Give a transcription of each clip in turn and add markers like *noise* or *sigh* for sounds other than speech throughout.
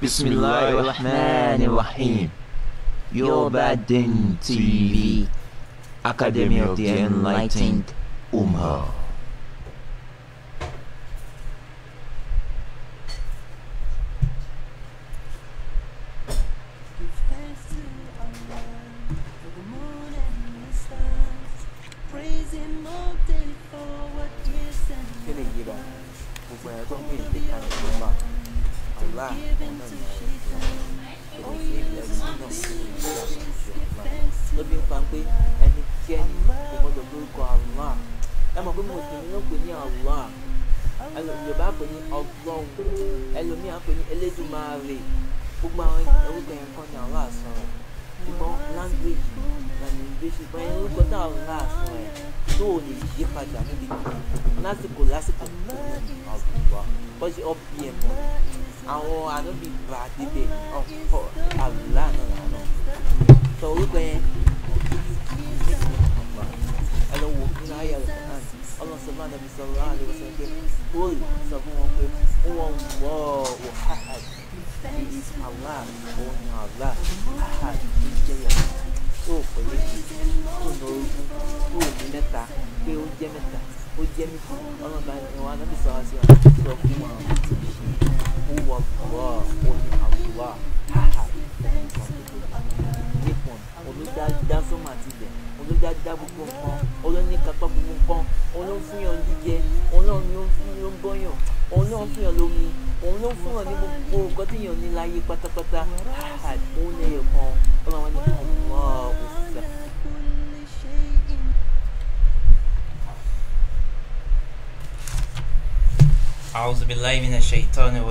Bismillahirrahmanirrahim. Din TV, Academy of the Enlightened Ummah.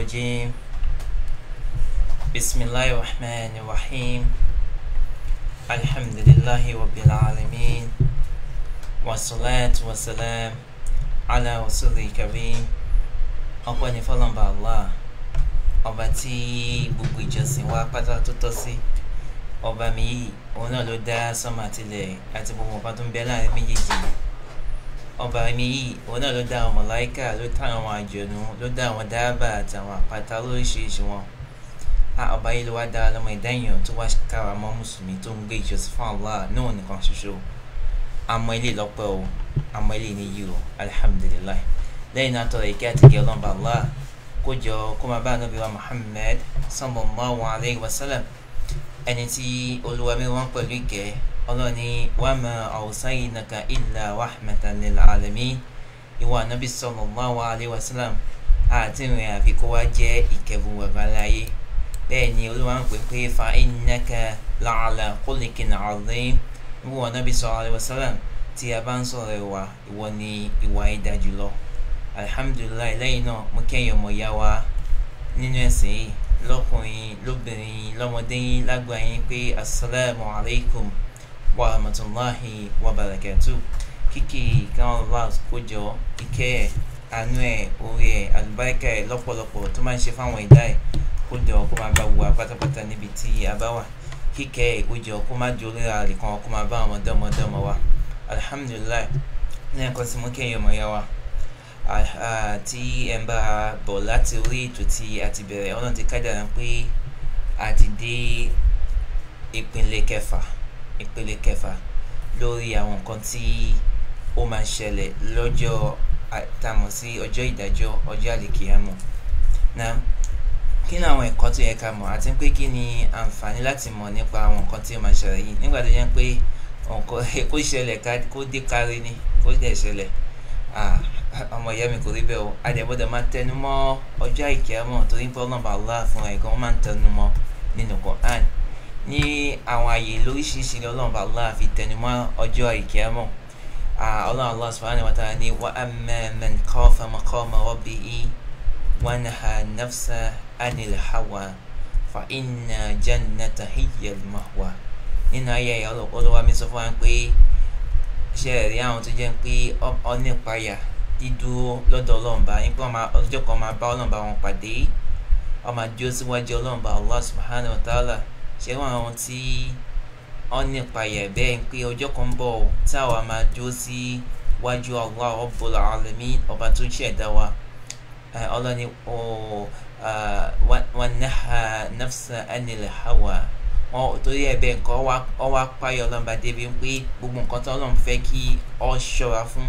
الرجيم بسم الله الرحمن الرحيم الحمد لله رب العالمين والصلاة والسلام على رسول الكريم ọpẹ́ ni fọlọ́nba Allah ọba tí gbogbo ìjọsìn wa pátá tó tọ́ sí ọba mi yìí òun náà ló dá sánmà tilẹ̀ àti gbogbo ọba tó ń bẹ láàrin méjèèjì yìí ọba mi yìí òun náà ló dá àwọn mọ̀láìkà ló tá àwọn àjọ̀nù ló dá àwọn dábà àtàwọn àpáta lóríṣiríṣi wọn a ọba yìí ló wá dá ọlọ́mọ ẹ̀dá èèyàn tó wá káwa mọ́ mùsùlùmí tó ń gbé ìjọsìn fún Allah náà nìkan ṣoṣo àmọ́ ilé lọ́pẹ́ o àmọ́ ilé níyì o alihamudulilayi lẹ́yìn náà tọrọ ìkẹ́ àti ìkẹ́ ọlọ́mọba Allah kó kó máa bá ànábì wa Muhammad sallallahu alayhi wa sallam ẹni tí olúwa mi wọ́n pẹ̀lú ìkẹ́ ọlọ́ni wàmà awsaynaka illa rahmatan lil alamin ìwà nàbí sallallahu alaihi wasallam àti ìrìn àfikún wa jẹ́ ìkẹ́fù wàbá láyé bẹ́ẹ̀ ni olúwa ń pè pé fa innaka la'ala khuluqin azim ìwà nàbí sallallahu alaihi wasallam tí a bá ń sọ̀rọ̀ ìwà ìwọ ni ìwà ẹ̀dá jùlọ alihamudulilayi lẹ́yìn náà mo kẹ́yìn ọmọ ìyá wa nínú ẹ̀sìn lọ́kùnrin lóbìnrin lọ́mọdé yín lágbàáyín pé asalaamualeykum. As warahmatulahi wabarakatu kíkì káwọn bá kó jọ ìkẹ́ ẹ̀ àánú ẹ̀ orí ẹ̀ àlùbáríkà ẹ̀ lọ́pọ̀lọpọ̀ tó máa ń ṣe fáwọn ẹ̀dá ẹ̀ kó jọ kó máa bá wù wá pátápátá níbi tí a bá wà kíkẹ́ ẹ̀ kó jọ kó má jọ lórí ààrẹ kan kó máa bá àwọn dánmọ́dánmọ́ wa alihamudulilayi ní ẹ̀kọ́ tí mo kẹ́yìn ọmọ yá wa tí ẹ̀ ń bá a bọ̀ láti orí ètò tí a ti bẹ̀rẹ̀ ọ̀nà ti kájà pé a ti dé ìpínlẹ̀ kẹfà ìpele kẹfà lórí àwọn nǹkan tí ó máa ń ṣẹlẹ̀ lọ́jọ́ àtàmọ̀ sí ọjọ́ ìdájọ́ ọjọ́ àlìkìyàmọ̀ náà kí ni àwọn ẹ̀kọ́ tó yẹ ká mọ̀ àti pé kí ni àǹfààní láti mọ̀ nípa àwọn nǹkan tí ó máa ṣẹlẹ̀ yìí nígbà tó yẹ pé *laughs* kó ṣẹlẹ̀ kó dé kárí ni kó dẹ̀ ṣẹlẹ̀ ọmọ ìyá mi kò rí bẹ́ẹ̀ o àdẹ̀bọ́dọ̀ máa tẹnu mọ́ ọjọ́ àìkíyàmọ̀ torí pé ọlọ́mọ Allah fúnra ẹ̀ máa ń tẹnu mọ́ nínú Quran ní àwọn àyè lóríṣiríṣi ni ọlọ́run bá Allah fi tẹnumọ́ ọjọ́ ìkẹ́mọ̀ ọlọ́run Allah subhanahu wa ta'ala ní wa amma man khafa maqama rabbihi wa nahaa nafsa anil hawa fa inna jannata hiya al-ma'wa nínú ayé ẹ̀yà ọlọ́wà mi sọ fún wa pé ṣe rí àwọn tó jẹ́ pé ọ nípayà dídúró lọ́dọ̀ ọlọ́ọ̀ba nípa ọjọ́ kan máa bá ọlọ́ọ̀ba wọn pàdé ó máa ọlọ́ọ̀ba Allah subhanahu wa ta'ala ṣé wọn àwọn tí wọn nípa yẹ bẹ́ẹ̀ ń pé ọjọ́ kan bọ̀ táwa máa dúró sí wájú Allah Rabbul Alamin ọba tó ṣẹ̀dá wa ọlọ́ni wọn náà nafsa anil hawa wọn torí ẹ̀bẹ̀ nǹkan wọn wá páyọ ọlọmọba débi pé gbogbo nǹkan tó lọ́n fẹ́ kí ọ ṣọ́ra fún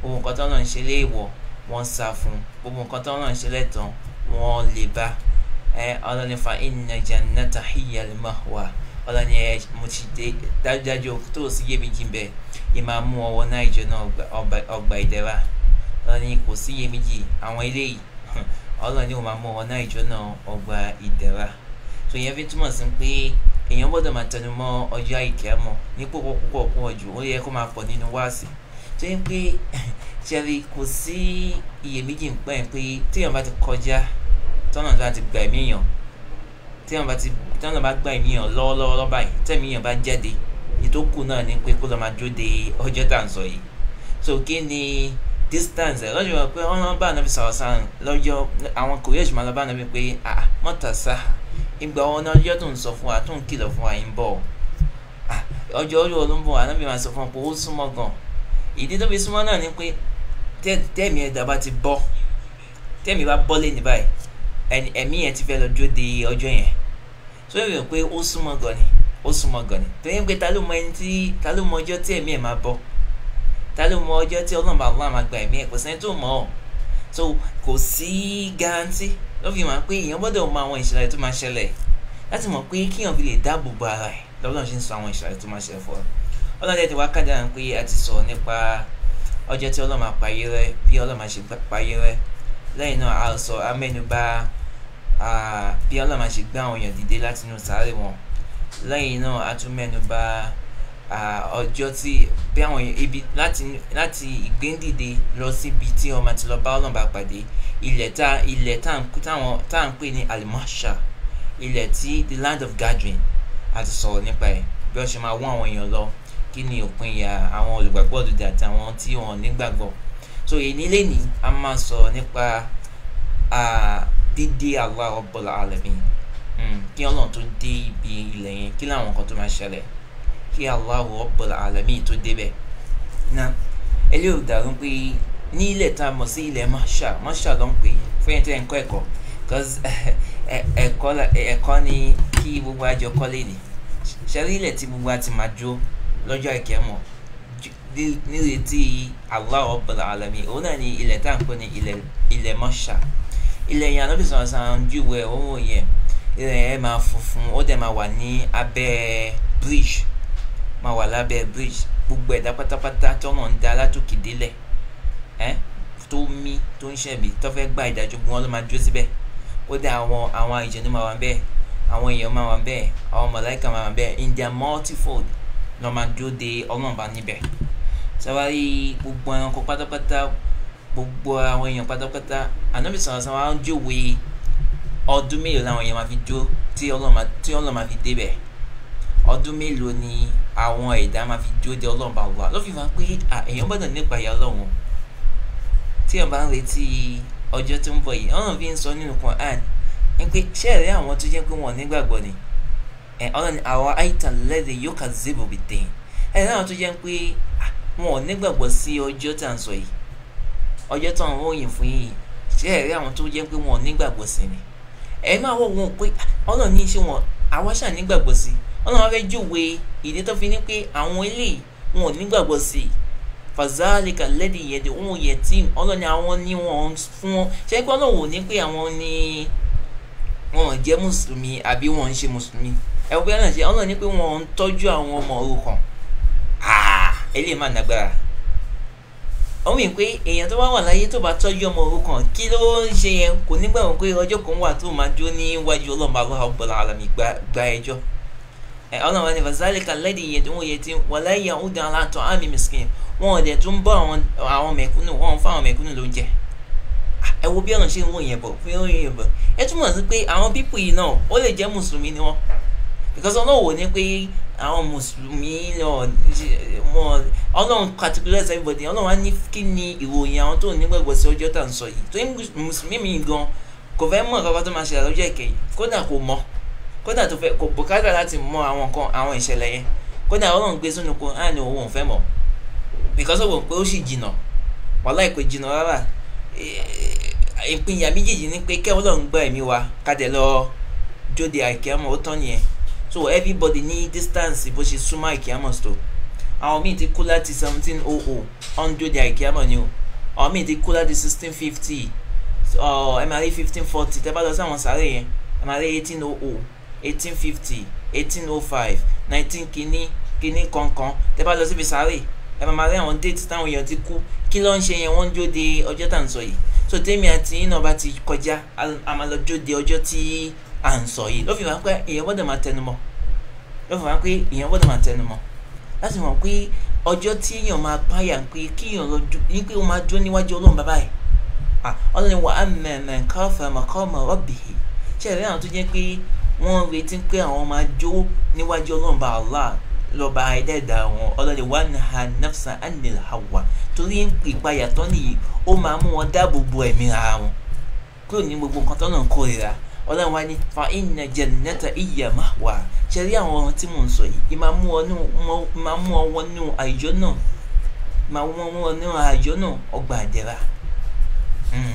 gbogbo nǹkan tó lọ́n ṣe léèwọ̀ wọ́n sá fún gbogbo nǹkan tó lọ́n ṣe lẹ́tọ̀ọ́ wọ́n lè bá ọlọ́ni eh, fa inna jannata hiyal mahwa ọlọ́ni ẹ eh, mo ti dé dájúdájú tó o sì yé mi jìn bẹ́ẹ̀ ẹ máa mú ọwọ́ náà ìjọ náà ọgbà ìdẹ́ra ọlọ́ni kò sí yé mi jì àwọn eléyìí ọlọ́ni *laughs* ò máa mú ọwọ́ náà ìjọ náà ọgbà tó yẹn fi túmọ̀ sí pé èèyàn gbọ́dọ̀ máa tẹnu mọ́ ọjọ́ àìkẹ́ mọ́ ní púpọ̀ púpọ̀ jù ó yẹ kó máa pọ̀ nínú tọ́nà bá ti gba ẹ̀mí èèyàn tí wọn bá ti tọ́nà bá gba ẹ̀mí èèyàn lọ́wọ́lọ́wọ́ báyìí tẹ̀mí èèyàn bá jáde ìtókù náà ni pé kó lọ́ọ́ máa jóde ọjọ́ tá à ń sọ yìí so kí ni distance ẹ̀ lọ́jọ́ pé wọ́n lọ́ọ́ bá ànábì sọ̀rọ̀ sáà lọ́jọ́ àwọn kòríyèsí máa lọ́ọ́ bá ànábì pé ah mọ́tà sáà ìgbà wọn ní ọjọ́ tó ń sọ fún wa tó ń kìlọ̀ fún wa yìí ń bọ̀ ọjọ́ orí olóńbọ̀ ànábì máa sọ fún wa pé ó súnmọ́ gan ìdí tó fi súnmọ́ náà ni pé tẹ́ẹ̀mí ẹ̀dá bá ti bọ́ tẹ́ẹ̀mí bá bọ́ lé ní báyìí ẹ̀mí yẹn ti fẹ́ lọ jó de ọjọ́ yẹn so èrò pé ó súnmọ́ gan ni ó súnmọ́ gan ni torí pé ta ló mọ ẹni tí ta ló mọ ọjọ́ tí ẹ̀mí ẹ̀ máa bọ́ ta ló mọ ọjọ́ tí ọlọ́mọ àwọn àmà gba ẹ̀mí ẹ̀ kò sẹ́ni tó mọ̀ ọ́ so kò sí garanti ló fi hàn pé èèyàn gbọ́dọ̀ mọ àwọn ìṣẹ̀lẹ̀ tó máa ṣẹlẹ̀ láti mọ̀ pé kíyàn fi lè dáàbò bo ara ẹ̀ lọ́dọ̀ ṣe ń sọ àwọn ìṣẹ̀lẹ̀ tó máa ṣẹlẹ̀ fún ọ ti wá kádàrá pé a ti sọ nípa ọjọ́ tí ọlọ́mọ àpáyé rẹ lẹ́yìn náà a sọ amẹ́nubà bí ọlọ́run máa ṣe gbé àwọn èèyàn dìde látinú sáré wọn lẹ́yìn náà a tún mẹ́nu bà ọjọ́ tí bí àwọn ibi láti ìgbéǹdìde lọ síbi tí ọmọ ti lọ bá ọlọ́run bá pàdé ilẹ̀ tá ilẹ̀ tá à ń pè ní alimasha ilẹ̀ tí the land of gathering a ti sọ̀rọ̀ nípa ẹ̀ bí wọ́n ṣe máa wọ́n àwọn èèyàn lọ kí ni òpin ìyà àwọn olùgbàgbọ́ òdodo àti àwọn tí wọ́n nígbàgbọ́ so èyí nílé ni a máa sọ̀rọ̀ nípa dédé Allah Rabbul Alamin kí ọlọ́run tó dé ibi ilẹ̀ yẹn kí làwọn kan tó máa ṣẹlẹ̀ kí Allah Rabbul Alamin tó débẹ̀ na ẹlẹ́ ò dàrú pé ní ilẹ̀ tá a mọ̀ sí ilẹ̀ masha masha ló ń pè fẹ́yìn tẹ́ ń kọ́ ẹ̀kọ́ *laughs* ẹ̀kọ́ ni kí gbogbo àjọ kọ́lé ni ṣẹlẹ̀ ilẹ̀ tí gbogbo àti máa jó lọ́jọ́ ìkẹ́mọ̀ nírètí Allah Rabbul Alamin òun náà ni ilẹ̀ tá à ń pè ní ilẹ̀ masha ilẹ̀ yẹn ànábì sọ̀rọ̀ sàn júwe owó yẹn ilẹ̀ yẹn máa funfun ó dẹ̀ máa wà ní abẹ́ bridge máa wà lábẹ́ bridge gbogbo ẹ̀dá pátápátá tọ́nà ń da látòkè délẹ̀ ẹ́ tó mí tó ń ṣẹ̀bi tó fẹ́ gba ìdájọ́ gbọ́n ló máa dúró síbẹ̀ ó dẹ̀ àwọn àwọn àlùjànnú máa wà bẹ́ẹ̀ àwọn èèyàn máa wà bẹ́ẹ̀ àwọn màláíkà máa wà bẹ́ẹ̀ in their multifold lọ́ máa dúró de ọlọ́run bá níbẹ̀ sábàárì gbogbo ẹranko pátápátá gbogbo àwọn èèyàn pátápátá ànábì sọ̀rọ̀ sọ̀rọ̀ àwọn jòwe ọdún mélòó làwọn èèyàn máa fi dúró tí ọlọ́run máa fi débẹ̀ ọdún mélòó ni àwọn ẹ̀dá máa fi dúró de ọlọ́run bá wà ló fi máa pé èèyàn gbọ́dọ̀ nípa ìyá ọlọ́run tí ẹ̀ bá ń retí ọjọ́ tó ń bọ̀ yìí ọlọ́run fi ń sọ nínú Quran ni pé ṣé ẹ̀rí àwọn tó jẹ́ pé wọ́n nígbàgbọ́ ni ọlọ́run àwọn àìtàn lẹ́dẹ̀ ọjọ́ tó ń ròyìn fún yìnyín ṣé ẹ̀rí àwọn tó jẹ́ pé wọn nígbàgbọ́ sí ni ẹ máa wọ wọn pé ah, ọlọ́run ní ṣé wọn àwọn ṣáà nígbàgbọ́ sí ọlọ́run wọn fẹ́ júwe ìdí tó fi ní pé àwọn eléyìí wọn ò nígbàgbọ́ sí fàzálìkà lẹ́dí ìyẹ̀dẹ̀ òun yẹ̀ tí ọlọ́ni àwọn ní wọn fún wọn ṣé pé ọlọ́run ò ní pé àwọn ni wọn ò jẹ́ mùsùlùmí àbí wọn ń ṣe mùsùlùmí ẹ wọ́n bí ṣe ọlọ́run ní pé wọn ò tọ́jú àwọn ọmọ òrukàn ah, eléyìí máa nàgbára àwọn mìíràn pé èèyàn tó bá wà láyé tó bá tọ́jú ọmọ òrukàn kí ló ń ṣe yẹn kò nígbàgbọ́ pé ọjọ́ kan wà tó máa dúró níwájú ọlọ́mọba aláha ọ̀bọ̀lá alàmì gba ẹjọ́ ọlọ́mọba ní vasalika lẹ́dí iye tó ń wòye tí wọ́n láyé aláàtọ̀ àmì wọn ò dẹ̀ bọ́ àwọn mẹ̀kúnnù wọn fún àwọn mẹ̀kúnnù ló ń jẹ ah, ẹ wo bí ṣe ń bọ̀ fún bọ̀ ẹ túmọ̀ sí pé àwọn pípù yìí náà ó ni wọ́n because ọlọ́run wò ní pé àwọn mùsùlùmí wọn ọlọ́run particulars everybody ọlọ́run á ní kí ni ìròyìn àwọn tó nígbàgbọ́ sí ọjọ́ tá à ń sọ yìí tó mùsùlùmí mi gan kò fẹ́ mọ̀ kankan tó máa ṣe àlọ́jọ́ ìkẹyìn kódà kò mọ̀ kódà tó fẹ́ kò bùkátà láti mọ̀ àwọn nǹkan àwọn ìṣẹ̀lẹ̀ yẹn kódà ọlọ́run gbé sínú kan á ní òun ò mọ̀ because ó wò pé ó sì jìnà wàhálà ìpè jìnà rárá ìpínyà méjèèjì ni pé kẹ́ ọlọ́run gbọ́ ẹ̀mí wa ká lọ jóde àìkẹ́ ọmọ ó tán nìyẹn so everybody ní distance bó ṣe súnmọ́ àìkíámọ̀ tó àwọn míì ti kú láti seventeen oh oh hundred àìkíámọ̀ ni o àwọn míì ti kú láti sixteen fifty ẹ uh, máa rí fifteen forty tẹ́ bá lọ sí àwọn sáré yẹn ẹ eighteen oh oh eighteen fifty eighteen oh five nineteen kínní kínní kọ̀ọ̀kan tẹ́ bá lọ síbi sáré ẹ máa máa rí àwọn déètì táwọn èèyàn ti kú kí ló ń ṣe yẹn wọ́n ń dúró de ọjọ́ tá ń sọ yìí so tèmi àti yín náà bá ti kọjá a máa lọ dúró de ọjọ́ tí à ń sọ yìí ló fi hàn pé èèyàn gbọ́dọ̀ máa tẹnumọ́ ló fi hàn pé èèyàn gbọ́dọ̀ máa tẹnumọ́ láti mọ̀ pé ọjọ́ tí èèyàn máa páyà ń pé kí èèyàn lọ ju ní pé ó máa dúró níwájú ọlọ́run bàbá yìí ọlọ́run wà á mẹ̀mẹ̀ káfà màkọ́mọ̀ rọ́bìhì ṣe ìrìn àwọn tó jẹ́ pé wọ́n retí pé àwọn máa jó níwájú ọlọ́run bá Allah lọ́ba ẹ̀dẹ́ẹ̀dá wọn ọlọ́run wà náà nafsa anil hawa torí ìpayà tán nìyí ó máa mú wọn dáàbò bo ẹ̀mí ara wọn kúrò ní gbogbo nǹkan tọ́nà kórìíra ọlọ́run wá ní fa inna jannata iya mahwa ṣe rí àwọn tí mò ń sọ yìí ìmá mú ọ wọnú àìjọ náà ìmá mú ọ wọnú àìjọ náà ọgbà àdẹ̀rà hmm.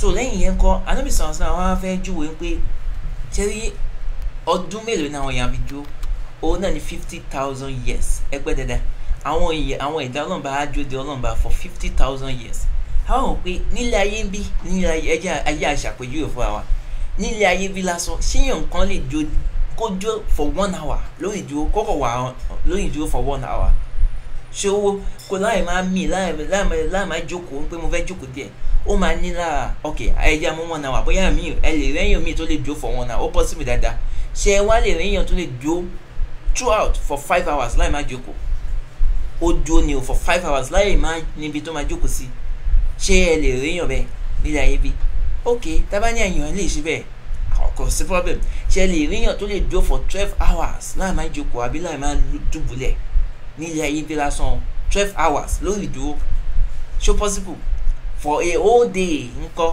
so lẹ́yìn yẹn kọ́ pé ọdún mélòó ni àwọn fi dúró náà years ẹgbẹ́ àwọn ịda àwọn nílé ayé bí lásán ṣíyàn kan lè jó kó jó for one hour lórí ìdúró kókò wà lórí ìdúró for one hour ṣòwò kó láì máa mì láì máa jókòó pé mo fẹ́ jókòó díẹ̀ ó máa ní lára ok ẹja mú one hour bóyá mi ẹ lè rẹ́yìn mi tó lè jó for one hour ó bọ́ sí mi dáadáa ṣé ẹ wá lè rẹ́yìn tó lè jó throughout for five hours láì máa jókòó ó dúró ni o for five hours láì máa níbi tó máa jókòó sí ṣé ẹ lè rẹ́yìn bẹ́ẹ̀ nílẹ̀ ayé bíi ok tábà ní èèyàn lè ṣe bẹ́ẹ̀ kò sí problem ṣe lè ríyàn tó lè dúró for twelve hours láì máa jókòó àbí láì máa dùbúlẹ̀ nílé ayé bí lásán twelve hours ló lè dúró ṣó possible for a whole day ńkọ́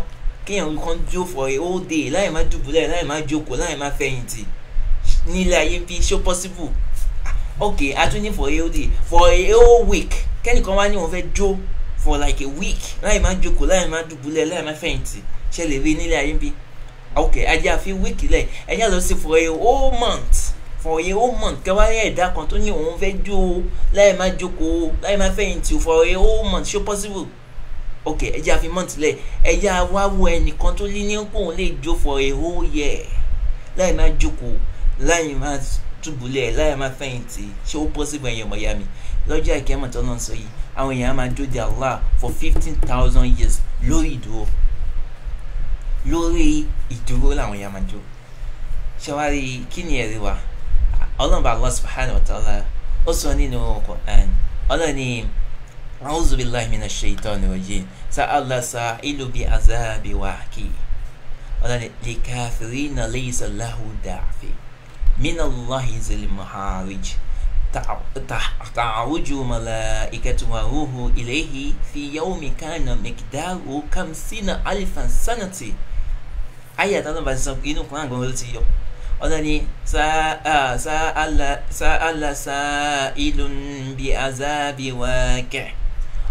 kéèyàn kan dúró for a whole day láì máa dùbúlẹ̀ láì máa jókòó láì máa fẹ̀yìntì nílé ayé bí ṣó possible ah, ok atúní for a whole day for a whole week kẹ́nìkan wá ní òun fẹ́ dúró for like a week láì máa jókòó láì máa dùbúlẹ̀ láì máa fẹ̀yìntì ṣe lè rí nílé ayé bí ok ajé àfi week lẹ̀ ẹjá lọ sí for a whole month for a whole month kẹwàá rí ẹ̀dá kan tó ní òun fẹ́ jó o láì máa jókòó láì máa fẹ̀yìntì for a whole month ṣó possible ok ẹjá àfi month lẹ̀ ẹjá wá wo ẹnìkan tó lé ní pòun lè jó for a whole year láì máa jókòó láì máa dùbúlẹ̀ láì máa fẹ̀yìntì ṣé possible ẹ̀yẹ̀ mọ̀yá mi lọ́jọ́ àìkẹ́mọ̀ tó náà sọ yìí àwọn èèyàn máa dúró de Allah for fifteen thousand years lórí ìdúró lórí ìdúró làwọn èèyàn máa dúró ṣàwárí kí ni ẹ̀rí wa ọlọ́run bá Allah subhanahu wa ta'ala ó sọ nínú Qur'an ọlọ́run ni a'udhu billahi minash shaitani rajim sa'ala sa'ilu bi azabi waqi ọlọ́run lè kafirina laysa lahu da'fi minallahi zil maharij. تعوج ملائكة وروح إليه في يوم كان مقداره خمسين ألفا سنة ayé àtàwọn bá ti sọ inú kan àgbọn ló ti yọ ọ̀dọ̀ ni sa'ala sa'ilun bi azabi waqi'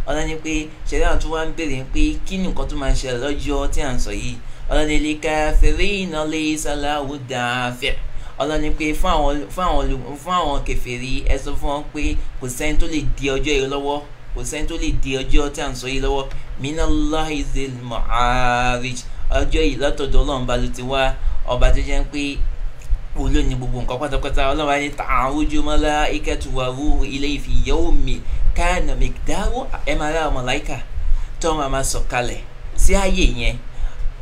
ọ̀dọ̀ ni pé ṣẹlẹ̀ àtún wá ń bèrè pé kí ni nǹkan tó máa ń ṣẹlẹ̀ lọ́jọ́ tí à ń sọ yìí ọ̀dọ̀ ni lil kafirina laysa lahu dafi' ọlọ́ni pé fún àwọn fún àwọn fún àwọn kèfèrí ẹ sọ fún wọn pé kò sẹ́ni tó lè di ọjọ́ yìí lọ́wọ́ kò sẹ́ni tó lè di ọjọ́ tí à ń sọ yìí lọ́wọ́ minallahi zil ma'arij ọjọ́ yìí látọ̀dọ̀ ọlọ́run bá ló ti wá ọba tó jẹ́ pé olo ni gbogbo nǹkan pátápátá ọlọ́run á ní ta'aruju malaikatu wa ruhu ilayhi fi yawmin kana miqdaruhu ẹ máa rá ọmọ láìka tó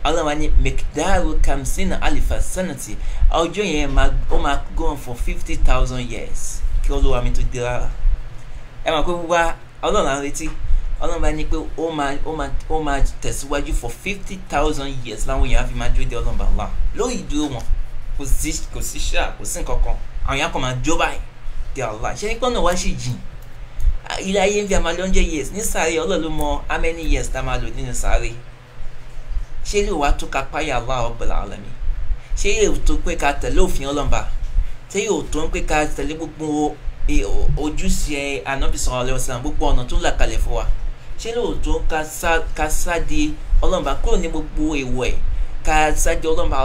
ọlọ́run wa ní mekdaru kamsina alifa sanati ọjọ́ yẹn ó máa go on for fifty thousand years kí olúwa mi tó dé rárá ẹ máa pé wá ọlọ́run à ń retí ọlọ́run bá ní pé ó máa ó máa ó máa tẹ̀síwájú for fifty thousand years láwọn èèyàn á fi máa dúró de ọlọ́run bá wà lórí ìdúró wọn kò sí kò sí ṣáà kò sí nǹkan kan àwọn èèyàn kan máa jó báyìí de Allah ṣe ní pọ́nà wá sì jìn ilé ayé ń fi àmàlẹ́ oúnjẹ years ní sáré ọlọ́run ló mọ how many years tá a máa lò nínú sáré ṣé lè wá tó ka páyà Allah Rabbul Alamin ṣé yóò tó pé ká tẹ̀lé òfin ọlọ́mba ṣé yóò tó pé ká tẹ̀lé gbogbo e, ojúṣe Ànábì sallallahu alaihi wasallam gbogbo ọ̀nà tó là kalẹ̀ fún wa ṣé lè tó ká sáde ọlọ́mba kúrò ní gbogbo èèwọ̀ ẹ̀ ká sáde ọlọ́mba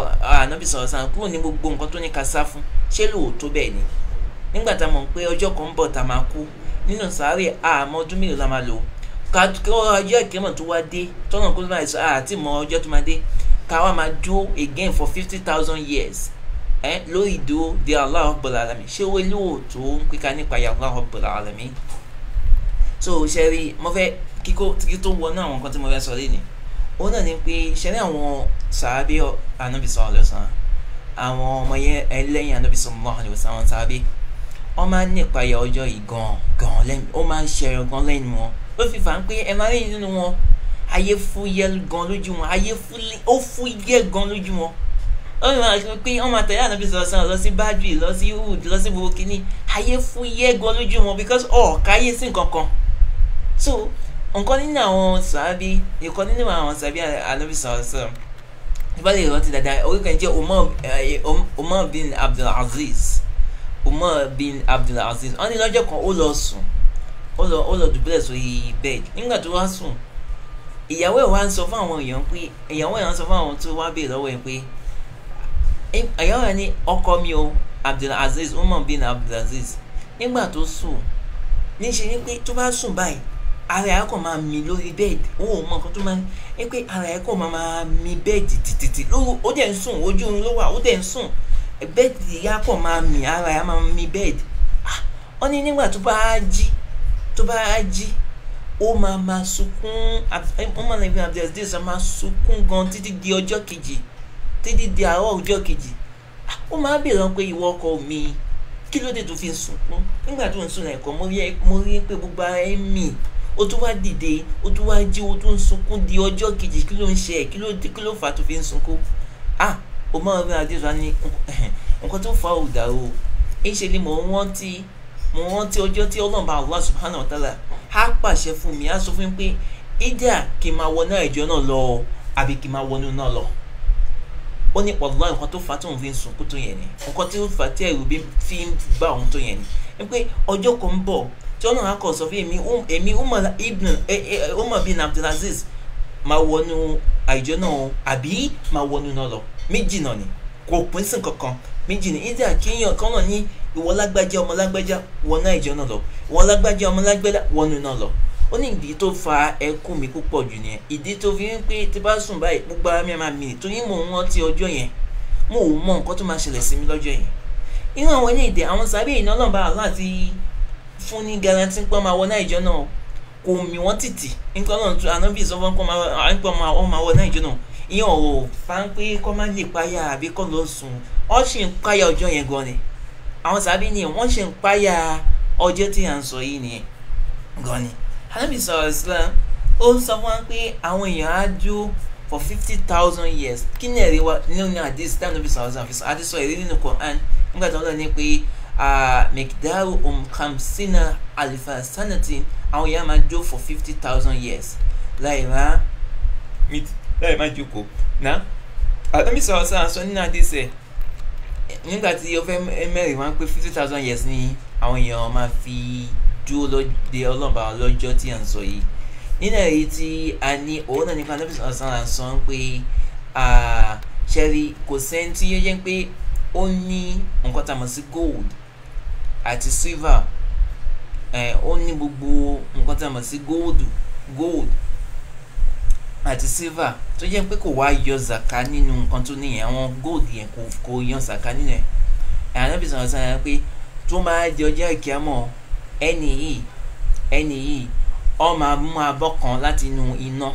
Ànábì sallallahu alaihi wasallam kúrò ní gbogbo nǹkan tó ní ká sá fún ṣé lè tó bẹ́ẹ̀ ni nígbà tá a mọ̀ pé ọjọ́ kan bọ̀ tá a máa kú nínú sàárè àmọ́ ọdún mélòó la máa lò ọjọ́ ìkẹ́mọ̀ tó wá dé tọ́nà kó tó máa sọ ah, àti mọ ọjọ́ tó máa dé ká wá máa jó again for fifty thousand years ẹ lórí ìdúró di Allah Rabbul Alamin ṣé owó ilé wò tó ń píka nípa ya Allah Rabbul Alamin so ṣẹ́rí mo fẹ́ kíkó kí tó wọnú àwọn nǹkan tí mo fẹ́ sọ lẹ́nu òun náà ni pé ṣẹ́rí àwọn sàábé Ànábì sallallahu alaihi wasallam àwọn ọmọ yẹn ẹlẹ́yìn Ànábì sallallahu alaihi wasallam àwọn sàábé wọ́n máa ń nípa ya ọjọ́ yìí ló fi fà ń pé ẹ máa rí nínú wọn ayé fúyẹ́ gan lójú wọn ayé ó fúyẹ́ gan lójú wọn ó rìn àjò pé wọ́n máa tẹ̀lé ànábì sọ̀rọ̀ sọ̀rọ̀ lọ sí bájúì lọ sí wood lọ sí gbogbo kínní ayé fúyẹ́ gan lójú wọn because ọ̀ọ́ká ayé sí nǹkan kan so nǹkan nínú àwọn sàábí nǹkan nínú àwọn sàábí ànábì sọ̀rọ̀ sọ̀rọ̀ ìbálẹ̀ ìrántí dáadáa orúkọ ẹ̀ jẹ́ eh, um-, Umar bin Abdulaziz Umar bin Abdulaziz wọ́n ní lọ́jọ́ kan ó lọ sùn ó lọ ó lọ dùbúlẹ̀ sórí bed nígbà tó wá sùn ìyàwó ẹ̀ wá ń sọ fún àwọn èèyàn pé ìyàwó ẹ̀ ń sọ fún àwọn tó wá lọ́wọ́ ẹ̀ pé ìyàwó ní ọkọ mi o Abdulaziz Umar bin Abdulaziz nígbà tó sùn sụ, ni pé tó bá sùn báyìí ara ẹ̀ máa mi lórí ó mọ nǹkan tó máa ń pé ara ẹ̀ máa mi tìtìtì ó dẹ̀ ń sùn ojú oorun ló wà ó tó bá jí ó máa máa sunkún Umar ibn Abdulaziz a máa sunkún gan títí di ọjọ́ kejì títí di àárọ̀ ọjọ́ kejì ó máa bèèrè pé ìwọ ọkọ mi kí ló dé tó fi sunkún nígbà tó ń sùn ẹ̀kọ́ mo rí pé gbogbo ara ẹ̀ mì ó tún wá dìde ó tún wá jí ó tún sunkún di ọjọ́ kejì kí ló ń ṣe ẹ̀ kí ló kí ló fà tó fi sunkún ah Umar ibn Abdulaziz wa ní nǹkan tó fà á ò dà o ń ṣe ni mò ń rántí mo rántí ọjọ́ tí ọlọ́mọba Allah subhanahu wa ta'ala á pàṣẹ fún mi á sọ fún mi pé ìdá kí n máa náà lọ àbí kí n máa wọnú náà lọ ó ní pọ̀lọ́ nǹkan tó fa tóun fi ń sunkún tó yẹn ni nǹkan tó fa tí fi ń gba òun tó yẹn ni pé ọjọ́ kan ń bọ̀ tí ọlọ́run sọ fún èmi èmi Umar bin e, e, Abdulaziz máa wọnú àìjọ náà o àbí máa wọnú náà lọ méjì náà ìwọ lágbájá ọmọ lágbájá wọnú ìjọ náà lọ ìwọ lágbájá ọmọ lágbájá wọnú náà lọ ó ní ìdí tó fa ẹkún mi púpọ̀ jù nìyẹn ìdí tó fi ń pé tí bá sùn báyìí gbogbo ara mi máa mì torí mò ń rántí ọjọ́ yẹn mo ò mọ nǹkan tó máa ṣẹlẹ̀ sí mi lọ́jọ́ yẹn inú àwọn ilé ìdè àwọn sábẹ́ iná lọ́nba láti fún ní garanti pé máa wọ náà ìjọ náà kò mì wọ́n títì nǹkan náà tún ànábì sọ fún pé máa wọ náà ìjọ náà ìyẹn ọ̀rọ̀ fà ń pé kọ́ máa lè páyà àbí kọ́ lọ sùn ọ́ sì ń páyà ọjọ́ yẹn gan ni àwọn sàbí ni wọ́n ṣe ń páyà ọjọ́ tí à ń sọ yìí ni gan ni Ànábì sọ̀rọ̀ Islam ó sọ fún wa pé àwọn èèyàn á jó for fifty thousand years kí ni ẹ̀rí wa nínú àdìs tí Ànábì sọ̀rọ̀ sọ̀rọ̀ àfisọ̀ àdìsọ ẹ̀rí nínú Quran nígbà tí wọ́n lọ ní pé mekdaru omkamsina um alifa sanati àwọn èèyàn máa jó for fifty thousand years láì má láì má jókòó náà Ànábì sọ̀rọ̀ sọ̀rọ̀ sọ nínú àdìsẹ̀ nígbà tí o fẹ́ mẹ́rin wá ń pé fifty thousand years ni àwọn èèyàn máa fi dúró lóde ọlọ́ọ̀bà lọ́jọ́ tí à ń sọ yìí nínú èyí tí a ní òun náà nípa lọ́bìsì ọ̀sán là ń sọ pé ṣẹ́rí kò sẹ́ni tí ó jẹ́ pé ó ní nǹkan tá a mọ̀ sí gold àti silver ó ní gbogbo nǹkan tá a mọ̀ sí gold gold àti silver tó jẹ́ pé kò wá yọ zaka nínú nǹkan tó níyẹn àwọn gold yẹn kò kò yan zaka nínú ẹ̀ ànábì sọ̀rọ̀ sọ̀rọ̀ yẹn pé tó máa di ọjọ́ ìkíámọ̀ ẹni yìí ẹni yìí ó máa mú abọ́ kan láti inú iná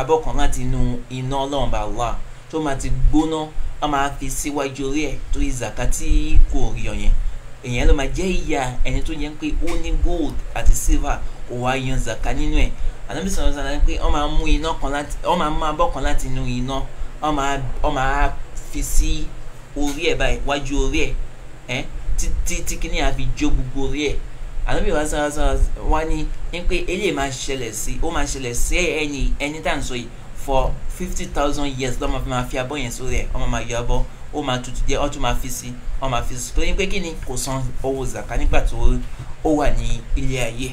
abọ́ kan láti inú iná ọlọ́run bá wà tó máa ti gbóná ó máa fi síwájú orí ẹ̀ torí zaka tí kò yọ yẹn èèyàn ló máa jẹ́ ìyà ẹni tó yẹ pé ó ní gold àti silver kò wá yan zaka nínú ẹ̀ ànábì sọ̀rọ̀ sọ̀rọ̀ pé ọ máa mú abọ́ kan láti inú iná ọ máa fi sí orí ẹ̀ báyìí wájú orí ẹ̀ títí tí kíní àfi jó gbogbo orí ẹ̀ ànábì wa sọ̀rọ̀ sọ̀rọ̀ wá ní pé eléyìí máa ṣẹlẹ̀ sí ó máa ṣẹlẹ̀ sí ẹni ẹni tá à ń sọ yìí for fifty thousand years lọ́mọ fi máa fi abọ́ yẹn sórí ẹ̀ ọmọ máa yọ abọ́ ó máa tutù díẹ̀ ọ́n tún máa fi sí ọ́n máa fi sí pé kíni kò san owó zàkà nígbà tó ó wà ní ilé ayé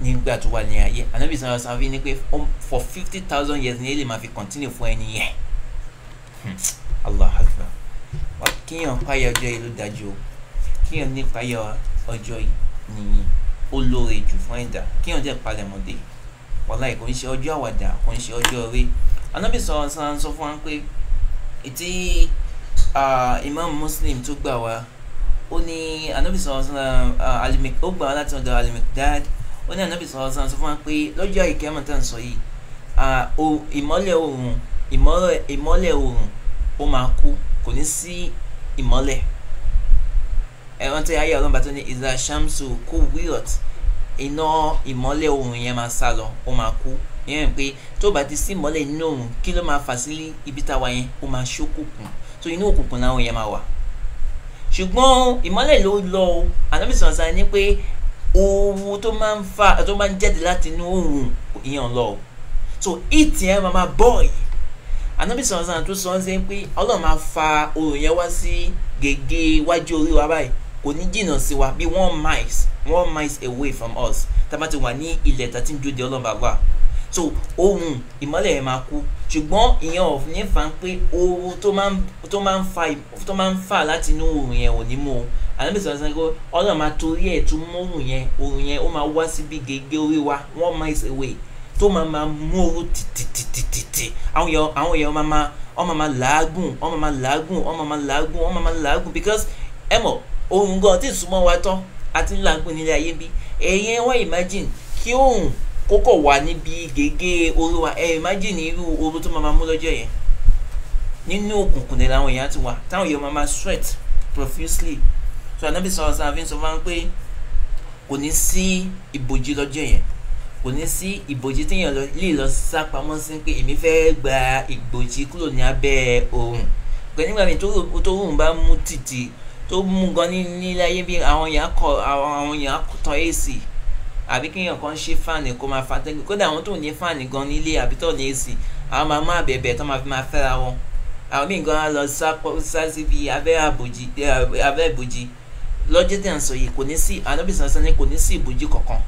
nígbà tó wà ní ayé anabi sọ̀rọ̀ sanfi ni pé for fifty thousand years ni ele máa fi continue fún ẹni yẹn hmm. allah akbar wa kíyàn páyà ọjọ́ yìí ló dájú o kíyàn ní páyà ọjọ́ yìí nìyí ó lóore jù fún ẹ̀dá kíyàn jẹ́ palẹ̀mọ́dé wàláì kò ń ṣe ọjọ́ àwàdà kò ń ṣe ọjọ́ orí anabi sọ̀rọ̀ san sọ fún wa pé ìtí imam muslim tó gbà wá ó ní anabi sọ̀rọ̀ san ó gbà wá láti ọ̀dọ̀ alimikdad. Dad ó ní ànábì sọ̀rọ̀ sàn sọ fún wa pé lọ́jọ́ ìkẹ́mọ̀ tá à ń sọ yìí ìmọ́lẹ̀ oòrùn ìmọ́lẹ̀ oòrùn ó máa kú kò ní sí ìmọ́lẹ̀ ẹ̀rọ tí ayé ọlọ́mọba tó ní ìzà shamsu kó wíwọ̀t iná ìmọ́lẹ̀ oòrùn yẹn máa sá lọ ó máa kú yẹn pé tó bá ti sí ìmọ́lẹ̀ inú oòrùn kí ló máa fà sí ibi táwa yẹn ó máa ṣókùnkùn tó inú òkùnkùn làwọn yẹn máa wà ṣùgbọ́n ìmọ́lẹ̀ ló lọ ànábì sọ̀rọ̀ sáré ní pé ooru tó máa ń fa tó máa ń jáde láti inú oòrùn ìyẹn lọ so heat yẹn máa máa boil anabi sọ̀rọ̀ sàn tó sọ̀rọ̀ sí pé ọlọ́run máa fa oòrùn yẹn wá sí gègé iwájú orí wa báyìí kò ní jìnnà sí wa bí one miles one miles away from us tá a bá ti wà ní ilẹ̀ tá a ti ń dúró de ọlọ́run bàbá so oòrùn ìmọ́lẹ̀ yẹn máa kú ṣùgbọ́n ìyẹn ò ní fa pé ooru tó máa ń fà láti inú oòrùn yẹn ò ní mú o àlẹ́ mi sọ̀rọ̀ sọ́nà pé ọlọ́run máa torí ẹ̀ tún mú oòrùn yẹn oòrùn yẹn ó máa wá síbi gègé orí wa one miles away tó máa máa mú ooru tìtìtìtìtì àwọn èèyàn máa máa ọmọ máa làágùn ọmọ máa làágùn ọmọ máa làágùn ọmọ máa làágùn because ẹ mọ̀ oòrùn gan ti súnmọ́ wa tán àti ńlá gbìn nílé ayé bí ẹ̀yẹn wá imagine kí oòrùn kókò wà níbi gègé olúwa ẹ imagine irú ooru tó máa mú lọ́jọ́ yẹn nínú òkùnkùn ni làwọn èèyàn ti wà táwọn èèyàn máa sweat profusely so ànábì sọ̀rọ̀ sáà fi ń sọ fún wa pé kò ní sí ìbòjì lọ́jọ́ yẹn kò ní sí ìbòjì téèyàn lè lọ sá pamọ́ sí pé èmi fẹ́ gba ìbòjì kúrò ní abẹ́ oòrùn pé nígbà míì tó rùn bá mú tìtì tó mú gan ní níláyé bí àwọn èèyàn kọ àwọn èèyàn tọ èsì àbí kéèyàn kan ṣe fáànì kó máa fàtẹ́gùn kódà àwọn tó ní fáànì gan nílé àbí tó ní èsì àwọn máa má bẹ̀bẹ̀ tó máa fi máa fẹ́ra wọn àwọn míì gan á lọ sá síbi abẹ́ ìbòjì lọ́jọ́ tẹ̀ ń sọ yìí kò ní sí ànábì sànsán ni kò ní sí ìbòjì kankan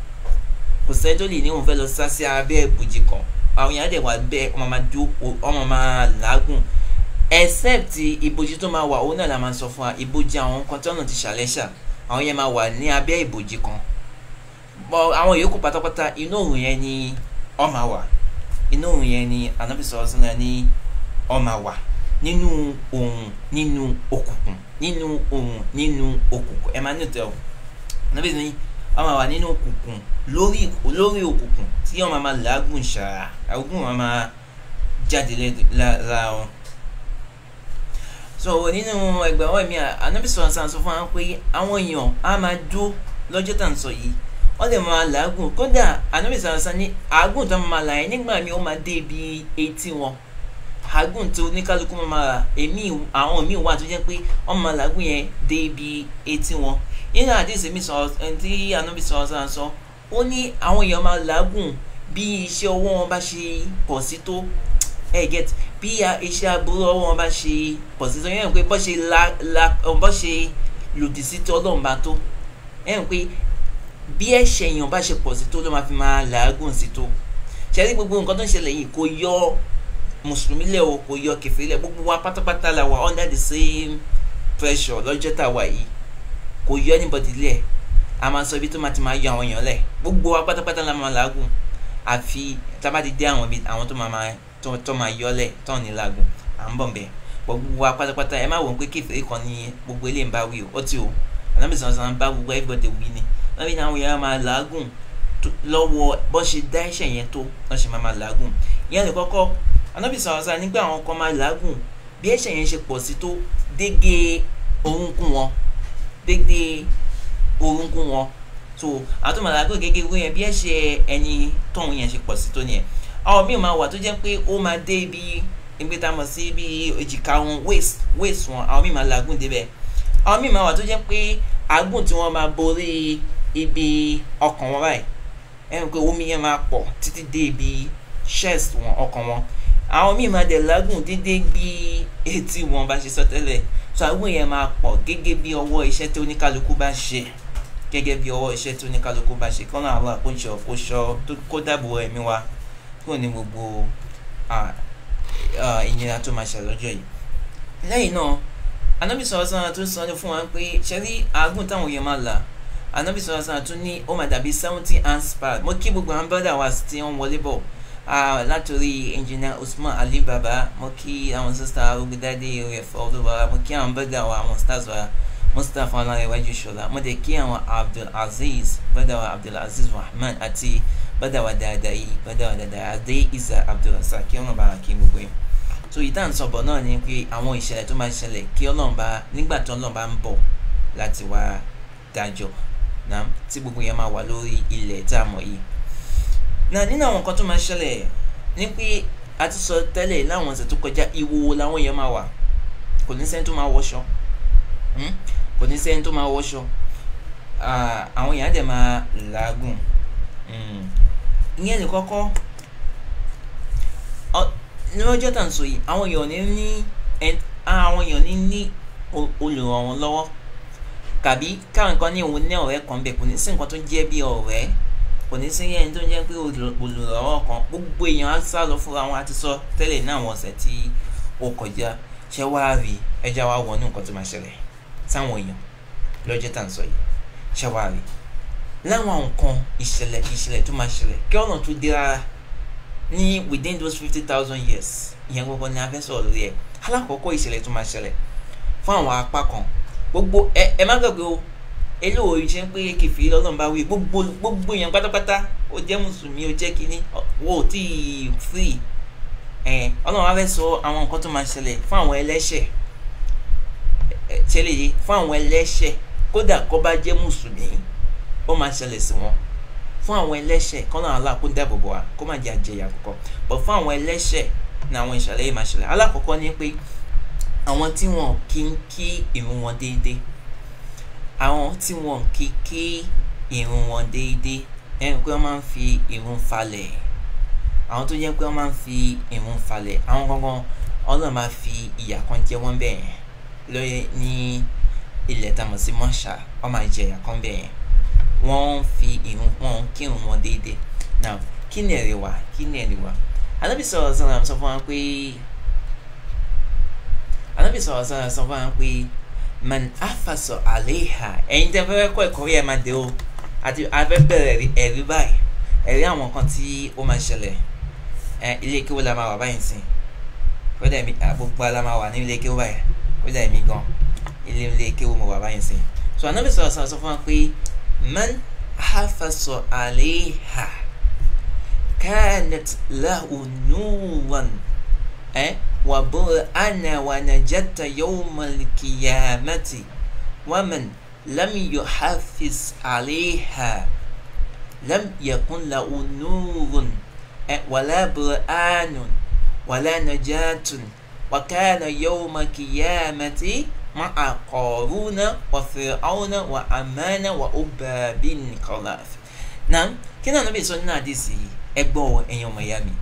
kò sẹ́ni tó lè ní òun fẹ́ lọ sá sí abẹ́ ìbòjì kan àwọn èèyàn dẹ̀ wà bẹ́ẹ̀ ọmọ máa dúró ọmọ máa làágùn except ìbòjì tó máa wà òun náà la máa sọ fún wa ìbòjì àwọn kan tí ọ̀nà ti ṣàlẹ́ṣà àwọn yẹn máa wà ní abẹ́ ìbòjì kan bọ àwọn yòókù pátápátá inú òòrùn yẹn ni ọmọ wà inú òòrùn yẹn ni anábìsọ ọsán ní ọmọ wà nínú òòrùn nínú òkùnkùn nínú òòrùn nínú òkùnkùn ẹ máa ní ìtẹ o anábìsọ ní ọmọ wà nínú òkùnkùn lórí lórí òkùnkùn tí ọmọ máa làágùn ṣàrà àgùn wọn máa jáde lára wọn so nínú ẹgbẹ́ ọ̀rẹ́ mi ànábìsọ̀rọ̀ sàn sọ fún wa pé àwọn èèyàn á máa dúró lọ́jọ́ tà yìí wọ́n lè máa làágùn kódà ànábì sàrànsán ní àágùn tó máa là yẹn nígbà míì ó máa dé ibi etí wọn àágùn tó oníkálukú máa rà èmi àwọn míì wà tó jẹ́ pé wọ́n máa làágùn yẹn dé ibi etí wọn nínú àdìsí mi sọ tí ànábì sàrànsán sọ ó ní àwọn èèyàn máa làágùn bí iṣẹ́ ọwọ́ wọn bá ṣe pọ̀ sí tó ẹ get bí iṣẹ́ aburú ọwọ́ wọn bá ṣe pọ̀ sí tó yẹn pé bọ́ ṣe lòdì sí tọ́lọ́mùbá tó ẹ̀ ń pé bí ẹ̀ṣẹ̀ èèyàn bá ṣe pọ̀ sí tó ló máa fi máa làágùn sí tó ṣe rí gbogbo nǹkan tó ń ṣẹlẹ̀ yìí kò yọ mùsùlùmí lẹ̀ o kò yọ kẹfẹ́ lẹ̀ gbogbo wa pátápátá la wà under the same pressure lọ́jọ́ tá a wà yìí kò yọ anybody lẹ̀ a máa sọ ibi tó máa ti máa yọ àwọn èèyàn lẹ̀ gbogbo wa pátápátá la máa làágùn àfi tá a bá ti dé àwọn ibi àwọn tó máa tó máa yọ lẹ̀ tó ní làágùn à ń bọ̀ bẹ́ẹ̀ gbogbo wa pátápátá ẹ má wò ó pé kẹfẹ́ kan ní gbogbo ilé ń bá wí o ó ti o ànábìsàn sàn bá gbogbo everybody wí ni wọ́n rí táwọn èèyàn máa làágùn lọ́wọ́ bó ṣe dá ẹ̀ṣẹ̀ yẹn tó wọ́n ṣe máa làágùn ìyẹn ní kọ́kọ́ anábì sàwọ́sà nígbà àwọn kan máa làágùn bí ẹ̀ṣẹ̀ yẹn ṣe pọ̀ sí tó dége orúnkún wọn dédé orúnkún wọn so àtúmọ̀ làágùn gẹ́gẹ́ wọ́n yẹn bí ẹ̀ṣẹ̀ ẹni tọ́hún yẹn ṣe pọ̀ sí tó nìyẹn àwọn míì máa wà tó jẹ́ pé ó máa dé ibi ibi tá a mọ̀ sí ibi èjìká wọn waist waist wọn àwọn míì máa làágùn débẹ̀ àwọn míì máa wà tó jẹ́ pé àágùn tí wọ́n máa borí ibi ọkàn wọn báyìí ẹnu pé omi yẹn máa pọ̀ títí dé ibi chest wọn ọkàn wọn àwọn míì máa dẹ̀ lágùn dídé bí etí wọn bá ṣe sọ tẹ́lẹ̀ so àwọn yẹn máa pọ̀ gẹ́gẹ́ bí ọwọ́ iṣẹ́ tó oníkálukú bá ṣe gẹ́gẹ́ bí ọwọ́ iṣẹ́ tó oníkálukú bá ṣe kọ́nà àwọn àkójọ kó ṣọ kó dáàbò ẹ̀mí wa kúrò ní gbogbo ìnira tó máa ṣàlọ́jọ́ yìí lẹ́yìn náà anábìsọ̀rọ̀ sọ́nà tó sọ fún wa pé ṣẹ́rí àágùn táwọn yẹn máa là anabi sọ̀rọ̀ sọ̀rọ̀ tún ní ó mà dàbí seventy hands per mo kí gbogbo àwọn brother wa tí wọ́n wọlé bọ̀ látòrí engineer usman ali baba mo kí àwọn sista arúgbódáde rẹ̀ fọ́ọ́lùwàrà mo kí àwọn brother wa àwọn stars wa mustapha ọlárẹ̀wájú ṣọlá mo dẹ̀ kí àwọn abdulaziz brother wa abdulaziz rahman àti brother wa dáadáa yìí brother wa dáadáa adé isa abdulrasaq kí wọ́n bá wa kí gbogbo yìí so ìtàn sọ̀bọ̀ náà ni pé àwọn ìṣẹ̀lẹ̀ tó máa ṣẹlẹ̀ kí ọlọ́run bá nígbà tó ọlọ́run ń bọ̀ láti wá dájọ́ na tí gbogbo yẹn máa wà lórí ilẹ̀ tá a mọ̀ yìí. náà nínú àwọn nǹkan tó máa ṣẹlẹ̀ ní pé a ti sọ tẹ́lẹ̀ láwọn ọ̀sẹ̀ tó kọjá ìwòwò làwọn yẹn máa wà kò ní sẹ́ni tó máa wọṣọ hmm? kò ní sẹ́ni tó máa wọṣọ àwọn yẹn á dẹ̀ máa làágùn hmm. ìyẹn lè kọ́kọ́ lọ́jọ́ tà ń yìí àwọn èèyàn ní ní olùrànwọ́ lọ́wọ́ kàbí káwọn kan ní òun ní ọ̀rẹ́ kan bẹ̀ kò ní sí nǹkan tó jẹ́ bí ọ̀rẹ́ kò ní sí ẹni tó jẹ́ pé olùrànlọ́wọ́ kan gbogbo èèyàn á sá lọ fúnra wọn àti sọ tẹ́lẹ̀ ní àwọn ọ̀sẹ̀ tí ó kọjá ṣé wàá rí ẹja wa wọnú nǹkan tó máa ṣẹlẹ̀ sáwọn èèyàn lọ́jọ́ tá à ń sọ yìí ṣé wàá rí láwọn nǹkan ìṣẹ̀lẹ̀ ìṣẹ̀lẹ̀ tó máa ṣẹlẹ̀ kí ọ̀nà tó dé rárá ní within those fifty thousand years ìyẹn gbogbo ni a fẹ́ sọ̀rọ̀ lórí ẹ̀ alákọ̀ọ́kọ́ ìṣẹ̀lẹ̀ tó máa ṣẹlẹ̀ fún àwọn apá kan gbogbo ẹ má gbàgbé o eléwo yìí ṣe ń pé kẹfì lọ́lọ́run bá wí gbogbo gbogbo èèyàn pátápátá ó jẹ́ mùsùlùmí ó jẹ́ kínní wo ò tí ì ẹ ọlọ́run wá fẹ́ sọ àwọn nǹkan tó máa ṣẹlẹ̀ fún àwọn ẹlẹ́ṣẹ̀ ṣẹlẹ̀ yìí fún àwọn ẹlẹ́ṣẹ̀ kódà kó bá jẹ́ mùsùlùmí ó máa ṣẹlẹ̀ sí wọn fún àwọn ẹlẹ́ṣẹ̀ kọ́nà kó má jẹ́ àjẹyà fún àwọn ẹlẹ́ṣẹ̀ ni àwọn tí wọn kì í kí irun wọn déédéé àwọn tí wọn kì í kí irun wọn déédéé ẹni pé wọ́n máa ń fi irun falẹ̀ àwọn tó jẹ́ pé wọ́n máa ń fi irun falẹ̀ àwọn gangan ọlọ́run máa fi ìyà kan jẹ wọ́n bẹ́ẹ̀ lóye ní ilẹ̀ tá a mọ̀ sí mọ́ṣà wọ́n máa jẹ ìyà kan bẹ́ẹ̀ wọ́n ń fi irun wọn kí irun wọn déédéé now kí ni ẹ̀rí wa kí ni ẹ̀rí wa alábìsọ̀rọ̀ sọ̀rọ̀ àmì sọ fún wa pé ànábì sọ̀rọ̀ sọ̀rọ̀ sọ fún wa pé man afaso aleha ẹ̀yin tẹ́ fẹ́ kọ́ ẹ̀kọ́ yẹn máa dé o àti afẹ́ bẹ̀rẹ̀ ẹ̀rí báyìí ẹ̀rí àwọn kan tí ó máa ṣẹlẹ̀ ilé kí wọ́n la máa wà báyìí sìn kódà mi àgbógbá la máa wà ní ilé kí wọ́n báyìí kódà mi gan ilé ilé kí wọ́n mọ̀ wà báyìí sìn so ànábì sọ̀rọ̀ sọ̀rọ̀ sọ fún wa pé man afaso aleha kanat lahu nuwan ẹ̀ eh? وبرأنا ونجت يوم القيامة ومن لم يحافظ عليها لم يكن له نور ولا برآن ولا نجاة وكان يوم القيامة مع قارون وفرعون وأمان وأبا بن قلاف نعم كنا نبي سنة دي سي أبو أيوم ميامي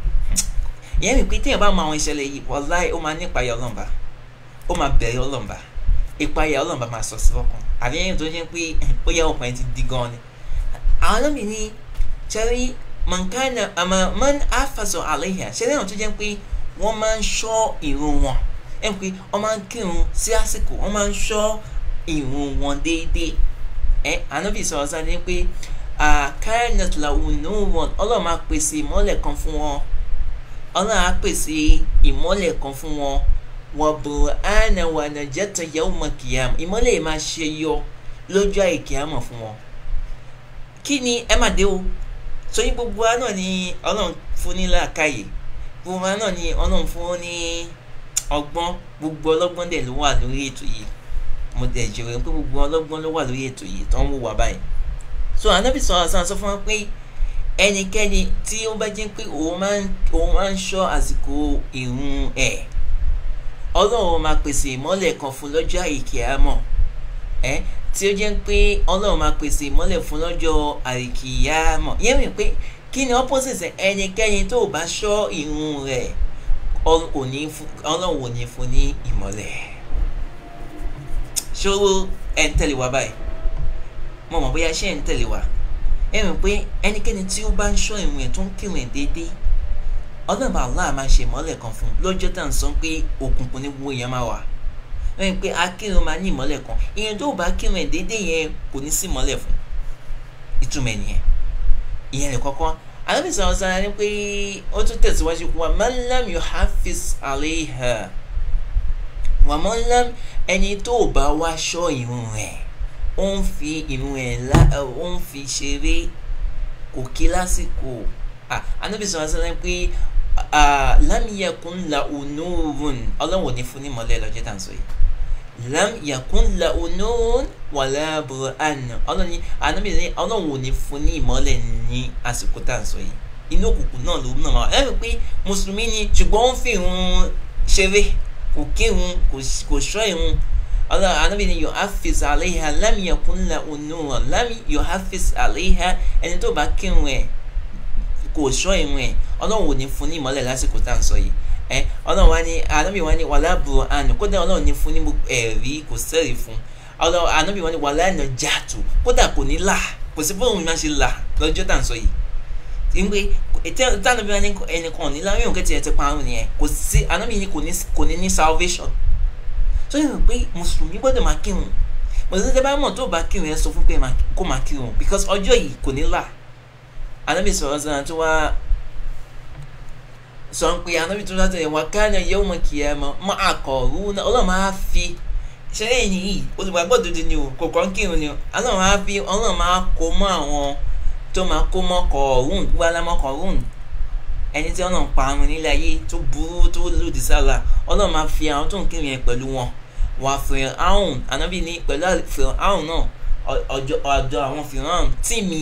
ìyẹn mi pé téèyàn bá mọ àwọn ìṣẹ̀lẹ̀ yìí wàláì ó máa ní ìpayà ọlọ́mba ó máa bẹ̀rẹ̀ ọlọ́mba ìpayà ọlọ́mba máa sọ sí lọ́kàn àbí ẹ̀yìn tó ṣe pé eh, ó yẹ ọkùnrin ti di gan ni. àwọn ọlọ́mìn ni ṣẹ́rí mọ̀nkánà àmọ́ mọ́n àfàṣọ àlẹ́yìn ṣẹ́rí àwọn tó jẹ́ pé wọ́n máa ń ṣọ́ ìrun wọn ẹ̀ ń pé wọ́n máa ń kírun sí àsìkò wọ́n máa ń ṣọ́ ìrun wọn déédéé ẹ̀ ànábì sọ̀rọ̀ sáré pé àkàrẹ̀ nàtìláwù nù wọn ọlọ́run máa pèsè ìmọ́lẹ̀ kan fún wọn ọlọ́run á pèsè ìmọ́lẹ̀ kan fún wọn wọ́n bò ánà wànà jẹ́tọ̀ yẹ́wò mọ̀ kìyàmù ìmọ́lẹ̀ yìí máa ṣe yọ lójú àyè kìyàmù fún wọn. kí ni ẹ máa dé o sóyún gbogbo wa ni ọlọ́run fún ní làákàyè gbogbo wa náà ni ọlọ́run fún ní ọgbọ́n gbogbo ọlọ́gbọ́n dẹ̀ ló wà lórí ètò yìí mo dẹ̀ jẹ́rìí pé gbogbo ọlọ́gbọ́n ló wà lórí ètò yìí tó wò wá báyìí. so anábìsọ̀ àṣà sọ fún wa pé ẹnikẹ́ni tí ó bá jẹ́ pé òun máa ń ṣọ́ àsìkò ìrun ẹ̀ ọlọ́run máa pèsè ìmọ́lẹ̀ kan fún lọ́jọ́ àìkíámọ̀ ẹ́ tí ó jẹ́ pé ọlọ́run máa pèsè ìmọ́lẹ̀ fún lọ́jọ́ àìkíámọ̀ yẹ́n mi pé kí ni opposite ẹnikẹ́ni tó bá ṣọ́ ìrun rẹ̀ ọlọ́run ò ní fún ní ìmọ́lẹ̀ ṣòro ẹ̀ ń tẹ̀lé wa báyìí mo mọ̀ bóyá ṣé ẹ̀ ń tẹ̀lé wa ẹ mọ̀ pé ẹnikẹ́ni tí ó bá ń ṣọ́ ìrun ẹ̀ tó ń kírun ẹ̀ déédéé ọlọ́run bá Allah máa ṣe ìmọ́lẹ̀ kan fún un lọ́jọ́ tá à ń sọ pé òkùnkùn ní gbogbo èèyàn máa wà lẹ́yìn pé akírun máa ní ìmọ́lẹ̀ kan èèyàn tó bá kírun ẹ̀ déédéé yẹn kò ní sí ìmọ́lẹ̀ fún ìtumọ̀ nìyẹn ìyẹn lè kọ́kọ́ alábì sọ̀rọ̀ sọ̀rọ̀ ni pé ó tún tẹ̀síwájú wa man lam yuhafiz alayha wa man lam ẹni tó bá wá ṣọ́ ìrun rẹ̀ ó ń fi irun ẹ̀ ó ń fi ṣeré kò kí lásìkò anábì sọ̀rọ̀ sọ́dọ̀ pé lam yakun lahu nurun ọlọ́run ò ní fún ní mọ́lẹ̀ lọ́jọ́ tá à ń sọ yìí lam yakun lahu nurun wala burhan ọlọ́run anábì ní ọlọ́run ò ní fún ní ìmọ́lẹ̀ ní àsìkò tá à ń sọ yìí inú òkùnkùn náà ló náà ẹ rí i pé mùsùlùmí ni ṣùgbọ́n ó ń fi irun ṣeré kò kírun kò ṣọ́ irun Allah anabi ni yuhafiz aleha lam yakun la onura lam yuhafiz aleha ẹni tó bá kírun ẹ kò sọ irun ẹ ọlọ́run ò ní fún ní ìmọ́lẹ̀ lásìkò tá à ń sọ yìí ẹ ọlọ́run wa ni anabi wa ni wàlá buru àná kódà ọlọ́run ní fún ní ẹ̀rí kò sẹ́rí fún ọlọ́run anabi wa ni wàlá ẹ̀nà jàtò kódà kò ní là kò sí bóun máa ṣe là lọ́jọ́ tá à ń sọ yìí ìwé tánàbí wa ni ẹnìkan ní láwọn èèyàn kẹ́tì ẹ̀ ti parun nìyẹn kò sí anabi ni kò ní ní salvation tó yẹ pé mùsùlùmí gbọ́dọ̀ máa kírun mùsùlùmí tẹ́ bá mọ̀ tó bá kírun ẹ sọ fún pé kó máa kírun because ọjọ́ yìí kò ní là anábì sọ̀rọ̀ sọ̀rọ̀ tó wá sọ ń pé anábì tó látọ̀ yẹn wá káàní yẹ́wò mọ̀ kì í ẹ mọ̀ mọ́ àkọ̀rú náà ọlọ́run máa fi ṣẹlẹ̀ yìí olùgbàgbọ́ dúdú ni o kò kọ́ ń kírun ni o ọlọ́run máa fi ọlọ́run máa kó mọ́ àwọn tó máa kó mọ́ kọ̀ọ̀rún gbọ́dá mọ́ ẹni tí ọlọ́run parun nílé ayé tó burú tó lòdì sára ọlọ́run máa fi àwọn tó ń kírun yẹn pẹ̀lú wọn wà fìràn áhùn ànábì ní pẹ̀lú fìràn áhùn náà ọ̀dọ̀ àwọn fìràn tí mi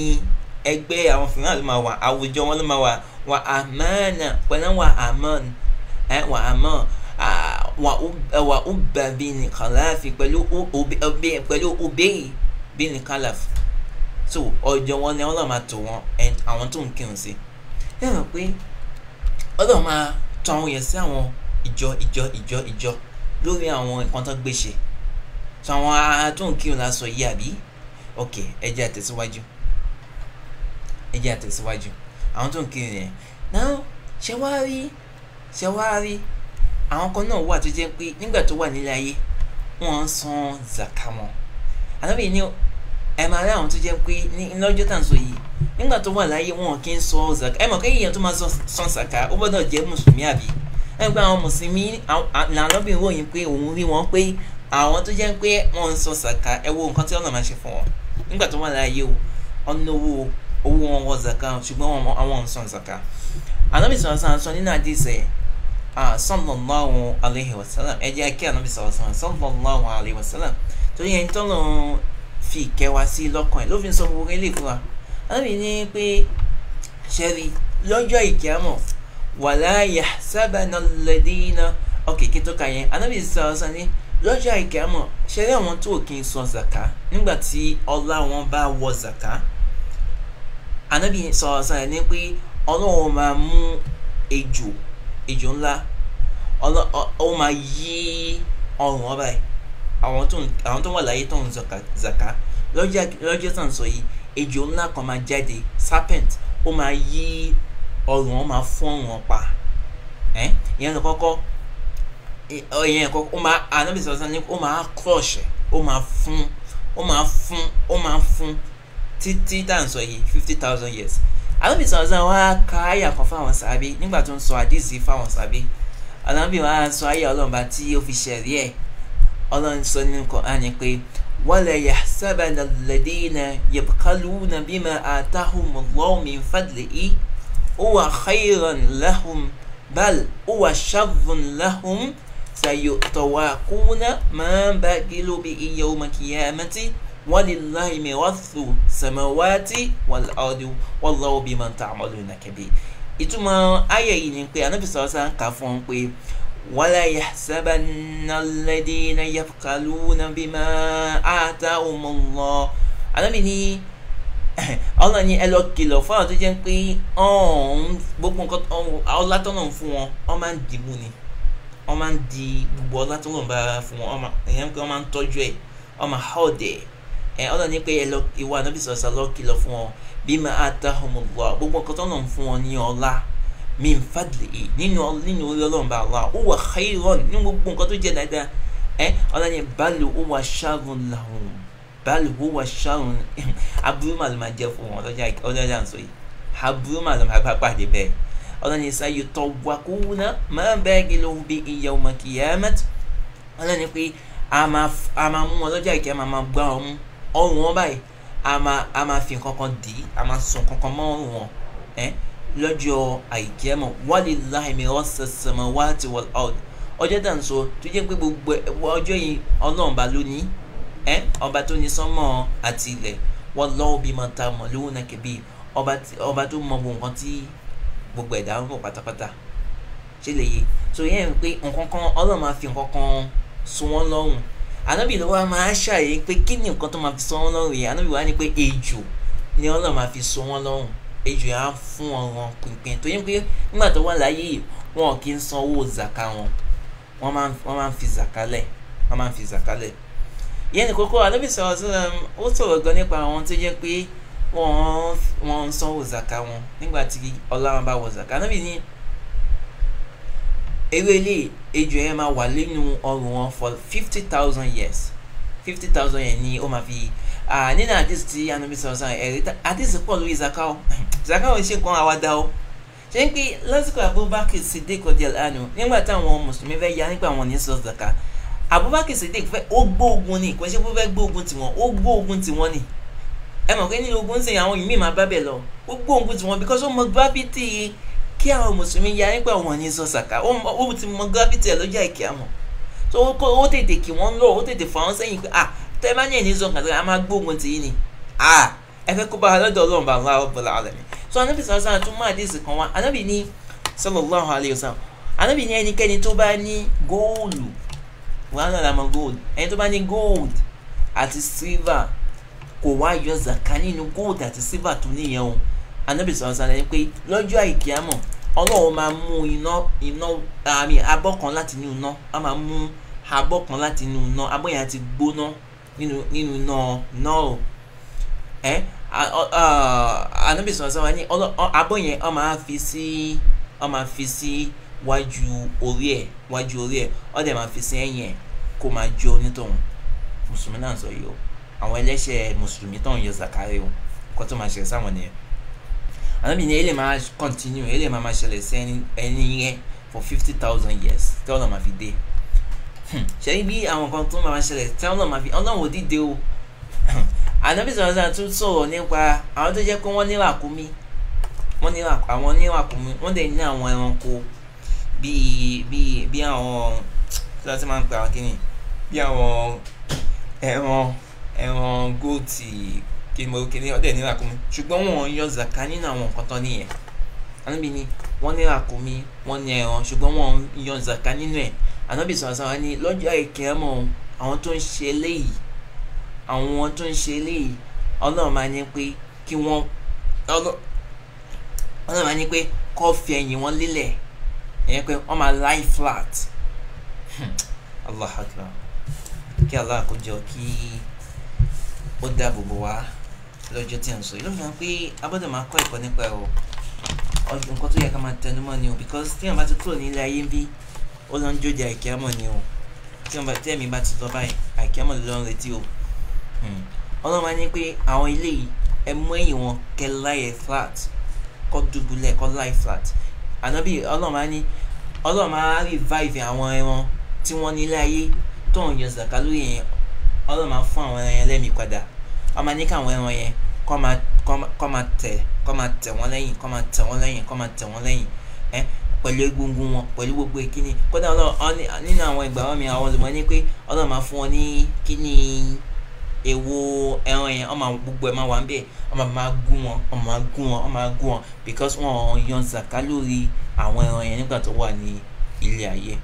ẹgbẹ́ àwọn fìràn ló máa wà àwùjọ wọn ló máa wà wà àmánà pẹ̀lú wà àmán wà àmán wà ọba bíi nìkan láàfin pẹ̀lú obìnrin bíi nìkan láàfin so ọjọ́ wọn ni ọlọ́run máa tò wọn àwọn tó ń kírun sí ẹ rò pé ọlọ́run máa tọ àwọn yẹn sí àwọn ìjọ ìjọ ìjọ ìjọ lórí àwọn nǹkan tó gbé ṣe so àwọn tó ń kírun la sọ yìí àbí ok ẹ jẹ́ àtẹ̀síwájú ẹ jẹ́ àtẹ̀síwájú àwọn tó ń kírun yẹn náà ṣe wá rí ṣe wá rí àwọn kan náà wà tó jẹ́ pé nígbà tó wà nílé ayé wọ́n ń san zaka wọn àlọ́bì ní ẹ máa rí àwọn tó jẹ́ pé lọ́jọ́ tá à ń sọ yìí nígbà tó wà láyé wọn kì í san zaka ẹ mọ̀ kéèyàn tó máa san zaka ó gbọ́dọ̀ jẹ́ mùsùlùmí àbí ẹgbẹ́ àwọn mùsùlùmí lànàbí ròyìn pé òun rí wọn pé àwọn tó jẹ́ pé wọ́n ń sọ sàkà ẹ wo nǹkan tí ọ̀nà máa ṣe fún wọn nígbà tó wà láàyè o ọ̀nà owó wọn wọ zaka ṣùgbọ́n àwọn ń sọ zaka ànábì sọ̀rọ̀ sàn nínú àdìsẹ̀ sallallahu alayhi wa ẹ jẹ́ kí ànábì sọ̀rọ̀ sàn sallallahu alayhi wa sallam torí ẹni fi ìkẹwàá sí lọ́kàn ẹ̀ ló fi ń sọ gbogbo ilé ìfura ànábì ní pé ṣẹ́rí lọ́jọ́ ìkẹ́mọ̀ wàlá yahsabana alladina ọkẹ̀ kí n tó ka yẹn anábì sọ̀rọ̀ ní lọ́jọ́ àìkẹ́mọ̀ ṣẹlẹ̀ àwọn tó kì í san zaka nígbà tí ọlá wọn bá wọ zaka anábì sọ̀rọ̀ sọ̀rọ̀ ní pé ọlọ́run máa mú ejò ejò ńlá ó máa yí ọrùn ọba ẹ̀ àwọn tó wà láyé tó ń zaka lọ́jọ́ tó ń sọ yìí ejò ńlá kan máa jáde serpent ó máa yí ọrùn wọn máa fọ́ wọn pa ìyẹn lọ kọ́kọ́ ìyẹn kọ́kọ́ ó máa anábì sọ̀rọ̀ ní ó máa crush ó máa fún ó máa fún ó máa fún títí dáǹsọ yìí fifty thousand years anábì sọ̀rọ̀ sọ̀rọ̀ wá ka àyà kan fáwọn sàbí nígbà tó ń sọ àdìsí fáwọn sàbí anábì wá sọ àyà ọlọ́mọba tí ó fi ṣẹ̀rí ẹ̀ ọlọ́run sọ nínú kan á ní pé wala yahsabanna alladhina yabkhaluna bima atahumullahu min fadlihi huwa khayran lahum bal huwa sharrun lahum sayutawakuna ma bakilu bihi yawma qiyamati walillahi mirathu samawati wal ardi wallahu bima ta'maluna kabir ìtumọ̀ ayé yìí ni pé anábì sọ̀rọ̀ sáà ń kà un pé wala yahsabanna alladhina yafkaluna bima atahumullah anábì ní. *coughs* ọlọ́run ni ẹ lọ kìlọ̀ fún àwọn tó jẹ́ pé ọ̀hún gbogbo nǹkan ọlá tọ́nà ń fún wọn wọ́n máa ń dìbò ni wọ́n máa ń di gbogbo ọlá tọ́nà bá fún wọn ìyẹn pé wọ́n máa ń tọ́jú ẹ̀ wọ́n máa há ọ̀dẹ̀ ẹ̀ ọlọ́run ni pé ẹ lọ ìwà ànábì sọ̀sà lọ kìlọ̀ fún wọn bí máa atahumullah gbogbo nǹkan tọ́nà ń fún wọn ní ọlá min fadlihi nínú nínú ọlọ́run bá wà ó wà khayran ní gbogbo nǹkan tó jẹ́ dáadáa ọlọ́run ni bal huwa sharrun lahum bal huwa sharun aburú mà ló máa jẹ́ fún wọn lọ́jà ọlọ́jà ń sọ yìí aburú mà ló máa bá pàdé bẹ́ẹ̀ ọlọ́ni sáyé tọ́gbà kúnà máa bẹ́ẹ̀ kí ló bí ìyá ọmọ kìyàmẹ́t ọlọ́ni pé a máa mú wọn lọ́jà ìkẹ́ máa máa gbá wọn mú ọrùn wọn báyìí a máa fi kankan dì í a máa sùn kankan mọ́ ọrùn wọn lọ́jọ́ àìjẹ́mọ̀ wálé láìmí ọ̀sẹ̀ wá ti wọ́n ọ̀d ọjọ́ dàn so tó jẹ́ pé gbogbo ọjọ́ yìí ọlọ́run bá lónìí ọba tó ní sánmọ̀ àti ilẹ̀ wallahu bima ta'maluna kabir ọba tó mọ gbogbo nǹkan tí gbogbo ẹ̀dá ń bọ̀ pátápátá ṣe lè yé so yẹn pé nǹkan kan fi nǹkan kan sun wọ́n lọ́rùn máa pé kí ni nǹkan tó máa fi sun wọ́n lọ́rùn yìí wá ní pé ejò ni ọlọ́run máa fi sun wọ́n lọ́rùn ejò fún pínpín tó yẹ pé nígbà wà láyé wọn kì í zàká wọn máa yẹn ní kókó Ànábì sọ̀rọ̀ sọ́nà ó sọ̀rọ̀ gan nípa àwọn tó jẹ́ pé wọ́n ń sanwó zaka wọn nígbà tí ọlọ́run bá wọ zaka Ànábì ní ewé ilé ejò yẹn máa wà lẹ́nu ọrùn wọn for fifty thousand years fifty thousand yẹn ni ó máa fi nínú àdìsí tí Ànábì sọ̀rọ̀ sọ́nà ẹ̀rí àdìsí pọ̀ lórí zaka o *laughs* zaka o ṣe kan àwàdà o ṣe ń pé lásìkò Abubakar Siddiq ọ̀dẹ̀ àná nígbà táwọn mùsùlùmí fẹ́ ya nígbà wọn ní sọ zaka Abubakar Sadiq fẹ́ ó gbóògùn ni kò ṣe pé ó fẹ́ gbóògùn tiwọn ó gbóògùn tiwọn ni ẹ mọ̀ pé nínú ogun ṣe àwọn ìmí máa bá bẹ̀ lọ ó gbóògùn tiwọn because ó mọ gravity kí àwọn mùsùlùmí ya nípa wọn ní sọ sàkà ó ti mọ gravity ẹ lọ́jà ìkí àmọ́ tó ó tètè kí wọ́n lọ ó tètè fà sẹ́yìn pé ah tẹ́ bá ní ẹ̀ ní sọ kàtà á máa gbóògùn tì ni ah ẹ fẹ́ kó bá alọ́dọ̀ ọlọ́run bá ńlá ọ̀bọ̀lá so anábì sọ̀rọ̀ sọ̀rọ̀ tún máa sallallahu alayhi wa sallam anábì ní ẹnikẹ́ni one hundred àmọ́ gold ẹni tó bá ní gold àti silver kò wá yọ zaka nínú gold àti silver tó níyẹn o anabi sọ̀rọ̀ sọ̀rọ̀ ẹni pé lọ́jọ́ àìkíámọ̀ ọlọ́run máa mú iná iná àmì abọ́ kan láti inú iná a máa mú abọ́ kan láti inú iná abọ́ yẹn ti gbóná nínú nínú iná o ẹ anabi sọ̀rọ̀ sọ̀rọ̀ ẹni abọ́ yẹn ọ máa fi sí ọ máa fi sí wájú orí ẹ̀ wájú orí ẹ̀ ó dẹ̀ máa fi sí ẹ̀yìn ẹ̀ kó máa jó onítọ̀hún mùsùlùmí náà sọ yìí o àwọn ẹlẹ́ṣẹ̀ mùsùlùmí tó ń yọ zakari o kó tó máa ṣẹlẹ̀ sáwọn nìyẹn ànábì ni ele máa continue ele máa máa ṣẹlẹ̀ sí ẹni yẹn for fifty thousand years tí ọ̀nà máa fi dé hmm, ṣẹ́yìn bí àwọn kan tó máa ṣẹlẹ̀ tí ọ̀nà máa fi ọ̀nà wò dídé o *clears throat* ànábì sọ̀rọ̀ sọ̀rọ̀ tún sọ̀rọ̀ nípa àwọn tó jẹ́ pé wọ́n ní làkúmí wọ́n ní àwọn ní làkúmí wọ́n dẹ̀ ní àwọn ẹranko bíi bíi bí àwọn tí wọ́n ti máa ń pa kíni bí àwọn ẹran ẹran góòtì kíni mo kíni ọdẹ ní ràkúnmí ṣùgbọ́n wọ́n yọ zaka nínú àwọn nǹkan tán nìyẹn anábì ni wọ́n ní ràkúnmí wọ́n ní ẹran ṣùgbọ́n wọ́n yọ zaka nínú ẹ̀ anábì sọ̀rọ̀ sọ̀rọ̀ ni lọ́jọ́ ìkẹ́mọ̀ àwọn tó ń ṣe eléyìí àwọn tó ń ṣe eléyìí ọlọ́run máa ní pé kí wọ́n ọlọ́run máa ní pé kó fi ẹ̀yìn wọn lélẹ̀ ìyẹn pé wọ́n máa lie flat hmm. allah akbar kí allah kó jọ kí ó dáàbò bò wá lọ́jọ́ tí à ń sọ yìí ló fi hàn pé a gbọ́dọ̀ máa kọ́ ẹ̀kọ́ nípa ẹ̀ o nǹkan tó yẹ ká máa tẹnu mọ́ ni o because tí èèyàn bá ti kúrò nílé ayé ń bí ó lọ ń jóde àìkíámọ̀ ni o tí èèyàn bá tí èmi bá ti lọ báyìí àìkíámọ̀ ló ń retí o hmm. ọlọ́run máa ní pé àwọn ilé yìí ẹ mú ẹ̀yìn wọn kẹ́ láyé flat kọ́ dùbúlẹ̀ kọ́ láyé flat ànábì ọlọ́run máa ní ọlọ́run máa revive àwọn ẹran tí wọ́n ní láyé tó ń yọ zaka lórí yẹn ọlọ́run máa fún àwọn ẹran yẹn lẹ́mìí padà wọ́n máa ní káwọn ẹran yẹn kọ́ máa tẹ̀ kọ́ máa tẹ̀ wọ́n lẹ́yìn kọ́ máa tẹ̀ wọ́n lẹ́yìn kọ́ máa tẹ̀ wọ́n lẹ́yìn ẹ́ pẹ̀lú egungun wọn pẹ̀lú gbogbo ìkíni kódà ọlọ́run nínú àwọn ìgbà wọn mi àwọn olùmọ̀ ní pé ọlọ́run máa fún wọn ní kíni èwo ẹran yẹn ọmọ àwọn gbogbo ẹ máa wà ń bẹ ọmọ máa gún wọn ọmọ máa gún wọn ọmọ máa gún wọn because wọn yan zaka lórí àwọn ẹran yẹn nígbà tó wà ní ilé ayé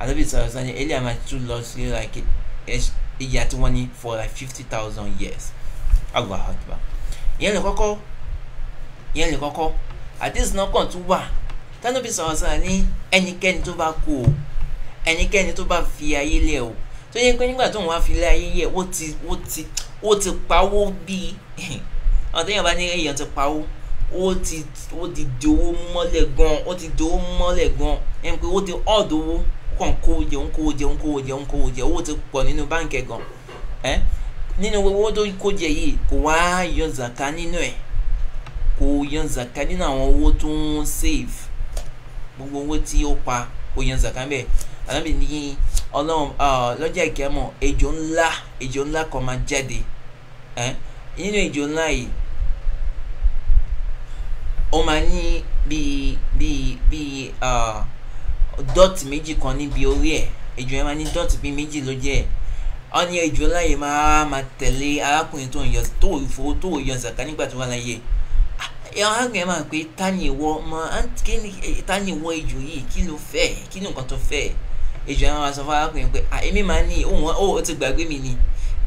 àdébí sọ̀rọ̀ sani eléyà máa tún lọ sí like ìyá tí wọ́n ní for like fifty thousand years Allahu Akbar ìyẹn lè kọ́kọ́ ìyẹn lè kọ́kọ́ àdéhùn náà kàn tún wà tánúbí sọ̀rọ̀ sọ̀rọ̀ ní ẹnikẹ́ni tó bá kú o ẹnikẹ́ni tó bá fi ayé lẹ̀ o tó yẹ pé nígbà tó ń wá fi ilé ayé yẹ ó ti ó ti ó ti pawó bíi *laughs* àwọn bá ní èèyàn ti pawó ó ti ó ti mọ́lẹ̀ gan ó ti mọ́lẹ̀ gan pé ó ti kó kó kó kó jẹ owó ti pọ̀ nínú gan nínú pa kò ànábì ní ọlọ́run lọ́jọ́ ìkẹ́mọ̀ ejò ńlá ejò ńlá kan máa jáde nínú ejò ńlá yìí ó máa ní bíi bíi bíi dọ́ọ̀tì méjì kan níbi orí ẹ̀ ejò yẹn máa ní dọ́ọ̀tì bíi méjì lójú ẹ̀ wọ́n ní ejò ńlá yìí máa máa tẹ̀lé arákùnrin tó ń yọ tó ìfowó tó yọ zàkà nígbà tó wà láyé ah, ẹ̀rọ àgbẹ̀ máa pé ta ni ìwọ mọ kí ni ta ni ìwọ ejò yìí kí ló fẹ́ kí ni nǹkan tó fẹ́ ẹ̀ èjò àwọn aṣọ fún arákùnrin pé èmi máa ní òun ó ti gbàgbé mi ni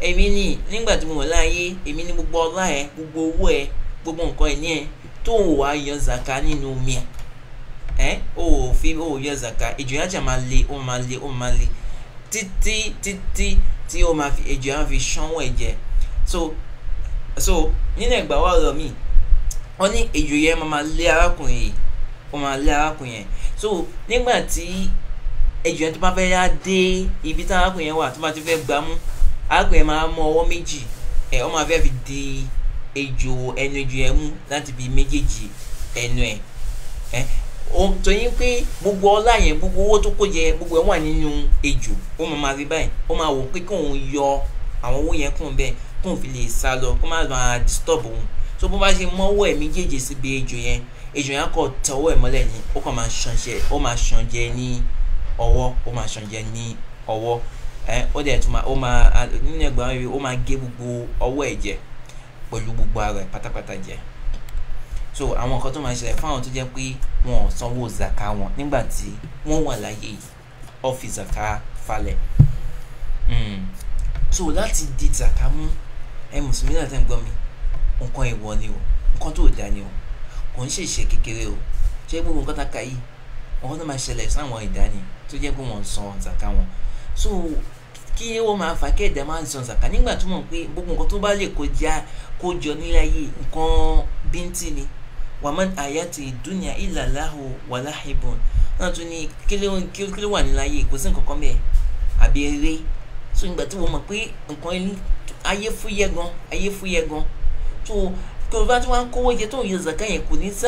èmi ní nígbà tí mo wọ̀ láàyè èmi ní gbogbo ọlá ẹ gbogbo owó ẹ gbogbo nǹkan ìní ẹ tó ò wá yan zaka nínú omi ẹ ò fi ò yan zaka èjò yẹn àjà máa le ó máa le ó máa le títí títí tí ó máa fi èjò yẹn fi ṣánwó ẹ jẹ so so nínú ẹgbàá wà lọ mí wọn ní èjò yẹn máa lé arákùnrin yìí ó máa lé arákùnrin yẹn so nígbà tí ẹjù yẹn tó bá fẹ́ yá dé ibi tá arákùnrin yẹn wà tó bá ti fẹ́ gbámú arákùnrin yẹn máa mú ọwọ́ méjì ẹ̀ ọ́ máa fẹ́ fi di ejò ẹnu ejò yẹn mú láti bi méjèèjì ẹnu ẹ̀ ẹ́ tòyìn pé gbogbo ọlá yẹn gbogbo owó tó kó jẹ gbogbo ẹ̀ wà nínú ejò ó máa máa rí báyìí ó máa wò pé kóun yọ àwọn owó yẹn kùn bẹ́ẹ̀ kóun fi lè sá lọ kó má máa disturb òun tó bó bá ṣe mọ́wọ́ ẹ̀ méjèèjì síbi ejò yẹn ejò yẹn kò tọwọ́ ẹ̀ mọ́lẹ̀ ni ó kàn máa ṣànṣẹ́ ó máa ṣànjẹ́ ní ọwọ́ ó máa ṣàn jẹ ní ọwọ́ ẹ ó dẹ̀ tún máa ó máa nínú ẹgbàá rẹ ó máa gé gbogbo ọwọ́ ẹ̀ jẹ pẹ̀lú gbogbo ara ẹ̀ pátápátá jẹ so àwọn nǹkan tó máa ń ṣẹlẹ̀ fáwọn tó jẹ́ pé wọn ò sanwó zaka wọn nígbà tí wọ́n wà láyé ọ̀fi zaka falẹ̀ hmm. so láti di zaka mú ẹ mùsùlùmí náà tẹ́ ń gbọ́ mi nǹkan ìwọ ni o nǹkan tó dáa ni o kò ń ṣèṣe kékeré o ṣé gbogbo nǹkan tá a kà yìí nǹkan tó máa ṣẹlẹ̀ sáwọn ìdání tó jẹ́ pé wọ́n ń san zaka wọn so kí ó máa fà kí ẹ̀dá máa ń san zaka nígbà tó mọ̀ pé gbogbo nǹkan tó bá lè kọjá kójọ nílé ayé nǹkan bíntín ni wàmán àyàtì dúnìá ìlàláhù wàláhìbùn náà tún ní kí ló wà nílé ayé kò sí nǹkan kan bẹ́ẹ̀ àbí eré so nígbà tí wọ́n mọ̀ pé nǹkan ayé fúyẹ́ gan ayé fúyẹ́ gan tó tó o bá tún wá ń kówó jẹ tó ń yọ zaka yẹn kò ní sí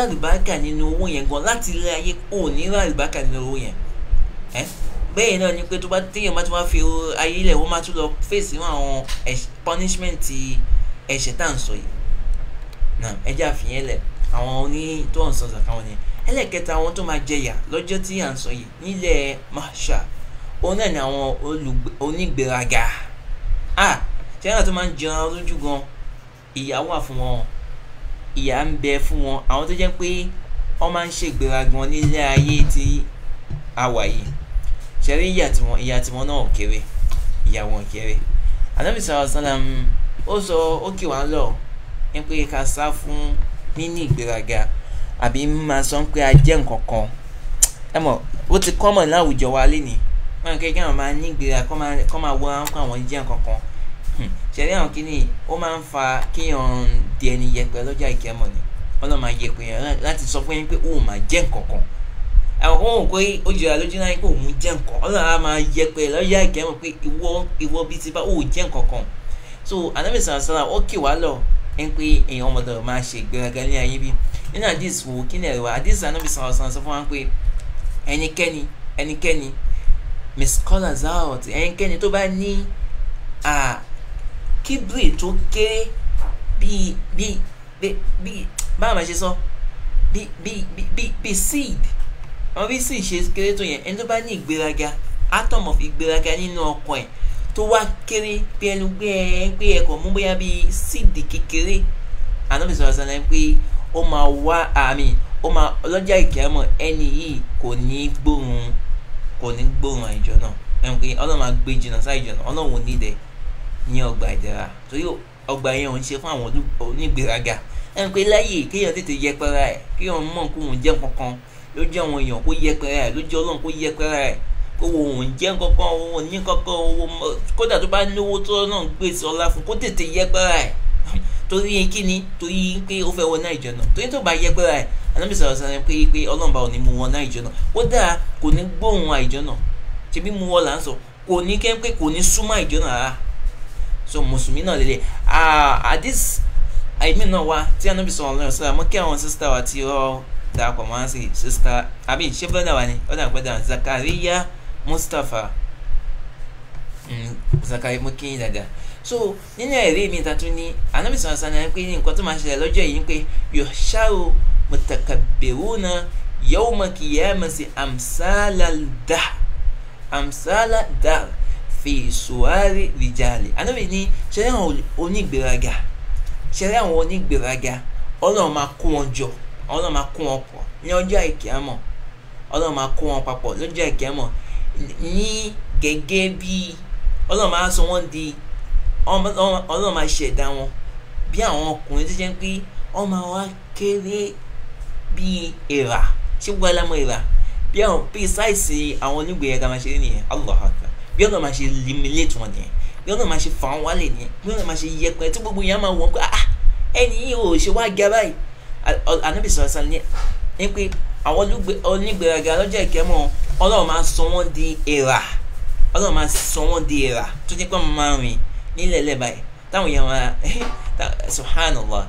nínú owó yẹn gan láti ilé ayé ò ní rí nínú owó yẹn ẹ bẹ́ẹ̀ náà ni pé tó bá téèyàn bá tún wá fi ayé ilẹ̀ wọ́n máa tún lọ fèsì àwọn punishment ẹ̀ṣẹ̀ tá à ń sọ yìí náà ẹ jẹ́ àfihàn ẹlẹ̀ àwọn oní tó ń sọ sàkáwọn yẹn ẹlẹ́kẹta àwọn tó máa jẹyà lọ́jọ́ tí à ń sọ yìí nílẹ̀ masha òun náà ni àwọn onígbéraga ah ṣé àwọn tó máa ń jẹun lójú gan ìyà wà fún wọn ìyà ń bẹ fún wọn àwọn tó jẹ́ pé wọ́n máa ń ṣègbéraga nílé ayé tí àwà yìí ṣe rí ìyà tí wọn ìyà tí wọn náà kéré ìyà wọn kéré anabi sọ̀rọ̀ sálàm ó sọ ó kì wá lọ ní pé ká sá fún níní ìgbéraga àbí máa sọ pé a jẹ́ nǹkan kan ẹ mọ̀ ó ti kọ́mọ̀ láwùjọ wa lé ní wọn kì í kí àwọn máa ní ìgbéra kọ́ máa wọ àwọn àwọn jẹ́ nǹkan kan hmm. ṣẹ̀rí àwọn kìíní ó máa ń fa kéèyàn di ẹni yẹpẹ lọ́jọ́ àìkẹ́mọ̀ ni wọ́n lọ́ máa yẹpẹ yẹn láti sọ fún yín pé ó máa jẹ́ nǹkan kan àwọn ohun pé ó jẹrà lójú náà pé òun jẹ́ nǹkan ọlọ́run á máa yẹ pé lọ́yà ìkẹ́mọ̀ pé ìwọ ìwọ bíi ti bá ò jẹ́ nǹkan kan so anabi sàn sàn ó kì wá lọ ẹ pé èèyàn ọmọdé rẹ máa ṣe ìgbéraga ní ayé bí nínú àdìs wò kí ni ẹ̀rọ àdìs anabi sàn sọ fún wa pé ẹnikẹ́ni ẹnikẹ́ni miss kọ́lá zaot ẹnikẹ́ni tó bá ní kíbrì tó kéré bíi bíi bíi báwo máa ṣe sọ bíi bíi bíi seed àwọn bí sì ṣe kéré tó yẹn ẹni tó bá ní ìgbéraga atom of ìgbéraga nínú ọkàn ẹ̀ tó wá kéré bí ẹnu gbé ẹ pé ẹ kò mú bóyá bí síìdì kékeré ànábì sọ̀rọ̀ sọ̀rọ̀ náà pé ó máa wá àmì ó máa ọlọ́jà ìkẹ́mọ̀ ẹni yìí kò ní gbóhùn kò ní gbóhùn àìjọ náà ẹ̀ ń pè ọlọ́run máa gbé jìnnà sáà ìjọ náà ọlọ́run ò ní dẹ̀ ní ọgbà ìdẹ̀ra torí ọgbà yẹn òun ṣe fún àwọn onígbèraga ẹ̀ ń láyè kéèyàn tètè yẹpẹra ẹ̀ kéèyàn mọ̀ kóhùn jẹ́ kankan ló jẹ́ àwọn èèyàn kó yẹpẹrẹ ló jẹ́ ọlọ́run kó yẹpẹrẹ kó wo òun jẹ́ kankan òun ní kankan owó kódà tó bá lówó tó náà gbèsè ọlá fún kó tètè yẹpẹrẹ ẹ̀ *laughs* torí kíni torí pé ó fẹ́ wọ náà ìjọ torí tó bá yẹpẹrẹ ẹ̀ anábì sọ̀rọ̀ pé pé ọlọ́run bá ò ní mú wọn náà ìjọ ó dáa kò ní gbóhùn àìjọ náà ṣebí wọn là ń sọ kò ní kẹ́ pé kò ní súnmọ́ àìjọ rárá so mùsùlùmí náà lélẹ̀ àdìs ah, àìmí náà wá tí anábì sọ̀rọ̀ lọ́yọ̀ sọ̀rọ̀ kí àwọn sísítà wa ti rọ darapọ̀ mọ́ sí sista àbí ṣé brọ́dà wa ni ọ̀dà brọ́dà Zakaria Mustapha mm, Zakaria mo kí yín dáadáa so nínú ẹ̀rí mi ta tún ní anábì sọ̀rọ̀ sani pé nǹkan tó máa ṣẹlẹ̀ lọ́jọ́ yìí ni pé yọ̀ṣàrò mutakabbiruna yawma qiyamati amsala dahr amsala dahr fi suwari rijali anábì ní ṣẹlẹ̀ àwọn onígbèraga ṣẹlẹ̀ àwọn onígbèraga ọlọ́run máa kó wọn jọ ọlọ́run máa kó wọn pọ̀ ní ọjọ́ àìkíámọ̀ ọlọ́run máa kó wọn papọ̀ lọ́jọ́ àìkíámọ̀ ní gẹ́gẹ́ bí ọlọ́run máa sọ wọ́n di ọlọ́run máa ṣẹ̀dá wọn bí àwọn ọkùnrin tó jẹ́ pé wọ́n máa wá kéré bíi èèrà tí wọ́n lámọ́ èèrà bí àwọn bí sáìsì àwọn onígbèrè ẹ̀ka máa ṣe rí nìyẹn allah akbar bí ọlọ́run máa ṣe limilate wọn nìyẹn bí ọlọ́run máa ṣe fà wọn wálẹ̀ nìyẹn bí ọlọ́run máa ṣe yẹpẹ tí gbogbo yẹn máa wọ̀ pé ah ẹni yìí ò ṣe wá gẹ báyìí anabi sọ̀rọ̀ sàn ní pé àwọn onígbèraga lọ́jọ́ ìkẹ́mọ̀ ọlọ́run máa sọ wọ́n di èrà ọlọ́run máa sọ wọ́n di èrà tó jẹ́ pé máa rìn nílẹ̀ lẹ́bàá yìí táwọn èèyàn máa *laughs* subhanallah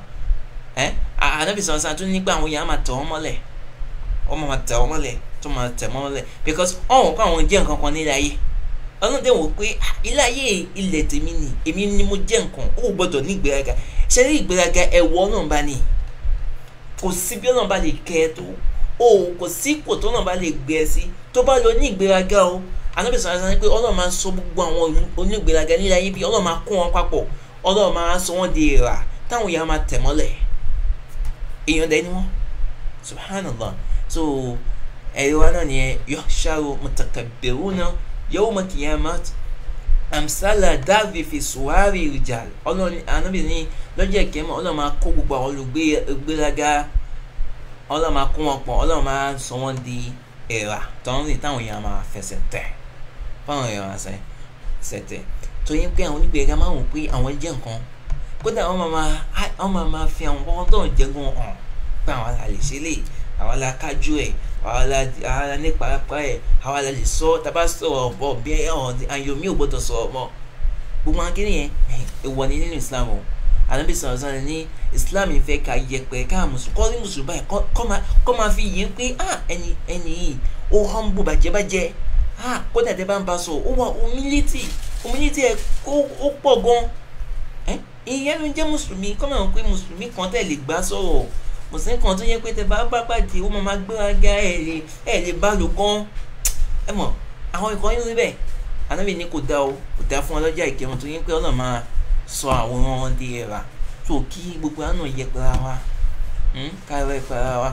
anabi sọ̀rọ̀ sàn tún ní pé àwọn èèyàn máa tẹ̀ wọ́n mọ́lẹ̀ wọ́n máa tẹ̀ wọ́n mọ́lẹ̀ tó máa tẹ̀ wọ́n mọ́lẹ̀ because ọ̀hún kọ́ àwọn jẹ́ nǹkan kan nílẹ̀ ayé ọlọ́run dẹ̀ wò pé ah, ilé ayé ilẹ̀ tèmi ni èmi ni mo jẹ́ nǹkan ó gbọ́dọ̀ ní ìgbéraga ṣe ní ìgbéraga ẹ̀wọ́ náà bá ní kò sí bí ọ̀nà bá lè kẹ́ ẹ tó o kò sí ipò tó ọ̀nà bá lè gbé ẹ sí tó bá lọ ní ìgbéraga o anábìsọ ara sani pé ọlọ́run máa ń sọ gbogbo àwọn onígbéraga nílẹ̀ ayé bí ọlọ́run máa kó wọn papọ̀ ọlọ́run máa sọ wọn di èrà táwọn èèyàn máa tẹ̀ mọ́lẹ̀ èèyàn dẹ́ ni wọ́n subhanallah so ẹ̀rí wa náà nìyẹn yọ ṣáàrò mọ̀tàkàbẹ̀rù náà yawma qiyamah amsala dábì fi suwari ìjà ọlọ́run anábì ní lọ́jọ́ ìkẹ́mọ̀ ọlọ́run máa kó gbogbo àwọn olùgbéraga ọlọ́run máa kó wọn pọ̀ ọlọ́run máa sọ wọ́n di ẹ̀rà tọ́run ní táwọn èèyàn máa fẹsẹ̀ tẹ̀ fáwọn èèyàn máa fẹsẹ̀ tẹ̀ tó yẹ pé àwọn onígbéraga máa wò pé àwọn jẹ́ nǹkan kódà wọ́n máa fi àwọn ọkọ̀ tó ń jẹ́gun hàn pé àwọn àlè ṣe lè àwọn alákájú ẹ̀ àwa la ní parapa ẹ̀ àwa la lè sọ tàbá sọ̀rọ̀ ọ̀bọ̀ bí ayomi ò gbọ́dọ̀ sọ̀rọ̀ mọ́ gbogbo àwọn kìnìyẹn ìwọ ni nínú Islam o Ànábì sọ̀rọ̀ sọ̀rọ̀ ní Islam ìfẹ́ ká yẹpẹ̀ ká mùsùlùmí kọ́ ní mùsùlùmí báyìí kọ́ máa fi yìí pé ah, ẹni ẹni yìí ó humble bàjẹ́bàjẹ́ ah, kódà tẹ́ bá ń bá sọ ó wà humility humility ẹ̀ ó pọ̀ gan-an ìyẹn ló ń jẹ́ mùsùlùmí kọ́ máa ń pé mùsùlùmí kan tẹ̀ lè gbá sọ̀rọ̀ kò sí nǹkan tó yẹ pé tẹ bá bá pàdé ó máa gbéra ga ẹ̀ lè ẹ̀ lè bá lò kán ẹ mọ̀ àwọn ìkọ́ yín níbẹ̀ anábì ní kò dá o kò dá fún ọlọ́jà ìkẹrùn tó yẹ pé ọlọ́ máa sọ àwòrán wọn di ẹ̀rà tó kí gbogbo àánú yẹpẹra wa káàárọ̀ ìpara hmm, wa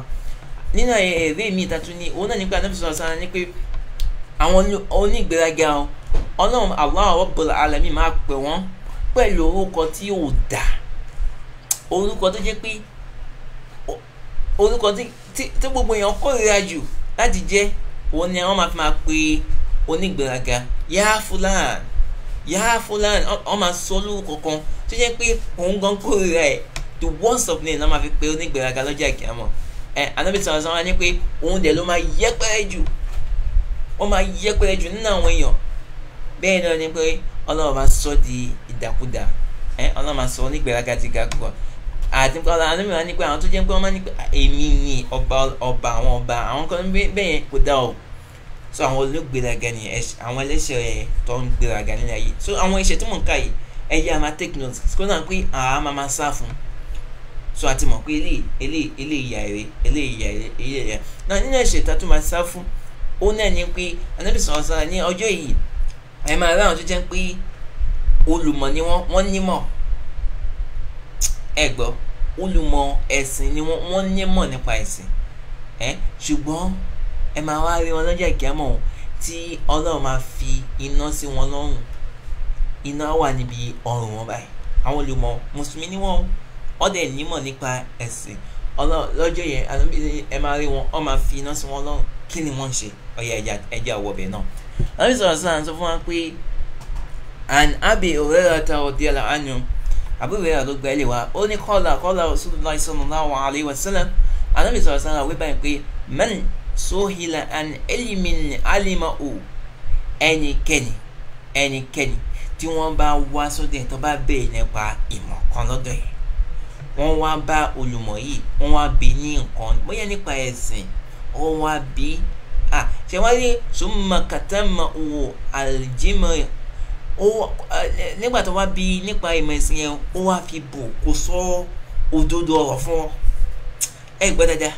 nínú ẹ̀rí mi ìtàtú ni òun náà ní pé anábì sọ̀rọ̀ sára pé àwọn onígbéraga ọlọ́run Allah Rabbul Alamin máa pè wọ́n pẹ̀lú orúkọ tí ò dá orúkọ tó jẹ́ pé orúkọ tí gbogbo èèyàn kórìíra jù láti jẹ́ òun ni ma máa fi máa pe onígbéraga yáá fúlàn yáá fúlàn wọ́n máa sọ lórúkọ kan tó jẹ́ pé òun gan kórìíra ẹ̀ the worst of name náà máa fi pe onígbéraga lọ́jọ́ àkíyàmọ̀ ẹ anábì sọ̀rọ̀ sọ̀rọ̀ ni pé òun dẹ̀ ló máa jù wọ́n máa jù nínú àwọn èèyàn bẹ́ẹ̀ pé ọlọ́run máa sọ di ìdàkudà ọlọ́run máa sọ ti ga àti nípa ọlọ́run àwọn mìíràn ní pé àwọn tó jẹ́ pé wọ́n máa ní pé èmi ni ọba ọba àwọn ọba àwọn kan bẹ́ẹ̀ yẹn kò dá o so àwọn olóògbéraga ni àwọn ẹlẹ́ṣẹ̀ rẹ̀ tó ń gbéraga nílẹ̀ ayé so àwọn ẹ̀ṣẹ̀ tí mò ń kà yìí ẹ̀yẹ́ a máa take note kó náà pé àá máa máa sá fún so àti mọ̀ pé eléyìí eléyìí eléyìí ìyà èrè eléyìí ìyà èrè eléyìí ìyà náà nínú ẹ̀ṣẹ̀ tá a tún máa sá fún ó náà ní pé Ànábì sọ̀rọ̀ sára ní ọjọ́ yìí ẹ̀ máa ráwọn tó jẹ́ pé olùmọ̀ ni wọ́n wọ́n nímọ̀ ẹ gbọ́ olùmọ̀ ẹ̀sìn ni wọ́n ní mọ̀ nípa ẹ̀sìn ẹ ṣùgbọ́n ẹ máa wá rí wọn lọ́jọ́ ìkẹ́mọ̀ tí ọlọ́run máa fi iná sí wọn lọ́rùn iná wà níbi ọrùn wọn báyìí àwọn olùmọ̀ mùsùlùmí ni wọ́n ọ̀dẹ̀ nímọ̀ nípa ẹ̀sìn lọ́jọ́ yẹn àdúgbò ẹ máa rí wọn ọ máa fi iná sí wọn lọ́rùn kí ni wọ́n ń ṣe ọ̀yà ẹja àwọ̀bẹ̀ náà. àdúgbò sọ̀rọ̀ sọ̀rọ̀ sọ fún wa pé an abi òrẹ́rẹ́ ta ọ̀dẹ́ la ánú Abu Hurairah ló gba ẹlẹ́ wa ó ní kọ́lá kọ́lá Rasulullahi sallallahu alayhi wa sallam anábì sọ̀rọ̀ sọ́nà wí báyìí pé man suhila an ilmin alima o ẹnikẹ́ni ẹnikẹ́ni tí wọ́n bá wá sóde tó bá bẹ̀rẹ̀ nípa ìmọ̀ kan lọ́dọ̀ yẹn wọ́n wá bá olùmọ̀ yìí wọ́n wá bí ní nǹkan bóyá nípa ẹ̀sìn wọ́n wá bí ṣe wá rí summa katama o aljimari ó nígbà tó wá bí nípa ìmọ̀ ẹ̀sìn yẹn ó wá fi bò kó sọ òdodo ọ̀rọ̀ fún ọ ẹ gbọ́ dáadáa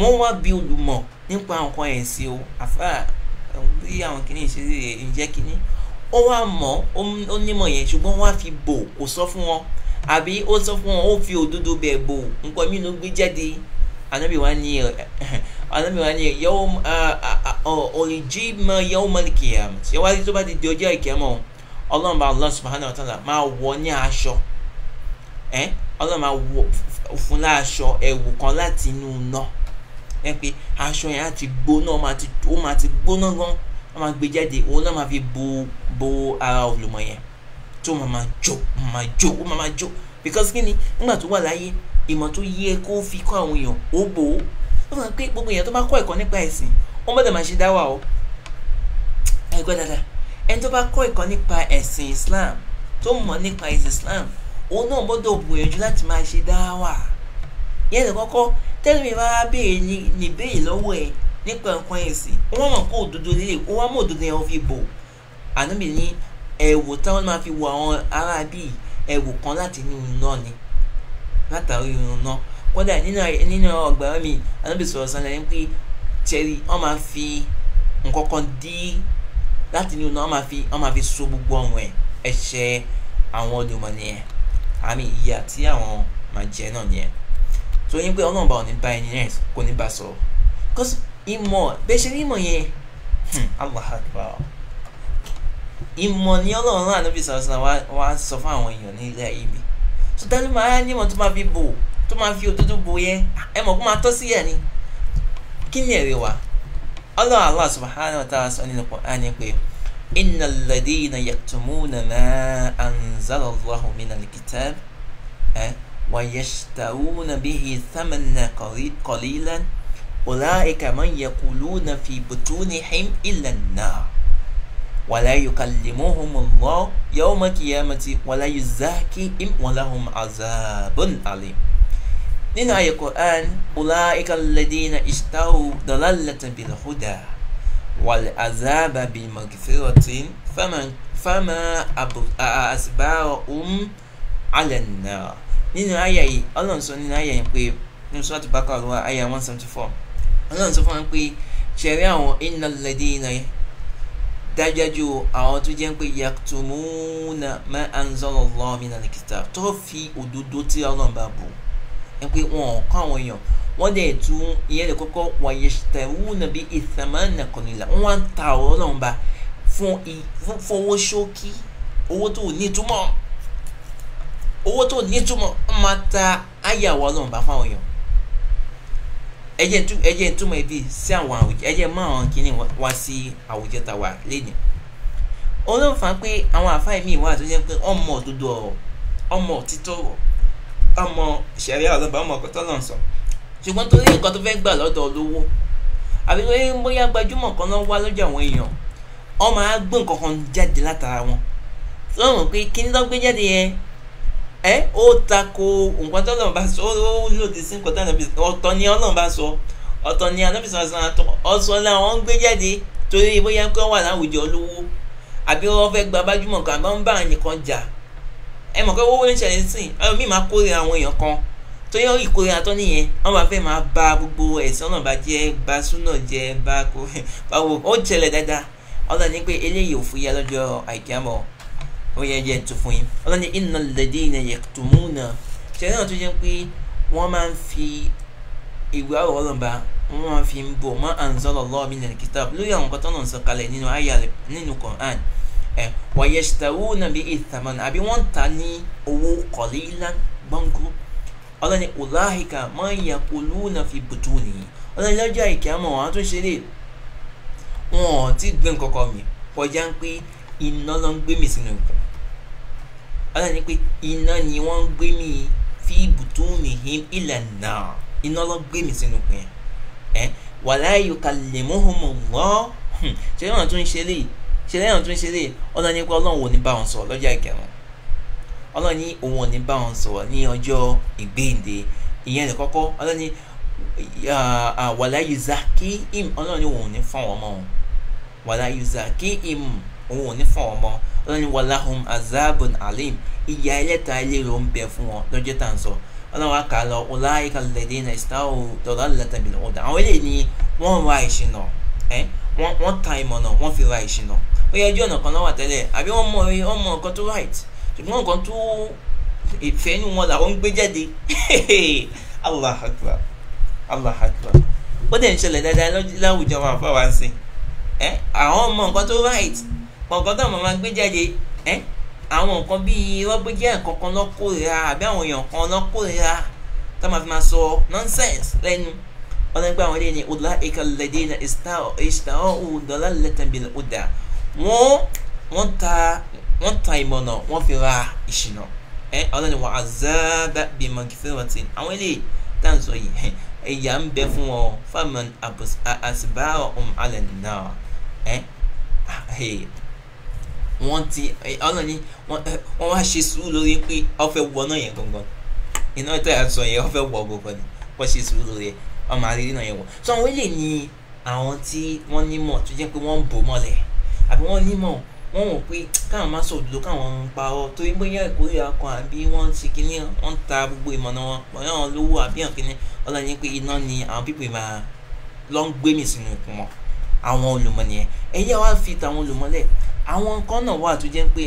wọ́n wá bí olùmọ̀ nípa nǹkan ẹ̀sìn o àfà bí àwọn kìíní ṣe ǹjẹ́ kìíní ó wá mọ̀ ó nímọ̀ yẹn ṣùgbọ́n wọ́n á fi bò kó sọ fún wọn àbí ó sọ fún wọn ó fi òdodo bẹ̀ bò nǹkan mí ló gbé jáde anabi wa ni anabi wa ni yawm ọ̀rìnjì mọ yawm al-qiyamah ṣé wá rí tó bá ti di ọjọ́ ìkẹ́mọ̀ ọlọ́run bá Allah subhanahu wa ta'ala máa wọ ní aṣọ ẹ ọlọ́run máa wọ fún láṣọ ẹ̀wù kan láti inú náà ẹ pé aṣọ yẹn á ti gbóná ó máa ti gbóná gan ó máa gbé jáde òun náà máa fi bo bo ara olùmọ̀ yẹn tó máa máa jó máa jó ó máa jó because kí ni nígbà tó wà láyé ìmọ̀ tó yẹ kó fi kọ́ àwọn èèyàn ó bò ó ó máa pé gbogbo èèyàn tó bá kọ́ ẹ̀kọ́ nípa ẹ̀sìn wọ́n gbọ́dọ̀ máa ṣe dáwà o ẹ̀kọ́ dáadáa ẹni tó bá kọ́ ẹ̀kọ́ nípa ẹ̀sìn Islam tó mọ̀ nípa ẹ̀sìn Islam òun náà gbọ́dọ̀ gbìyànjú láti máa ṣe dáwà yẹn lè kọ́kọ́ tẹ́lẹ̀ mi máa béèrè ní béèrè lọ́wọ́ ẹ̀ nípa nǹkan ẹ̀sìn wọ́n mọ̀ kó òdodo líle ó wá mọ̀ òdodo yẹn fi bò ànábì ní ẹ̀wò táwọn máa fi wo àwọn ará bíi ẹ̀wò kan láti inú iná ni látàrí irun náà kódà nínú ọgbà mi ànábì sọ̀rọ̀ sọ́nà ẹ̀ ń pè tẹ́lẹ̀ wọ́n máa fi nǹkan kan dín láti inú náà wọ́n máa fi wọ́n máa fi so gbogbo ọ̀hún ẹ̀ ẹ̀ṣẹ̀ àwọn ọdúnmọ̀ nìyẹn àmì ìyà tí àwọn máa jẹ náà nìyẹn tó yín pé ọlọ́run bá ò ní bá ẹni náà kò ní bá sọ̀rọ̀ cause ìmọ̀ bẹ́ẹ̀ ṣe ní ìmọ̀ yẹn hmm, Allah akbar ìmọ̀ ni ọlọ́run náà níbi sàrọ̀sàrọ̀ wá sọ fún àwọn èèyàn ní ilé ayé mi tó dájú máa ní ìmọ̀ tó máa fi bò tó máa fi òdodo bò yẹn ẹ mọ̀ kó máa tọ́ sí yẹn ni kí ni èrè wà الله الله سبحانه وتعالى سألني القرآن يقول إن الذين يكتمون ما أنزل الله من الكتاب ويشترون به ثمنا قليلا أولئك من يقولون في بطونهم إلا النار ولا يكلمهم الله يوم القيامة ولا يزاكيهم ولهم عذاب عليم nínú ayé Qur'an ulaika alladhina ishtaru dalalatan bil huda wal azaba bil magfiratin fama asbarahum ala an-nar nínú ayé yìí ọlọ́run sọ nínú ayé yìí pé nínú sọ́ọ̀tù bákà ọ̀rọ̀ ayé one seventy four ọlọ́run fún wa pé ṣẹ̀rí àwọn innal ladina dájájú àwọn tó jẹ́ pé yaktumuna ma anzalallahu minal kitab tó fi òdodo tí ọlọ́run bù ẹ pé wọn ò kọ́ àwọn èèyàn wọ́n dẹ̀ tún ìyẹn lè kọ́kọ́ wàyè tẹ̀wù nàbí ìtàmánà kọ̀nìlà wọ́n ń ta ọ̀rọ̀ náà ba fún fowó ṣókí owó tó nítumọ̀ owó tó nítumọ̀ wọ́n máa ta ayàwó náà ba fún àwọn èèyàn ẹjẹ ìtumọ̀ ibi sí àwọn àwùjẹ ẹjẹ mọ àwọn kìíní wá sí àwùjẹ tàwa lẹ́yìn olóòfà pé àwọn àfáà mi wà tó jẹ́ pé ọmọ òdodo ọ̀rọ̀ ọmọ òtítọ́ ọ̀rọ̀ ọmọ ìṣẹ̀rẹ́ ọ̀rọ̀ bá ọmọ ọ̀kọ̀tọ́ lọ́n sọ ṣùgbọ́n torí nǹkan tó fẹ́ gbà lọ́dọ̀ olówó àbí pé bóyá gbajúmọ̀ kan lọ́ wá lọ́jà àwọn èèyàn wọ́n máa gbé nǹkan kan jáde látara wọn lọ́rùn pé kí ni lọ́ gbé jáde yẹn ẹ ó tako nǹkan tó lọ́n bá sọ ó lòdì sí nǹkan tó lọ́n bá sọ ọ̀tọ̀ ni ọlọ́run bá sọ ọ̀tọ̀ ni anábìsọ̀ ọ̀sọ̀ làwọn gbé jáde torí bóyá kí wọ́n wà láwùjọ olówó àbí wọ́n fẹ́ gba bájúmọ̀ kan àbí wọ́n bá àyìnkan jà ẹ mọ̀ pé owó ń ṣẹlẹ̀ sí ẹ̀rọ mi máa kórè àwọn èèyàn kan tó yọ ìkórè atọ́ nìyẹn wọ́n máa fẹ́ máa ba gbogbo ẹ̀sìn ọ̀nà bàjẹ́ ba súnà jẹ́ ba kó báwo ó ṣẹlẹ̀ dáadáa ọlọ́ni pé eléyìí ò fúyà lọ́jọ́ àìkíámọ̀ ó yẹ jẹ́ tó fún yín ọlọ́ni iná lẹ́dí iná yẹ tó mú nà ṣẹlẹ̀ náà tó jẹ́ pé wọ́n máa ń fi ìwé àwọ̀ wọ́n máa fi bò mọ́ anzalallahu min alkitab lórí àwọn kan tó nínú àyà nínú Qur'an ẹ eh, wayashtaruna bihi thaman àbí wọ́n ń ta ní owó qalilan gbọ́ngú ọlọ́ni ulahika ma yaquluna fi butuni ọlọ́ni lọ́jọ́ àìkíámọ̀ wọn á tún ṣe lè wọn ò tí gbé nǹkankan mi kọjá ń pé iná ló ń gbé mi sínú ikùn ọlọ́ni pé iná ni wọ́n ń gbé mi fi butunihim ilan nar iná ló ń gbé mi sínú ikùn yẹn eh, wala yukallimuhumullah hmm, ṣé wọn tún ṣe léyìí ṣe lẹ́yìn tó ń ṣe lè ọlọ́run ní pé ọlọ́run ò ní bá wọn sọ̀rọ̀ lọ́jọ́ ìkẹrùn ọlọ́run ní òun ò ní bá wọn sọ̀rọ̀ ní ọjọ́ ìgbéǹde ìyẹn lè kọ́kọ́ ọlọ́run ní wàlá yuzakihim ọlọ́run ní òun ò fún ọmọ wọn wàlá yuzakihim òun ò fún ọmọ ọlọ́run ní walahum azabun alim ìyà ẹlẹ́ta ẹlẹ́rọ ń bẹ fún wọn lọ́jọ́ tá à ń sọ ọlọ́run á kà á lọ ọláìka lẹ́dínà ìsítáwò tọ́lá lẹ́tàbílẹ̀ ọ̀dà àwọn eléyìí ni wọ́n ra ìṣìnà wọ́n ta ìmọ̀nà wọ́n fi ra ìṣìnà ó yẹ ẹjọ́ ọ̀nà kan lọ́wọ́ tẹ́lẹ̀ àbí wọ́n mọ wọ́n mọ nǹkan tó right ṣùgbọ́n nǹkan tó ìfẹ́ inú wọn làwọn ń gbé jáde *laughs* allah akbar allah akbar ó dẹ̀ ń ṣẹlẹ̀ dáadáa láwùjọ ẹ́ àwọn nǹkan tó right nǹkan tó àwọn máa gbé jáde ẹ́ àwọn nǹkan bíi nǹkan kan àbí àwọn wọ́n wọ́n ta wọ́n ta ìmọ̀nà wọ́n fi ra ìṣìnà ẹ ọlọ́ni wa azaba bi magfiratin àwọn eléyìí tá à ń sọ yìí ìyà ń bẹ fún wọn faman asibara um alẹ́ náà ẹ wọ́n ti ọlọ́ni wọ́n wá ṣe sùúrù lórí pé ọ̀fẹ́ wọ náà yẹn gangan iná tó yà sọ yẹn ọ̀fẹ́ wọ gangan ni wọ́n ṣe sùúrù lórí ẹ̀ ọmọ àrírí náà yẹn wọ̀ so àwọn eléyìí ni àwọn tí wọ́n nímọ̀ tó jẹ́ pé wọ́n ń bò mọ́lẹ̀ àbí wọ́n nímọ̀ wọ́n mọ̀ pé káwọn má sọ òdodo káwọn ń parọ́ torí bóyá ìkórìíra kan àbí wọ́n ti kíní wọ́n ta gbogbo ìmọ̀nà wọn bóyá wọn lówó àbí hàn kíní ọlọ́run ní pé iná ni àwọn pípé máa lọ́ gbé mi sínú ikùn wọn àwọn olùmọ̀ nìyẹn ẹ̀yẹ́ wá fi tàwọn olùmọ̀ lẹ̀ àwọn nǹkan náà wà tó jẹ́ pé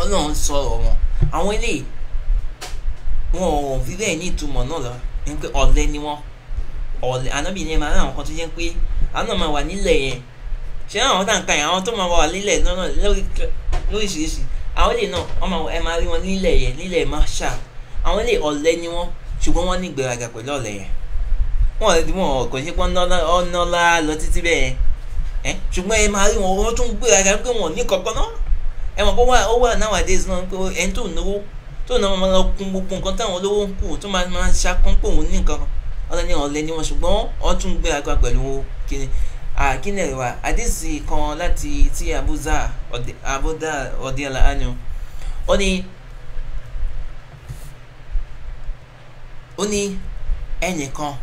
ọlọ́run sọ̀rọ̀ wọn àwọn eléyìí wọn ò fi bẹ́ẹ̀ ní ìtumọ̀ náà lọ ní pé ọ̀lẹ ni wọn ọ̀lẹ anábìyẹn máa ṣé àwọn tá n ka yẹn àwọn tó máa wà nílẹ̀ náà lóríṣiríṣi àwọn lè náà wọ́n máa ẹ máa rí wọn nílẹ̀ yẹn nílẹ̀ Marshal àwọn lè ọ̀lẹ ni wọ́n ṣùgbọ́n wọ́n ní ìgbéraga pẹ̀lú ọ̀lẹ yẹn wọ́n rẹ̀ wọ́n kò ṣe pé ọ̀nà lọ títí bẹ́ẹ̀ yẹn ṣùgbọ́n ẹ máa rí wọn wọ́n tún gbéraga pé wọ́n ní kọ̀ọ̀kan náà ẹ mọ̀ pé ó wà nowadays náà pé ẹni tó náwó tó náà máa lọ kun gbogbo nǹkan táwọn olówó ń kù tó máa ṣakún pé òun ní nǹkan ọ̀lẹ ni ọ̀lẹ ni wọ́n ṣùgbọ́n wọ́n tún gbéraga pẹ̀lú kíni àkínlẹ̀ wa àdìsí kan láti ti abuza abuda ọ̀dẹ́la ánú ó ní ó ní ẹnìkan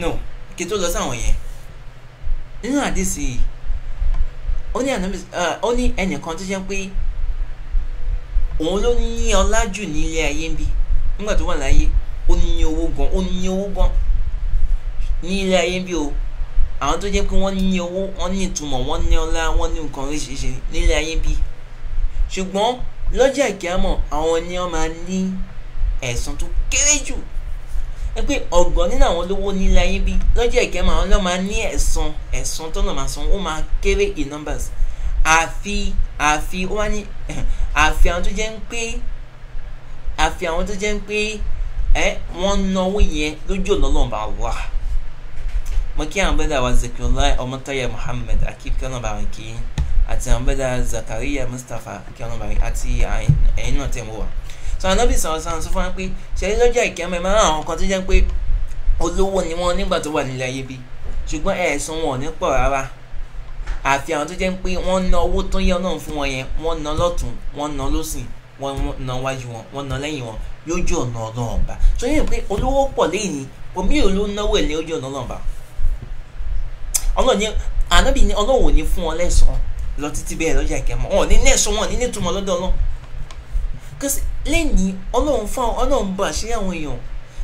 no kí tó lọ sáwọn yẹn nínú àdìsí ó ní ànábì ó ní ẹnìkan tó ṣe pé òun ló ní ọlá jù nílé ayé ń bí nígbà tó wà láyé ó ní owó gan ó ní owó gan ní ilé ayé bí o àwọn tó jẹ́ pé wọ́n ní owó wọ́n ní ìtumọ̀ wọ́n ní ọlá wọ́n ní nǹkan oríṣiríṣi ní ilé ayé bí ṣùgbọ́n lọ́jà ìkíámọ̀ àwọn ni wọ́n máa ní ẹ̀san tó kéré jù ẹ pé ọ̀gbọ́n nínú àwọn olówó ní ilé ayé bí lọ́jà ìkíámọ̀ àwọn lọ́ máa ní ẹ̀san ẹ̀san tọ́nà máa san ó máa kéré in numbers àfi àfi ó wá ní *laughs* àfi àwọn tó jẹ́ ń pé àfi àwọn tó jẹ́ ń pé ẹ wọ́n náwó yẹn lójú ọ̀nà ọlọ́run bá wà mo kí àwọn bẹ́dà wa Zikrullah Ọmọ́tọ́yẹ Muhammad akib kí ọ̀nà bàrùn kí àti àwọn bẹ́dà Zakaria Mustapha kí ọ̀nà bàrùn àti ẹ̀yin náà tẹ̀ ń wò wá. sọ anábì sọ̀rọ̀ sọ̀rọ̀ sọ fún wa pé ṣe lọ́jọ́ ìkẹ́mẹ́ máa ń àwọn kan tó jẹ́ pé olówó ni wọ́n nígbà tó wà nílẹ̀ ayé bí ṣùgbọ́n ẹ̀sùn wọn ò ní pọ̀ rárá àfi àwọn tó jẹ́ pé wọ́n ná owó tó yẹ náà fún wọn yẹn wọ́n ná lọ́tún wọ́n ná lọ́sìn wọ́n ná ọlọ́run ní ànábì ní ọlọ́run ò ní fún ọ lẹ́sàn-án lọ títí bẹ́ẹ̀ lọ́jà ìkẹmọ́ wọn ò ní lẹ́sàn wọn ò ní nítumọ̀ lọ́dọ̀ ọlọ́run kasi lẹ́yìn ọlọ́run fún ọlọ́run bọ̀ àṣírí àwọn èèyàn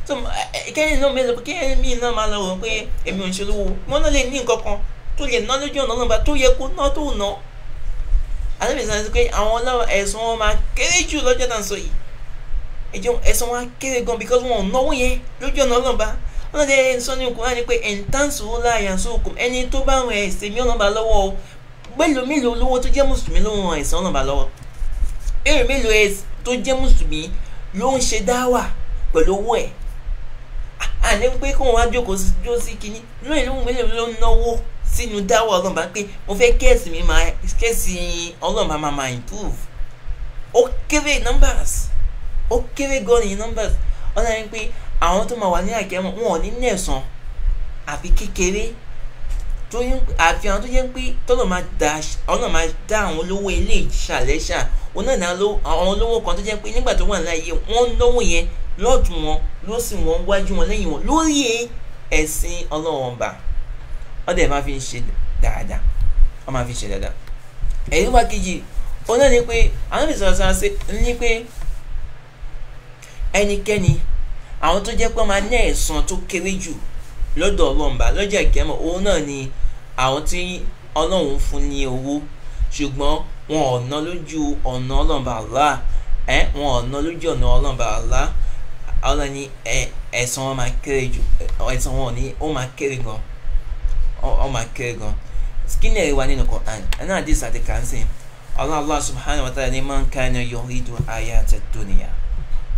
tó eh, kẹ́rin náà mẹ́lẹ̀ kẹ́rin míì náà máa lọ rò pé èmi ò ń ṣe olówó wọn náà lè ní nǹkan kan tó lè ná lójú ọ̀nà ọlọ́ba tó yẹ kó ná tó ná alábìyẹn sọ pé àwọn ọlọ́run ẹ̀sùn wọn máa kéré jù lọ́jọ́ náà sọ yìí ẹ̀sùn wọn kéré gan because wọn ò náwó yẹn lójú ọ̀nà ọlọ́ba ọlọ́run dé sọ ní okùn láti pé ẹ̀ńtánsù ó láàyè àṣọ okùn ẹni tó bá àwọn ẹ̀sìn mi ọ̀nà bá lọ́wọ́ o mélòó mélòó olówó tó jẹ́ mùsùlùmí ló ń ran ẹ̀sìn ọ̀nà bá lọ́wọ́ èrè mélòó tó jẹ́ mùsùlùmí ló ń ṣe dáwà pẹ̀lú owó ẹ̀ àní pé kóun wá jókòó jó sí kínní lóyìn lóhùn mélòó ló ń náwó sínú dáwà ọlọ́run bá pé mo fẹ́ kẹ́ẹ̀sì mi máa kẹ́ẹ̀sì ọlọ́run bá máa máa improve ó kéré numbers ó kéré gan-an ní numbers ọlọ́run pé àwọn tó máa wà ní àjẹmọ́ wọn ò ní nẹ̀sán àfi kékeré àfi àwọn tó yẹ pé tọ́lọ̀ máa da ọ̀nà máa dá àwọn olówó ilé ìṣàlẹ́ṣà òun náà àwọn olówó kan tó jẹ́ pé nígbà tó wà láàyè wọ́n ń lówó yẹn lọ́ọ̀tún wọn ló sì wọ́n wájú wọn lẹ́yìn wọn lórí ẹ̀sìn ọlọ́wọ́n ọba ọ̀dẹ̀ máa fi ń ṣe dáadáa wọ́n máa fi ń ṣe dáadáa ẹ̀rí wá kejì òun náà ni pé àwọn ìṣòro sáré ní pé ẹnikẹ́ni àwọn tó jẹ́ pé máa ní ẹ̀san tó kéré jù lọ́dọ̀ ọlọ́mba lọ́jọ́ ìkẹ́mọ̀ òun náà ni àwọn tí ọlọ́run fún ní owó ṣùgbọ́n wọn ò ná lójú ọ̀nà ọlọ́mba Allah ẹ wọn ò ná lójú ọ̀nà ọlọ́mba Allah Allah ni ẹ̀san wọn máa kéré jù ẹ̀san wọn ni ó máa kéré gan ó máa kéré gan skin ẹ̀ wà nínú Quran ẹ̀ náà dé sàdékà ń sìn Allah Allah subhanahu wa ta'ala ni man kana yuridu ayata dunya.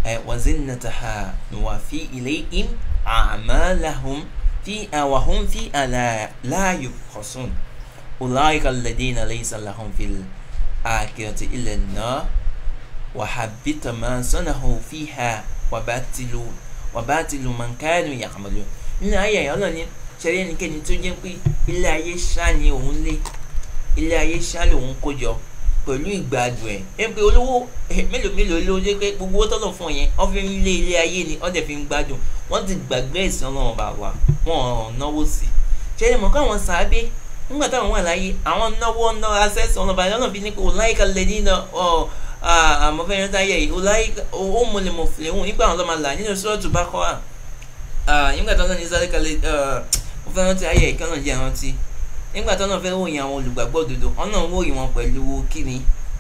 وزنتها وفي إليهم أعمالهم فيها وهم فيها لا, لا يبخسون أولئك الذين ليس لهم في الآخرة إلا النار وحبط ما صنعوا فيها وباتلوا وباتلوا من كانوا يعملون nínú ayé ẹ̀yọ́ náà ni ṣẹlẹ̀ إلا يشاني jẹ́ إلا ilé ayé pẹ̀lú ìgbádùn ẹ̀ ẹ pé olówó mélòó mélòó ló dé pé gbogbo owó tọ́lọ̀ fún yẹn wọ́n fi ń lé ilé ayé ni wọ́n dẹ̀ fi ń gbádùn wọ́n ti gbàgbé ìsìn ọlọ́run bá wa wọ́n náwó sí i ṣe é mọ̀ káwọn sàábé nígbà táwọn wà láyé àwọn náwó náwó asẹ́sì ọ̀nà bàjẹ́ ọ̀nà fi ní pé ọ̀láyíká lè ní àmọ́fẹ́rẹ́ táyà yìí ọ̀láyíká ó múlẹ̀ mọ̀fìlẹ̀ hùn nígbà àwọn ọlọ́màlà nínú sọ́ọ̀tù bá kọ́ à nígbà táwọn ní sáré kalẹ̀ ọ̀fẹ́rẹ́ táyà yìí kánà jẹ́ àwọn ti nígbà tó náà fẹ́ ròyìn àwọn olùgbàgbọ́ òdodo wọn náà ròyìn wọn pẹ̀lú kíni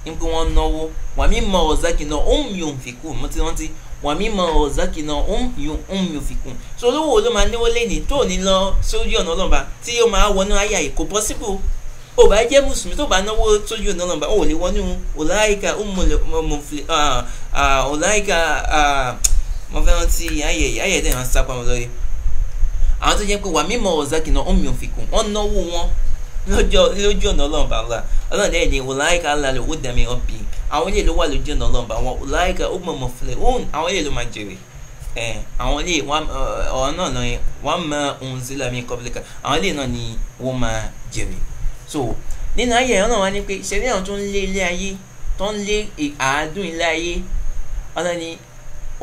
nípa wọn náwó wàmí mọ ọ̀zákì náà ó ń yòó fi kú mo ti rántí wàmí mọ ọ̀zákì náà ó ń yòó fi kú so olówó ló máa níwó lẹ́ni tó ní lọ sójú ọ̀nà ọlọ́ba tí ó máa wọnú àyà yìí kò pọ́síbù ò bá jẹ́ mùsùlùmí tó bá náwó sójú ọ̀nà ọlọ́ba ò lè wọnú ọ̀láìka ọ̀láìka ah, ah, ah, mo àwọn tó jẹ́ pé wà mímọ́ ọ̀zákìnà ọ̀mì òfìkùn wọ́n náwó wọn lójú ọ̀nà ọlọ́run bàbá ọlọ́run dẹ́yìn ni ọ̀làyíká alálẹ̀ owó dàmí ọ̀bì àwọn ilé ló wà lójú ọ̀nà ọlọ́run bàbá wọn ọ̀làyíká ó mọ̀mọ́ fúnlẹ̀ òun àwọn ilé ló máa jèrè àwọn ilé ọ̀rọ̀ náà lọ yẹn wọ́n mọ ohun sí lámì kọ́pìlìkà àwọn ilé náà ni wọ́n máa jèrè so nínú ayé ẹ̀rọ náà wá ní pé ìṣẹ̀lẹ̀ àwọn tó ń lé ilé ayé tó ń lé àádùn ilé ayé ọlọ́ni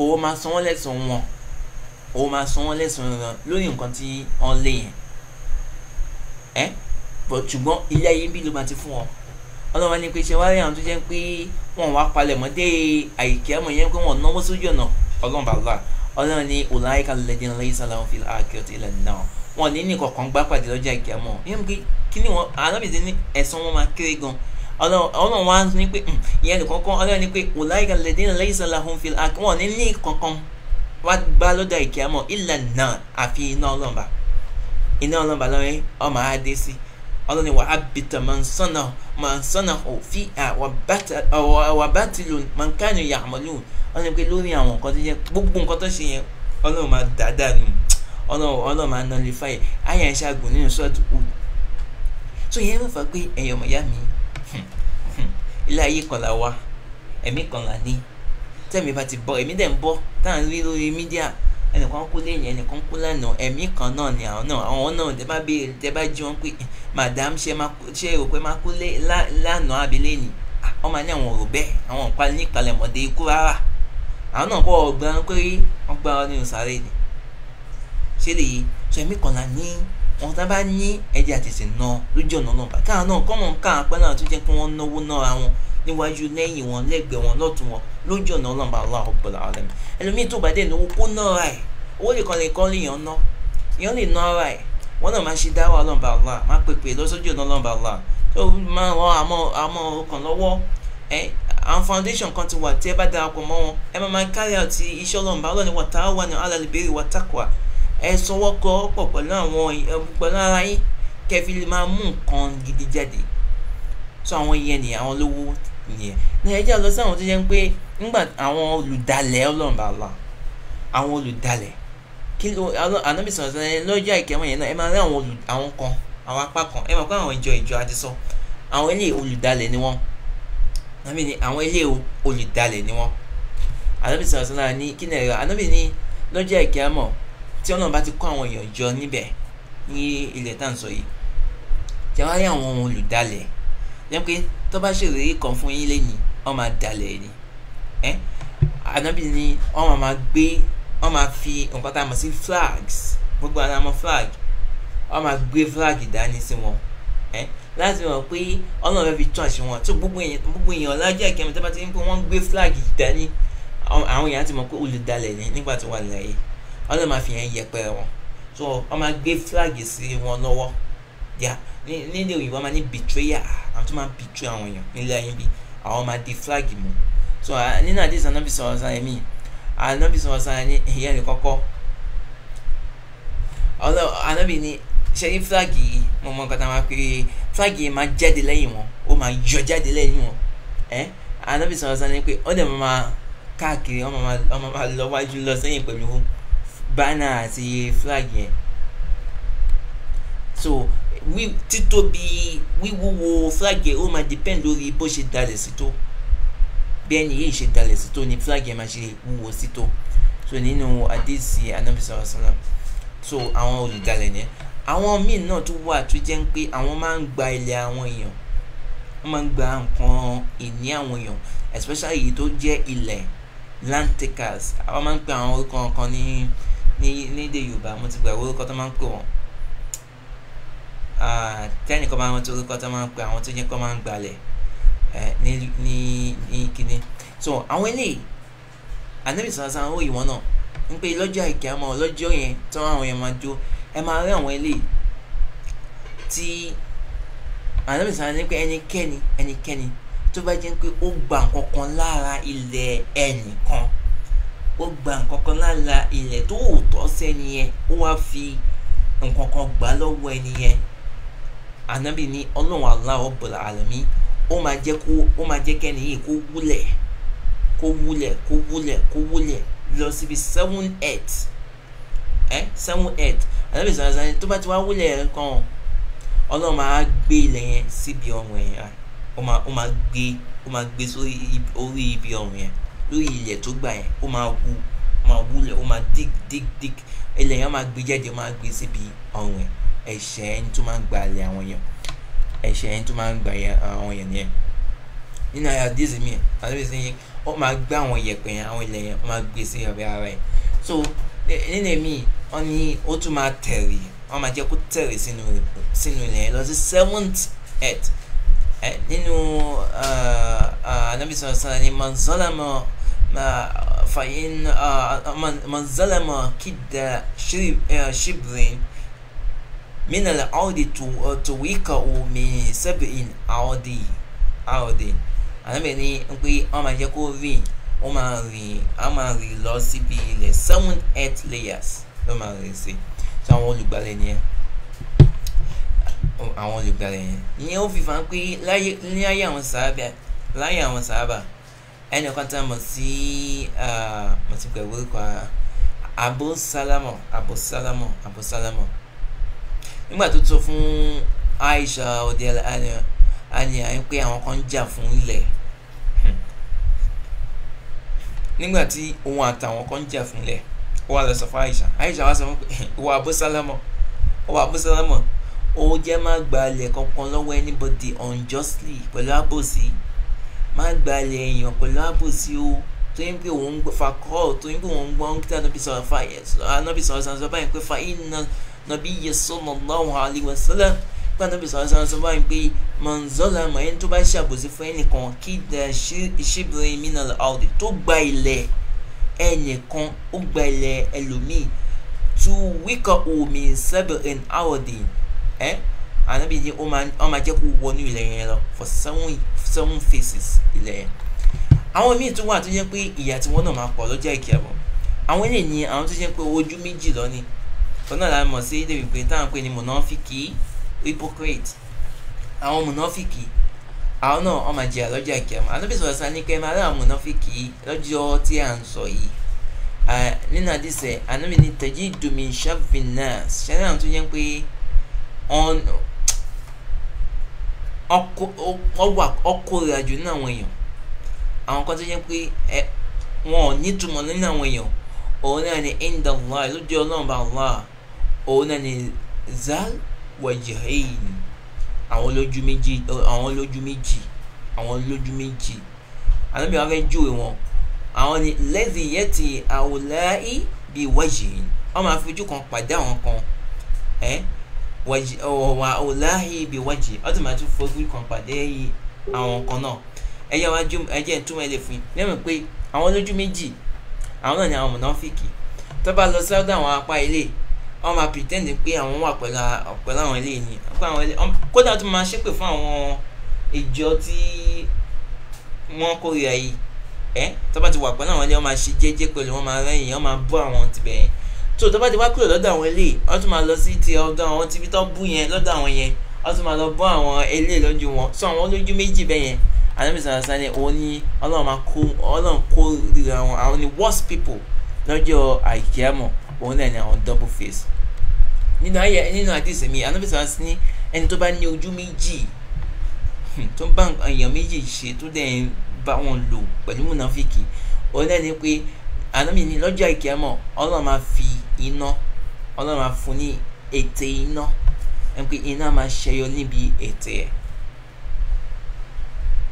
òun máa san wọ́n lẹ́sàn-án wọn o máa san wọ́n lẹ́sàn-án gan lórí nǹkan tí wọ́n lé yẹn ẹ́ but ṣùgbọ́n ilé ayé bí ló máa ti fún ọ ọlọ́wọ́n ní pé ṣe wá rí àwọn tó jẹ́ pé wọ́n wá palẹ̀ mọ́ dé àìkẹ́ ọmọ yẹn pé wọ́n náwó sójú ọ̀nà ọlọ́run bàbá ọlọ́run ní ọ̀làyíká lẹ́dínlá lẹ́yìn sálàmù fi àkẹ́ọ̀tì ilẹ̀ náà wọn ní ní kọ̀ọ̀kan gbá pàdé lọ́jọ́ àìkẹ́ ọmọ yẹn pé kí ni wọn alábìdí ní ẹ̀san wọn máa kéré gan ọlọ́run wá ní pé hmm, ìyẹn nìkan kan ọlọ́run ní pé ọ̀làyíká lẹ́dínlá lẹ́yìn sálàmù fi àkẹ́wọ̀n ní ní kọ̀ọ̀kan wá gbá lọ́jọ́ ìkíámọ̀ ilẹ̀ náà àfi iná ọlọ́mba iná ọlọ́mba lọ́rin ọmọ adé sí ọlọ́ni wàá bìtẹ̀ mọ̀nsánà mọ̀nsánà òfi àwàbátìlù mọ̀nkánì yàmọ̀lù ọlọ́ni pé lórí àwọn nǹkan tó yẹ gbogbo nǹkan tó ṣe yẹn ọlọ́run máa dáadáa nù ọlọ́run máa nà lè fàyè àyà ń ṣàgùn nínú sọ́ọ̀tù kù tó yẹn ló fà pé ẹ̀yọ̀ mọ̀yá mi hmm, hmm, ilé ayé kan là wá ẹ̀mí kan là ní tẹ́mi bá ti bọ́ èmi dẹ̀ ń bọ́ tá à ń rí lórí mídíà ẹnìkan kú lẹ́yìn ẹnìkan kú lánàá ẹ̀mí kan náà ni àwọn náà àwọn náà tẹ́ bá béèrè tẹ́ bá jí wọn pé madam ṣe rò pé má kú lánàá àbí lẹ́yìn wọ́n máa ní àwọn ọ̀rọ̀ bẹ́ẹ̀ àwọn nǹkan nípalẹ̀ mọ̀dé ikú rárá àwọn náà kọ́ ọgbà pé wọ́n gbá ọ nínú sáré ni ṣé lè yí sọ ẹ̀mí kan là ní àwọn tá a bá ní ẹ̀jẹ̀ àtẹ̀sẹ̀ náà lójú ọ̀nà náà káà náà kọ́mọ̀ káà pẹ́ náà tó jẹ́ pé wọ́n náwó náà àwọn níwájú lẹ́yìn wọn lẹ́gbẹ̀ẹ́ wọn lọ́tún wọn lójú ọ̀nà ọlọ́mọba aláhùbọ̀là ọ̀lẹ́mì ẹlòmíì tó bá dé náwó kó náà ẹ̀ owó lè kọ́ lè kọ́ lè yàn ná yàn lè ná ara ẹ̀ wọn náà máa ṣe dáwọ́ ọlọ́mọba ọlá máa pèpè lọ́sọ́jú ọ̀nà ọlọ́mọba ọlá tó máa rọ àmọ́ àmọ́ ọkàn lọ́wọ́ ẹ àwọn foundation kan ti wà tí ẹ bá darapọ̀ mọ́ wọn ẹ máa máa carry out iṣẹ́ ọlọ́mọba ọlọ́ni wà táwọn wà ní alàlẹ́ ẹ sọwọ́kọ pọ̀ pẹ̀lú àwọn pẹ̀lú ara yín kẹfì lè máa mú nǹkan gidi jáde so àwọn yẹn nìyẹn àwọn olówó nìyẹn nàìjíríà lọ sí àwọn tó jẹ́ pé nígbà àwọn olùdalẹ̀ ọlọ́run bá la àwọn olùdalẹ̀ kí ló ànábìsàn ọ̀sán lọ́jọ́ àìkẹ́mọ̀ yẹn náà ẹ máa rí àwọn kan àwọn apá kan ẹ máa kó àwọn ìjọ ìjọ àti sọ àwọn ilé olùdalẹ̀ ni wọ́n àmì ni àwọn ilé olùdalẹ̀ ni wọ́n ànábìsàn ọ̀sán náà ní kí nàìjíríà ànábì ní lọ́jọ́ àìkẹ́mọ̀ tí ọlọ́run bá ti kó àwọn èèyàn jọ níbẹ̀ ní ilẹ̀ tá à ń sọ yìí tí a wá rí àwọn olùdalẹ̀ jẹ́ pé tó bá ṣèlérí kan fún yín lẹ́yìn wọ́n máa dalẹ̀ ni ẹ́ ànábì ni wọ́n máa gbé wọ́n máa fi nǹkan tá a mọ̀ sí flags gbogbo àwọn àmọ́ flag wọ́n máa gbé flag dání sí wọn ẹ́ láti mọ̀ pé ọlọ́run fẹ́ fi tún àṣẹ wọn tó gbogbo èèyàn lájẹ́ ìkẹ́mi tó bá ti ń pé wọ́n gbé flag dání àwọn èèyàn ti mọ̀ pé olùdalẹ̀ ni nígbà tó wà láyé wọ́n lè máa fi yẹn yẹpẹrẹ wọn so wọ́n máa gbé flag sí wọn lọ́wọ́ nílẹ̀ òyìnbó wọ́n máa ní betrayer àwọn tó máa betray àwọn èèyàn nílẹ̀ ayé bí àwọn máa di flag mú so nínú àdéhùn anábì sọ̀rọ̀ sáyẹ mí anábì sọ̀rọ̀ sáyẹ ní ìyá ẹni kọ́kọ́ anábì ní ṣẹ́yìn flag yìí mo mọ nǹkan tá a máa pè é flag yìí máa jáde lẹ́yìn wọn ó máa yọ jáde lẹ́yìn wọn ẹ́ anábì sọ̀rọ̀ sáyẹ ní pé ó dẹ̀ máa káàkiri ọmọ máa lọ wájú lọ sẹ́yìn pẹ̀lú banner àti flag yẹn so títóbi wíwúwo flag yẹn ó máa depend lórí bó ṣe dalẹ̀ sí tó bí ẹni yìí ṣe dalẹ̀ sí tó ni flag yẹn máa ṣe wúwo sí tó so nínú àdéhìsí anábìsọ̀ ọ̀sán so àwọn olùdalẹ̀ yẹn àwọn míì náà tún wà tó jẹ́ ń pé àwọn máa ń gba ilẹ̀ àwọn èèyàn wọ́n máa ń gba nǹkan ìní àwọn èèyàn especially èyí tó jẹ́ ilẹ̀ land takers àwọn máa ń pe àwọn orúkọ kan ní. Ni ní lédè yorùbá mo ti gbàgbé orúkọ tó máa ń pè wọ́n ah, tẹ́nìkan máa ń rántí orúkọ tó máa ń pè àwọn tó jẹ́ kó máa ń gbalẹ̀ eh, ní ní ní so àwọn eléyìí ànábì sọ̀rọ̀ sàn ó ìwọ̀n náà ń pé lọ́jọ́ àìkè àmọ́ lọ́jọ́ yẹn tó àwọn yẹn máa jó ẹ máa rí àwọn eléyìí tí ànábì sọ̀rọ̀ ní pé ẹnikẹ́ni ẹnikẹ́ni tó bá jẹ́ pé ó gba nǹkan lára ilẹ̀ ẹnìkan ó gba nǹkan kan lára ilẹ̀ tó ò tọ́ sẹ́ni yẹn ó wá fi nǹkan kan gbà lọ́wọ́ ẹni yẹn ànábì ní ọlọ́run Allah Rabbul Alamin ó máa jẹ́ kó ó máa jẹ́ kẹ́ni yìí kó wúlẹ̀ kó wúlẹ̀ kó wúlẹ̀ kó wúlẹ̀ lọ síbi seven eight ẹ seven eight ànábì sọ̀rọ̀ sani tó bá ti wá wúlẹ̀ kan ọlọ́run máa gbé ilẹ̀ yẹn síbi ọrùn yẹn ó máa gbé ó máa gbé sórí orí ibi ọrùn yẹn lórí ilẹ̀ tó gbà yẹn ó máa wú ó máa wúlẹ̀ ó máa dig dig dig ilẹ̀ yẹn máa gbé jáde ó máa gbé síbi ọrùn ẹ̀ ẹ̀ṣẹ̀ ẹni tó máa ń gba ilẹ̀ àwọn yẹn ẹ̀ṣẹ̀ ẹni tó máa ń gba àwọn yẹn nìyẹn nínú ayé àdéhùn mi àdéhùn sí yẹn ó máa gbé àwọn yẹ̀pẹ̀ yẹn àwọn ilẹ̀ yẹn ó máa gbé sí ọ̀bẹ ara yẹn so nínú èmi wọn ni ó tún máa tẹ̀rì wọn máa jẹ́ kó tẹ̀rì sínú sínú ilẹ̀ yẹn lọ sí seventh earth nínú anabi sọ̀rọ̀ sọ̀rọ̀ ni man zalama فإن من ظلم كد شبر من العود تويكا من سبع عود عود àlẹ́mẹ̀ ni pé wọ́n máa jẹ́ kó rìn wọ́n máa rìn wọ́n máa rìn lọ síbi ilẹ̀ seven eight layers ló máa rìn sí so àwọn olùgbàlẹ̀ nìyẹn àwọn olùgbàlẹ̀ yẹn ìyẹn ó fi fà ń pé láyé àwọn sàábà láyé àwọn sàábà ɛna ɔkata uh, mɔsi aa mɔsi kɔ ɛwɔ kɔ abo salamɔ abo salamɔ abo salamɔ nígbà tó tó fún Aisha ọdẹ àníyàn ń pé àwọn kan ń jà fún ilẹ̀ nígbà tí òun àtàwọn kan ń jà fún ilẹ̀ ó wà lọ sọ fún Aisha Aisha wá sọ fún pé ìwà abo salamọ ìwà abo salamọ ó jẹ́ má gba kankan lọ́wọ́ anybody unjustly pẹ̀lú àbòsí. Si má gbalẹ̀ èèyàn pẹ̀lú àbòsí o tó yín pé òun fa kọ́ọ̀ tó yín pé òun gbọ́n kí tàbí sọ̀rọ̀ fa anábì sọ̀rọ̀ sọ̀rọ̀ báyìí pé fa iná nàbí yẹ sọ̀nà lọ́wọ́ àlewà sọ́lá pé anábì sọ̀rọ̀ sọ̀rọ̀ báyìí pé mọ̀nzọ́lá mọ̀ ẹni tó bá ṣàbòsí fún ẹnìkan kí dà ṣíbìrin mìíràn àwòdì tó gba ilẹ̀ ẹnìkan ó gba ilẹ̀ ẹlòmíì tó wíkọ̀ omi sẹ́bìrin àwòdì ẹ́ eh? anabi ni ó máa jẹ́ kó who ilẹ̀ you lọ for some some faces ilẹ̀ yẹn àwọn míì to wà tó jẹ́ pé ìyà tí wọ́n náà máa pọ̀ lọ́jọ́ ìkẹ́bọ̀ àwọn eléyìí ni àwọn tó jẹ́ pé ojú méjì lọ ni tọ́nà la mọ̀ sí débi pé táwọn pè ní mọ̀nàfíkì hypocrite I mọ̀nàfíkì àwọn náà wọ́n máa jẹ́ lọ́jọ́ ìkẹ́bọ̀ anabi sọ̀rọ̀ sani kẹ́ máa láwọn mọ̀nàfíkì lọ́jọ́ tí à ń sọ yìí nínú àdìsẹ́ anabi ni tẹ̀jí dùmí ṣàfihàn náà ṣẹlẹ̀ àwọn tó jẹ́ pé ọkọ rẹ̀ àjò nínú àwọn èèyàn àwọn kan tó jẹ́ pé wọn ò nítumọ̀ nínú àwọn èèyàn òun náà ni inda Allah lójú ọlọ́run bá Allah òun náà ni zal wajahin àwọn olójú méjì àwọn olójú méjì àwọn olójú méjì àlọ́bí wọn fẹ́ júwe wọn àwọn ni lẹ́sìn yẹn ti àwòlá yìí bíi wajhin wọn máa fi ojú kan pàdé àwọn kan ẹ́ eh? wà ọ̀láhì bí wájì ọdún máa tún fojú kan pàdé àwọn kan náà ẹ̀yà wájú ẹ̀jẹ̀ tó mẹ́lẹ̀ fún yín lẹ́mọ̀ pé àwọn lójú méjì àwọn náà ni àwọn mọ̀nàfíìkì tó bá lọ sọ́dọ̀ àwọn apá ilé wọ́n máa pretend pé àwọn wà pẹ̀lú àwọn ilé ni kódà tó máa ṣépè fún àwọn ìjọ tí wọ́n kórìíra yìí ẹ́ tó bá ti wà pẹ̀lú àwọn ilé wọ́n máa ṣe jẹ́jẹ́ pẹ̀lú wọ́n máa rẹ́yìn wọ́n máa bú àwọn tìbẹ̀yìn tó tó bá ti wá kúrò lọ́dọ̀ àwọn eléyìí wọ́n tún máa lọ sí ti ọ̀dọ̀ àwọn tibí tó bú yẹn lọ́dọ̀ àwọn yẹn wọ́n tún máa lọ bọ́ àwọn eléyìí lójú wọn sọ àwọn olójú méjì bẹ́ẹ̀ yẹn ànábì sọ̀rọ̀ sáré òun ni ọlọ́run máa kó ọlọ́run kó rírà wọn àwọn ni worst people lọ́jọ́ àìkíámọ̀ òun náà ni àwọn double face nínú ayé nínú àdìsí mi ànábì sọ̀rọ̀ sí ní ẹni tó bá ní ojú méjì hmm, tó bá èèyàn méjì ṣe tó dẹ̀ ń bá wọn lò pẹ̀lú múnàfíkì òun náà ni pé ànábì ní lọ́jọ́ àìkíámọ̀ ọlọ́run máa fi iná ọlọ́run á fún ní ètè iná ẹni pé iná máa ṣẹyọ níbi ètè ẹ̀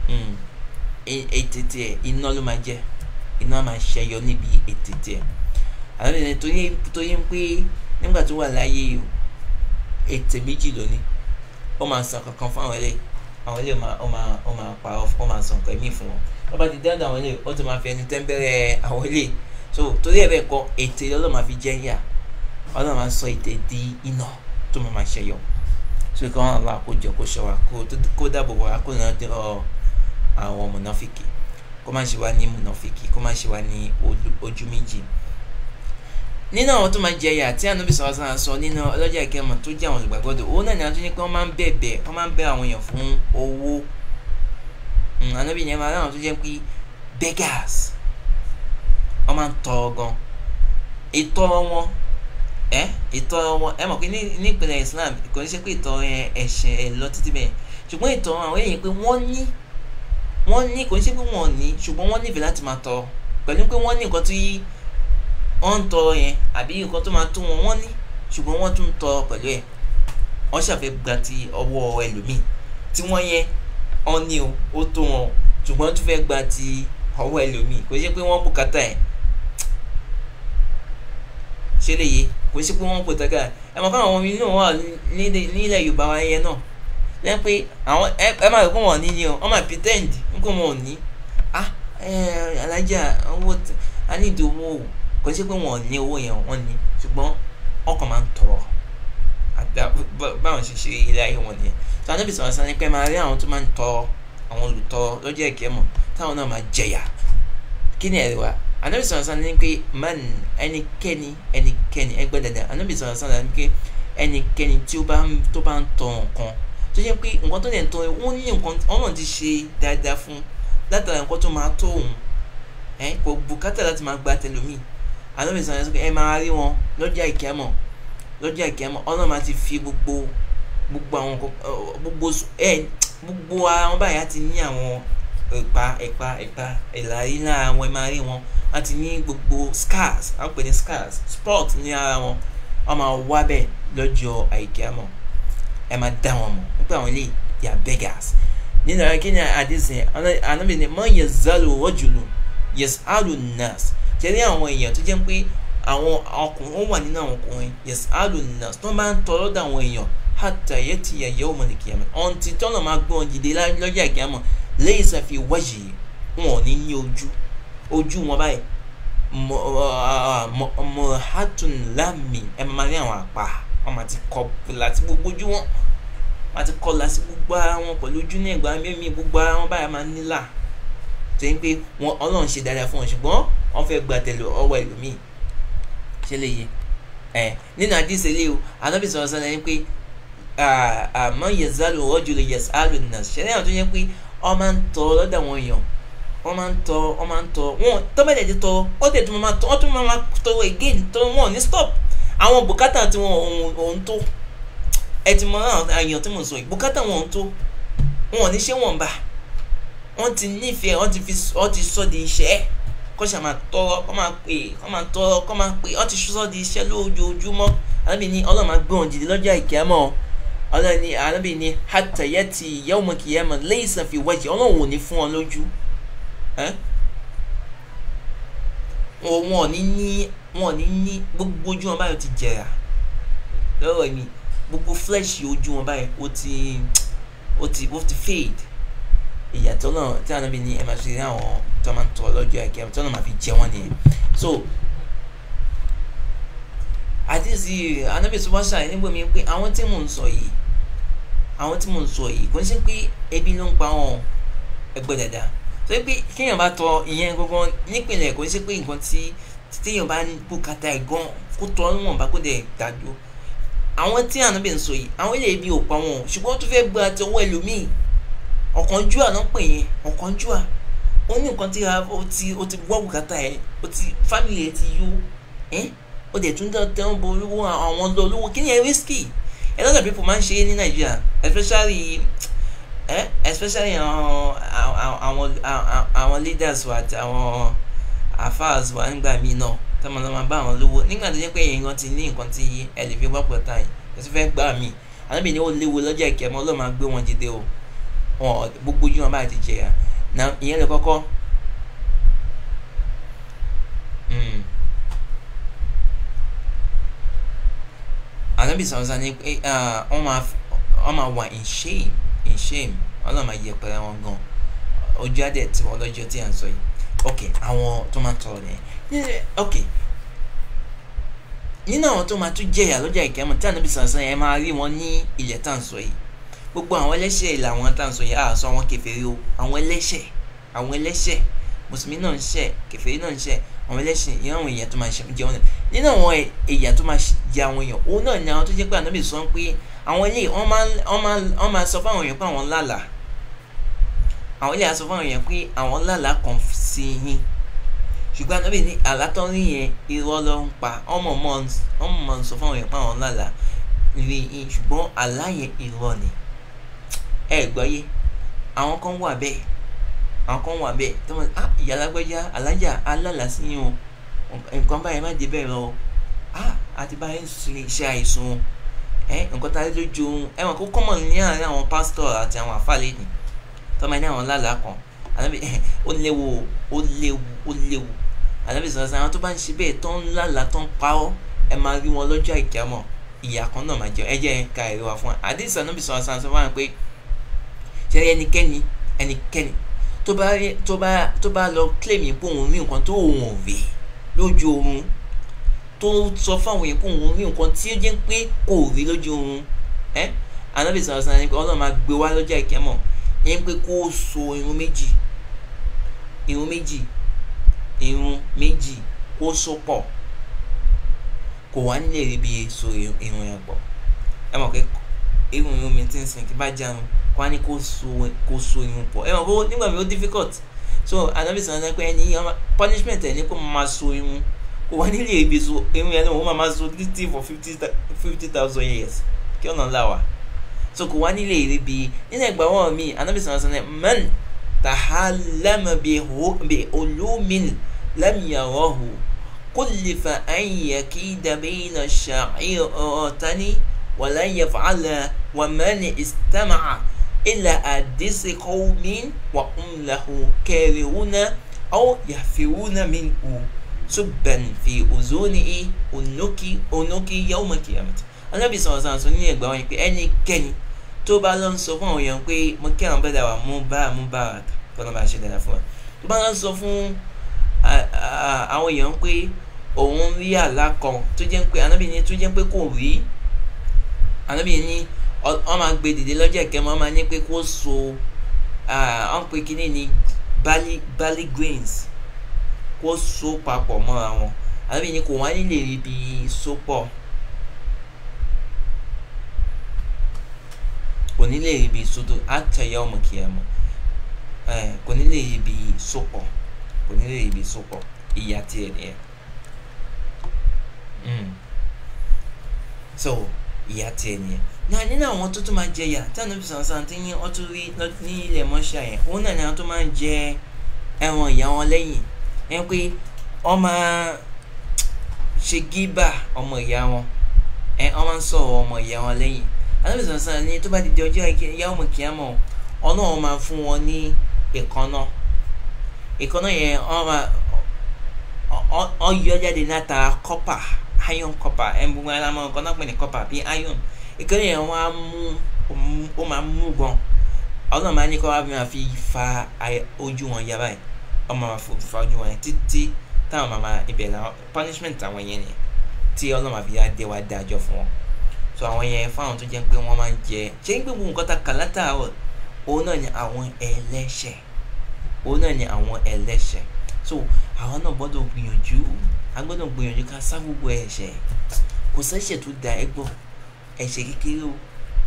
hmm. e, ètè tiẹ̀ iná ló máa jẹ́ iná máa ṣẹyọ níbi ètè tiẹ̀ àwọn ènìyàn tó yẹ pé nígbà tó wà láyé ètè méjì lónìí ó máa san kankan fún àwọn eléyìí àwọn ilé ó máa ó máa parọ́ ó máa san nǹkan míì fún wọn bó ti dáadáa àwọn ilé ó ti máa fi ẹni tẹ́ńbẹ́rẹ́ àwọn ilé so torí ẹ bẹ́ẹ̀ kọ́ ètè ọlọ́run máa fi jẹ́ yà ọlọ́run máa sọ ètè di iná tó máa máa ṣẹyọ so kí wọ́n lọ àkójọ kó ṣọ wa kó dáàbò bò wá kó náà dé àwọn mùnáfìkì kó má ṣe wá ní mùnáfìkì kó má ṣe wá ní ojú méjì nínú àwọn tó máa jẹ ìyà tí ànábì sọ̀rọ̀ sára sọ nínú ọlọ́jà ìkẹmọ̀ tó jẹ́ àwọn olùgbàgbọ́dọ̀ owó náà ní adúlé pé wọ́n máa ń bẹ̀bẹ̀ wọ́n máa ń bẹ àwọn èèyàn fún owó hmm, ànábì yẹn máa láwọn tó jẹ́ pé beggars wọ́n máa ń tọrọ gan ìtọrọ wọn ẹ ìtọrọ wọn ẹ mọ̀ pé ní ìpínlẹ̀ Islam kò ní ṣe pé ìtọrọ yẹn ẹ̀ṣẹ̀ ẹ̀ lọ títí bẹ́ẹ̀ ṣùgbọ́n ìtọrọ àwọn èèyàn pé wọ́n ní wọ́n ní kò ní ṣe pé wọ́n ní ṣùgbọ́n wọ́n nífẹ̀ẹ́ láti máa tọrọ pẹ̀lú pé wọ́n ní nǹkan tó yí wọ́n ń tọrọ yẹn àbí nǹkan tó máa tó wọn wọ́n ní ṣùgbọ́n wọ́n tún ń tọrọ pẹ̀lú ẹ̀ wọ́n ṣàfẹ́ gba ti ọwọ́ ẹlòmíì tí wọ́n yẹn wọ́n ní o ó tó wọn ṣùgbọ́n tún fẹ́ gba ti ọwọ́ ẹlòmíì kò ní ṣe pé wọ́n bùkátà ẹ̀ ṣe léyè kò sí pé wọ́n pè tọ́ka ẹ mọ̀ káwọn ọmọ mi náà wà nílẹ̀ yorùbá wa yẹn náà lẹ́yìn pé àwọn ẹ máa rò pé wọ́n ní ni o wọ́n máa pretend n kò mọ̀ ọ́ ní ah alájà owó a ní owó o kò sí pé wọ́n ní owó yẹn wọ́n ní ṣùgbọ́n ọkàn máa ń tọrọ báwọn ṣe ṣe ilé ayé wọn nìyẹn tó anábì sọ̀rọ̀ sani pé máa rí àwọn tó máa ń tọrọ àwọn olùtọrọ lọ́jọ́ ìkẹ́mọ̀ táwọn náà máa jẹyà kí ni ẹ̀rí wa anabi sọ̀rọ̀ sọ̀rọ̀ ní pé man ẹnikẹ́ni ẹnikẹ́ni ẹgbẹ́ dandan anabi sọ̀rọ̀ sọ̀rọ̀ ní pé ẹnikẹ́ni tí ó bá ń tó bá ń tọ nǹkan tó jẹ́ pé nǹkan tó lè tọ wọ́n ní nǹkan ọlọ́run ti ṣe dáadáa fún látara nǹkan tó máa tó òun ẹ kò bùkátà láti máa gba tẹlomi anabi sọ̀rọ̀ sọ̀rọ̀ ẹ máa rí wọn lọ́jọ́ ìkẹ́mọ̀ lọ́jọ́ ìkẹ́mọ̀ ọlọ́run máa ti fi gbogbo gbogbo àwọn gbogbo ẹ gbogbo àwọn báyìí á ti ní àwọn ẹ̀pá ẹ̀pá ẹ̀pá ìlàrí lára wọn ẹ máa rí wọn wọn ti ní gbogbo scars a pè ní scars spot ní ara wọn wọn máa wá bẹ́ẹ̀ lọ́jọ́ àìkíámọ̀ ẹ máa dá wọn mọ̀ nípa àwọn ilé yà beggars nínú ara kíni àdìsí anábì ni mọ yẹn zálò rọjùlù yẹs àlù nas jẹ ní àwọn èèyàn tó jẹ́ pé àwọn ọkùnrin ó wà nínú àwọn ọkùnrin yẹs àlù nas tó máa ń tọrọ dà àwọn èèyàn hàtà yẹ ti yẹ yẹ ọmọ nìkìyàmọ ọ̀n ti tọ́nà máa gbọ́n jìdí lọ́jà ìkìyàmọ̀ laysa fi wajhi wọn ò ní ní ojú ojú wọn báyìí mọ̀hátùn lámì ẹ máa rí àwọn àpá wọn máa ti kọ láti gbogbo ojú wọn wọn ti kọ láti gbogbo ara wọn pẹ̀lú ojú ní ẹ̀gbá mímí gbogbo ara wọn báyìí máa nílà tó ń pé wọn ọlọ́run ṣe dáadáa fún wọn ṣùgbọ́n wọn fẹ́ gba tẹ̀lé ọwọ́ ẹlòmíì ṣe lè yẹ ẹ nínú àdìsẹ́ lé o anábì sọ̀rọ̀ sọ̀rọ̀ yẹn pé àmọ́ yẹn zálò rọ́jò yẹ sálò nà ṣẹlẹ̀ àwọn tó yẹ pé ọ máa ń tọ lọ́dọ̀ àwọn èèyàn wọ́n máa ń tọ wọ́n máa ń tọ wọn tọ́mẹ̀lẹ̀ ti tọ ó dẹ̀ tún máa tọ wọ́n tún máa tọ again tọ wọn ní stop àwọn bùkátà tí wọn òun tó ẹ ti mọ àyàn tí mo sọ yìí bùkátà wọn òun tó wọn ò ní ṣé wọn bá wọn ti nífẹ̀ẹ́ wọn ti fi wọn ti sọ di iṣẹ́ kó ṣe máa tọrọ kó máa pè kó máa tọrọ kó máa pè wọn ti sọ di iṣẹ́ lójoojúmọ́ àbí ni Ọlọ́run máa gbé wọn dìde lọ́jọ́ àìkíámọ́ ọlọ́run ní arábìnrin ní hatayati yawma kiyama laysa fi wajhi ọlọ́run ò ní fún ọ lójú wọn ò ní ní wọn ò ní ní gbogbo ojú wọn báyìí ti jẹrà lọ́rọ̀ ni gbogbo flesh ojú wọn báyìí ó ti ó ti ó ti fade ìyàtọ̀ náà tí àwọn ọmọbìnrin ẹ̀ máa ṣe ní àwọn tó máa ń tọ́ lọ́jọ́ ẹ̀kẹ́ tó náà máa fi jẹ wọ́n nìyẹn so àdìsí anábìsí wọ́n ṣàyẹ̀ nígbà mi pé àwọn tí mò ń sọ yìí àwọn tí mo ń sọ yìí kò ń ṣe pé ebi ló ń pa wọn ẹgbẹ́ dada tó pé kéèyàn bá tọ ìyẹn gangan nípìnlẹ̀ kò ń ṣe pé nǹkan tí téèyàn bá ń bùkátà ẹ̀ gan kó tọ́ níwọ̀n bá kó dẹ̀ dájú àwọn tí àná bẹ̀ ń sọ yìí àwọn ilé ibi ò pa wọn ṣùgbọ́n tó fẹ́ gba ti ọwọ́ ẹlòmíì ọ̀kánjúwà náà pè yẹn ọ̀kánjúwà ó ní nǹkan tí o ti wọ́ bùkátà ẹ̀ o ti fámìlì ẹ̀ ti yó ẹ́ o dẹ̀ tún dán tẹ́wọ́n bo olówó àwọn lọ olówó kí ni ẹ a lot of people man, ń ṣe é ní nàìjíríà especially eh, especially àwọn àwọn àwọn leaders wa àti àwọn afars wa nígbà míì náà tọmọ náà máa bá àwọn lówó nígbà tó jẹ́ pé èèyàn ti ní nǹkan tí ẹ lè fi wá pọ̀ táyì ẹ tún fẹ́ gbà mí àlọ́bìnrin ni ó léwu lọ́jọ́ ìkẹ́mọ́ ọlọ́run máa gbé wọn dìde o wọn gbogbo ojú wọn bá ti jẹyà ìyẹn lè kọ́kọ́. Mm. ànábì sọ̀rọ̀ sá ni pé wọ́n máa wà in shame in shame ọlọ́run máa yẹpẹrẹ wọn gan ojú adẹ̀ tí wọ́n lọ́jọ́ tí à ń sọ yìí ok àwọn tó máa tọrọ nìyẹn ok nínú àwọn tó máa tún jẹ̀yà lọ́jà ìkẹ́mọ̀ tí ànábì sọ̀rọ̀ sá yẹn máa rí wọn ní ilẹ̀ tá à ń sọ yìí gbogbo àwọn ẹlẹ́ṣẹ̀ làwọn tá à ń sọ yìí àá sọ àwọn kèfèrí o àwọn ẹlẹ́ṣẹ̀ àwọn ẹlẹ́ṣẹ̀ mùsùlùmí náà ń ṣẹ̀ kèfèrí náà ń ṣẹ̀ àwọn ẹlẹ́sìn ìyá àwọn èèyàn tó máa jẹ wọn nínú àwọn èèyàn tó máa jẹ àwọn èèyàn òun náà ni àwọn tó jẹ́ pé ànábì sọ pé àwọn ilé wọn máa sọ fáwọn èèyàn pé àwọn lálà àwọn ilé àsọ fáwọn èèyàn pé àwọn lálà kan sí yín ṣùgbọ́n ànábì ní àlátọ́rí yẹn irọ́ ló ń pa ọmọ mọ́ ń sọ fáwọn èèyàn pé àwọn lálà rí yín ṣùgbọ́n àlá yẹn irọ́ ni ẹ gbọ́ yé àwọn kan wà bẹ́ẹ̀ àwọn kan wà bẹ́ẹ̀ tó wọn ah ìyá alágbẹ́já alájà alálàsíyìn o nǹkan báyìí má dé bẹ́ẹ̀ lọ ah àti báyìí ṣe àìsùn ẹ nǹkan tá a lè ju ẹwọn kó ni ní àárín àwọn pásítọ̀ àti àwọn àfàlẹ́ ni tọ́mọ ní àwọn lálàá kan ànábì *laughs* ó léwu ó léwu ó léwu ànábì sọ̀rọ̀ sí àwọn tó bá ń ṣe bẹ́ẹ̀ tó ń lálàá tó ń parọ́ ẹ máa rí wọn lọ́jọ́ ìkẹ́mọ̀ ìyá kan náà máa jẹ ẹ jẹ́ ká ẹ̀rí wa fún wa àdéhùn sọ̀rọ̀ ànábì sọ̀rọ̀ sí àwọn sọ̀rọ̀ tó bá tó bá tó bá lọ claim pé òun rí nǹkan tó òun ò rí lójú oorun tó sọ fáwọn yẹn pé òun rí nǹkan tí ó jẹ́ pé kò rí lójú oorun ẹ́ anábì sọ̀rọ̀ sọ̀rọ̀ nípa ọlọ́run máa gbé wá lọ́jà ìkẹ́mọ̀ yẹn pé kó o so irun méjì irun méjì irun méjì kó o so pọ̀ kò wá nílé rí so irun yẹn pọ̀ ẹ mọ̀ pé irun irun mi ti ń sìn kí bá jarun kó a ní kó so irun pọ̀ ẹ mọ̀ kó nígbà mi ó difficult so anabi sọ̀rọ̀ náà pé ẹni yìí punishment ẹ̀ ní kó máa so irun kó wá nílé ibi so irun yẹn náà wọ́n máa so títí for fifty thousand years kí ọ̀nà ńlá wa so kò wá nílé ibi nínú ẹgbà wọn mi anabi sọ̀rọ̀ sọ̀rọ̀ man tahallama bi ulumin lam yarahu kullifa an yakida bayna sha'iratan ولا يفعل ومن استمع إلى حديث قوم وهم له كارهون أو يهفرون منه سبا في أذنه أنكي أنكي يوم القيامة Ànábì sọ̀rọ̀ sàn sọ ní ẹ̀gbà wọn pé ẹnikẹ́ni tó bá lọ ń sọ fún àwọn èèyàn pé mo kí àwọn bẹ́ẹ̀ wà mú bá mú bá kọ́nà bá ṣe dára fún wa tó bá lọ ń sọ fún àwọn èèyàn pé òun rí àlá kan tó jẹ́ pé Ànábì ni tó jẹ́ pé kò rí ànábì ni wọ́n máa gbé dìde lọ́jọ́ ìkẹmọ́ wọ́n máa ní pé kó so wọ́n pe kínní ní barley grains kó so papọ̀ mọ́ra wọn ànábì ní kò wọ́n á nílè rí bí so pọ̀ kò ní lè rí bí sodo àtẹ̀yẹ ọmọ kì í mọ̀ kò ní rí bí sopọ̀ kò ní rí bí sopọ̀ ìyá tiẹ̀ nìyẹn. Hmm. so ìyà tẹ̀ nìyẹn náà nínú àwọn tó tún máa jẹ ìyà táwọn òbí sàn sàn tí ní ọtún rí ní ilẹ̀ mọ́ṣá yẹn òun náà ni àwọn tó máa ń jẹ ẹran ìyá wọn lẹ́yìn ẹ pé wọ́n máa ṣe gíbà ọmọ ìyá wọn ẹ wọ́n máa ń sọ̀rọ̀ ọmọ ìyá wọn lẹ́yìn àdóbi sàn sàn ni tó bá ti di ọjọ́ ìyá ọmọ kìámọ̀ ọlọ́run máa fún wọn ní ìkànnà ìkànnà yẹn ọ yọ jáde látara kọ́pà iron copper ẹn gbogbo ara mọ nǹkan náà pè ní copper bíi iron ìkíni yẹn wọn á mú ó máa mú gan ọlọ́run máa ní kó wá máa fi fa ojú wọn yá báyìí ọmọ máa fò fa ojú wọn yẹn títí táwọn máa ibẹ̀ làwọn punishment àwọn yẹn ni tí ọlọ́run máa fi yá dé wá dájọ́ fún wọn so àwọn yẹn fáwọn tó jẹ́ pé wọ́n máa ń jẹ ṣé ń gbogbo nǹkan ta kà látàárọ̀ òun náà ni àwọn ẹlẹ́ṣẹ̀ òun náà ni àwọn ẹlẹ́ṣẹ̀ so àwọn náà gbọ́dọ̀ gbìyànjú a gbọ́dọ̀ gbìyànjú ká sá gbogbo ẹ̀ṣẹ̀ kò sẹ́ṣẹ̀ tó da ẹ gbọ́ ẹ̀ṣẹ̀ kékeré o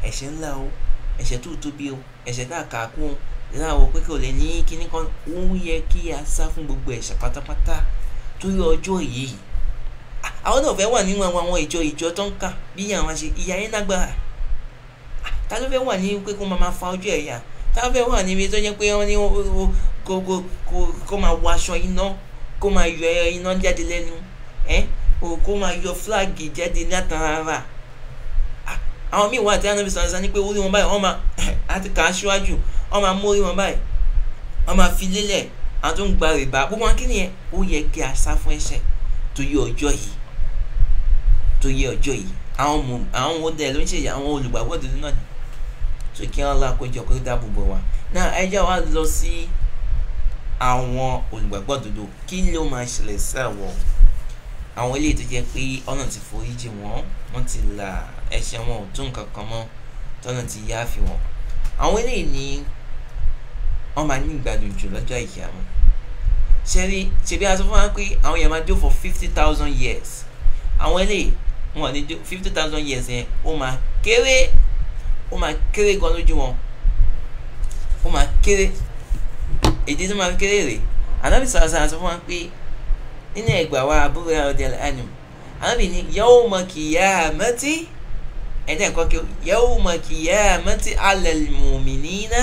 ẹ̀ṣẹ̀ ńlá o ẹ̀ṣẹ̀ tó tóbi o ẹ̀ṣẹ̀ tá a kà á kún o láwọ pé kò lè ní kíní kan ó yẹ kí a sá fún gbogbo ẹ̀ṣẹ̀ pátápátá torí ọjọ́ yìí àwọn náà fẹ́ wà nínú àwọn àwọn ìjọ ìjọ tó ń kà bí àwọn àṣẹ ìyá yẹn lágbára ta ló fẹ́ wà ní pé kó máa fa ojú ẹ̀yà ta ló fẹ́ wà níbi tó jẹ́ pé wọ́n ní kó máa wọ aṣọ iná kó máa yọ iná jáde lẹ́nu o kó máa yọ fúláàgì jáde látara rà ah, àwọn míì wà tí anabi sọ̀rọ̀ sọ ni pé orí wọn báyìí wọ́n máa àti *laughs* kà á síwájú wọ́n máa mú orí wọn báyìí wọ́n máa fi lélẹ̀ àwọn tó ń gba rìbá gbogbo wọn kí nìyẹn ó yẹ kí a sá fún ẹ̀ṣẹ̀ tó yẹ ọjọ́ yìí tó yẹ ọjọ́ yìí àwọn mò àwọn wo dẹ̀ ló ń ṣe àwọn olùgbàgbọ́ òdodo náà tó kí wọ́n lọ àkójọ kó dáàbò bò wá náà ẹ jẹ́ wá lọ sí. Si, àwọn olùgbàgbọ́ òdodo kí ló máa ṣẹlẹ̀ sí àwọn àwọn eléyìí tó jẹ́ pé ọ̀nà ti foríjì wọ́n wọ́n ti là ẹ̀ṣẹ̀ wọn ò tún nǹkan kan mọ́ tọ́nà ti yá fi wọ́n àwọn eléyìí ni wọ́n máa ní ìgbádùn jù lọ́jọ́ ìyàmọ́ ṣebí ṣebí a sọ fún wa pé àwọn yẹn máa jó for fifty thousand years àwọn eléyìí wọn ní jó fifty thousand years yẹn ó máa kéré ó máa kéré gan lójú wọn ó máa kéré èdè tó máa fi kéré rè anábì sọ̀rọ̀ sọ̀rọ̀ sọ fún wa pé nínú ẹgbà wa àbúrò ẹ̀rọ di ẹ̀lẹ́nu anábì ní yawma qiyamati ẹ̀dá ẹ̀kọ́ kí yawma qiyamati ala al-mu'minina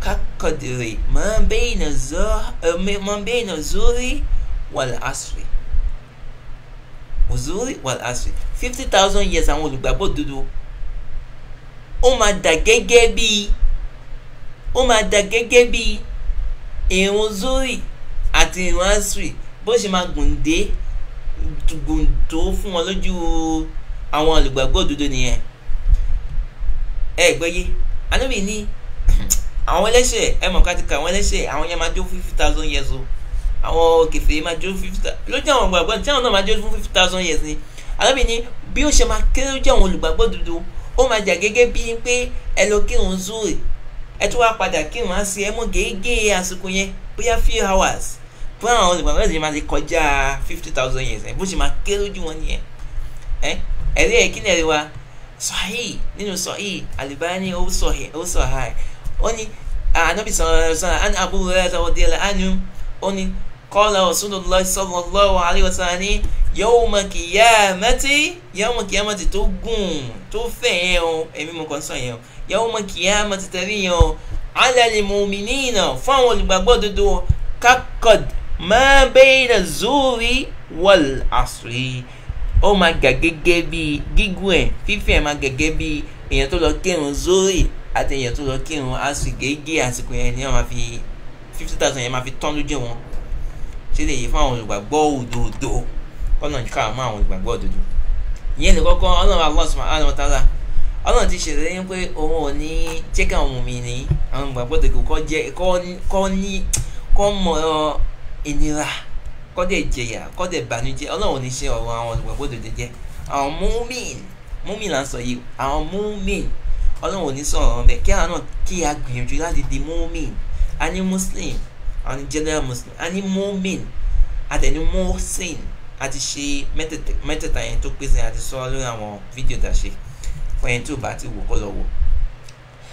kakadri eh, ma bayna zuhri wal asri wòzúrí wal asri fifty thousand years àwọn olùgbàgbọ́ dodo ó máa dà gẹ́gẹ́ bíi ó máa dà gẹ́gẹ́ bí ìrun zuri àti ìrun asri bó ṣe máa gùn dé gùn tó fún wọn lójú àwọn olùgbàgbọ́ òdodo nìyẹn ẹ gbẹ́yé anábì ní *clears throat* àwọn ẹlẹ́ṣẹ̀ ẹ mọ̀ ká ti ka àwọn ẹlẹ́ṣẹ̀ àwọn yẹn máa jó fifty thousand years o àwọn kẹfẹ́ máa jó fifty thousand lójú àwọn olùgbàgbọ́ tí àwọn náà máa jó fún fifty thousand years ni anábì ní bí ó ṣe máa kéré lójú àwọn olùgbàgbọ́ òdodo ó máa jà gẹ́gẹ́ bíi pé ẹ lọ kírun zuri ẹ tún wá padà kí wọ́n á ṣe ẹ mọ́ gẹ́gẹ́ àsìkò yẹn bóyá few hours fún àwọn olùgbàgbọ́ ẹ̀sìn máa ti kọjá fifty thousand years ẹ̀ bó ṣe máa kéré jù wọ́n nìyẹn ẹ̀ ẹ̀rí ẹ̀ kí ni ẹ̀rí wa sahih nínú sahih Albani ó sọ ha ẹ̀ ó ní anabi sallallahu alaihi wasallam Abu Hurairah radiyallahu anhu ó ní qala Rasulullah sallallahu alaihi wasallam ní yawma qiyamati yawma qiyamati tó gùn tó fẹ̀ yẹn mo kàn sọ yẹn o yawma qiyamati tẹ̀rí yẹn o ala lil mu'minina fún àwọn olùgbàgbọ́ dodo kakad ma bayna zuri wal asri ó máa gà gẹ́gẹ́ bí gígùn ẹ̀ fífẹ̀ máa gẹ́gẹ́ bí èèyàn tó lọ kírun zuri àti èèyàn tó lọ kírun asri gẹ́gẹ́ àsìkò yẹn ni wọ́n máa fi fifty thousand yẹn máa fi tán lójú wọn ṣe lè yí fún àwọn olùgbàgbọ́ òdodo kọ́nà ká àwọn olùgbàgbọ́ òdodo ìyẹn ní kọ́kọ́ ọlọ́run Allah ọlọ́run ti ṣètò yín pé òun ò ní jẹ́ kí àwọn mi ní àwọn ìgbàgbọ́ tètè kọ́ jẹ́ kọ́ ní kọ́ mọ̀ ìnira kọ́ dẹ̀ jẹyà kọ́ dẹ̀ bànújẹ́ ọlọ́run ò ní ṣe ọ̀rọ̀ àwọn ìgbàgbọ́ tètè jẹ́ àwọn múmin múmin là ń sọ yìí àwọn múmin ọlọ́run ò ní sọ̀rọ̀ ọ̀rọ̀ bẹ́ẹ̀ kí àwọn náà kí a gbìyànjú láti di múmin a ní muslim a ní general muslim a ní múmin a dẹ̀ ní mọ́sìn a ti ṣe mẹ́tẹ̀ẹ̀ta yẹn tó pèsè àti sọ lórí àwọn fídíò tá a ṣe fún ẹni tí ò bá ti wò kó lọ wò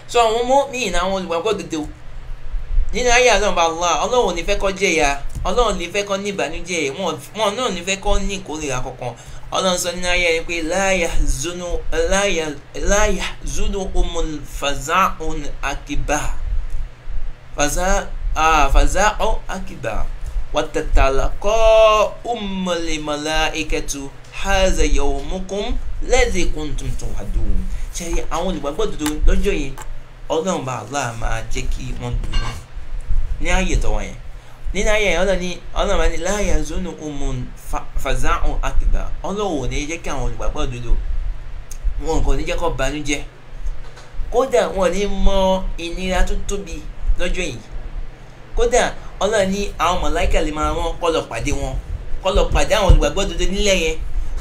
so àwọn ọmọ míì náà àwọn olùgbàgbọ́ dodo nínú ayé àlọ́ọ̀bá Allah ọlọ́run ò ní fẹ́ kó jẹ̀yà ọlọ́run ò ní fẹ́ kó ní ìbànújẹ́ wọn náà ò ní fẹ́ kó ní ìkórìíra kankan ọlọ́run sọ nínú ayé rẹ pé láyà zunu umul faza un akiba faza ah faza ọ akiba wàtàtàlà kọ́ umul malaikatu haza yawmukum lẹ́ẹ̀dì kuntum tu'adun ṣe àwọn olùgbàgbọ́ òdodo lọ́jọ́ yẹn ọlọ́run bá Allah máa jẹ́ kí wọ́n dùnú ní ààyè tọ́wọ́ yẹn nínú ayé yẹn ọlọ́ni ọlọ́run bá ní la yazunu umun faza'u akbar ọlọ́run ò ní jẹ́ kí àwọn olùgbàgbọ́ òdodo wọn kò ní jẹ́ kó banújẹ́ kódà wọn ò ní mọ ìnira tó tóbi lọ́jọ́ yìí kódà ọlọ́run ní àwọn màláíkà lè máa wọn kó lọ pàdé wọn kó lọ pàdé àwọn olùgbàgbọ́ òdodo nílẹ̀ yẹn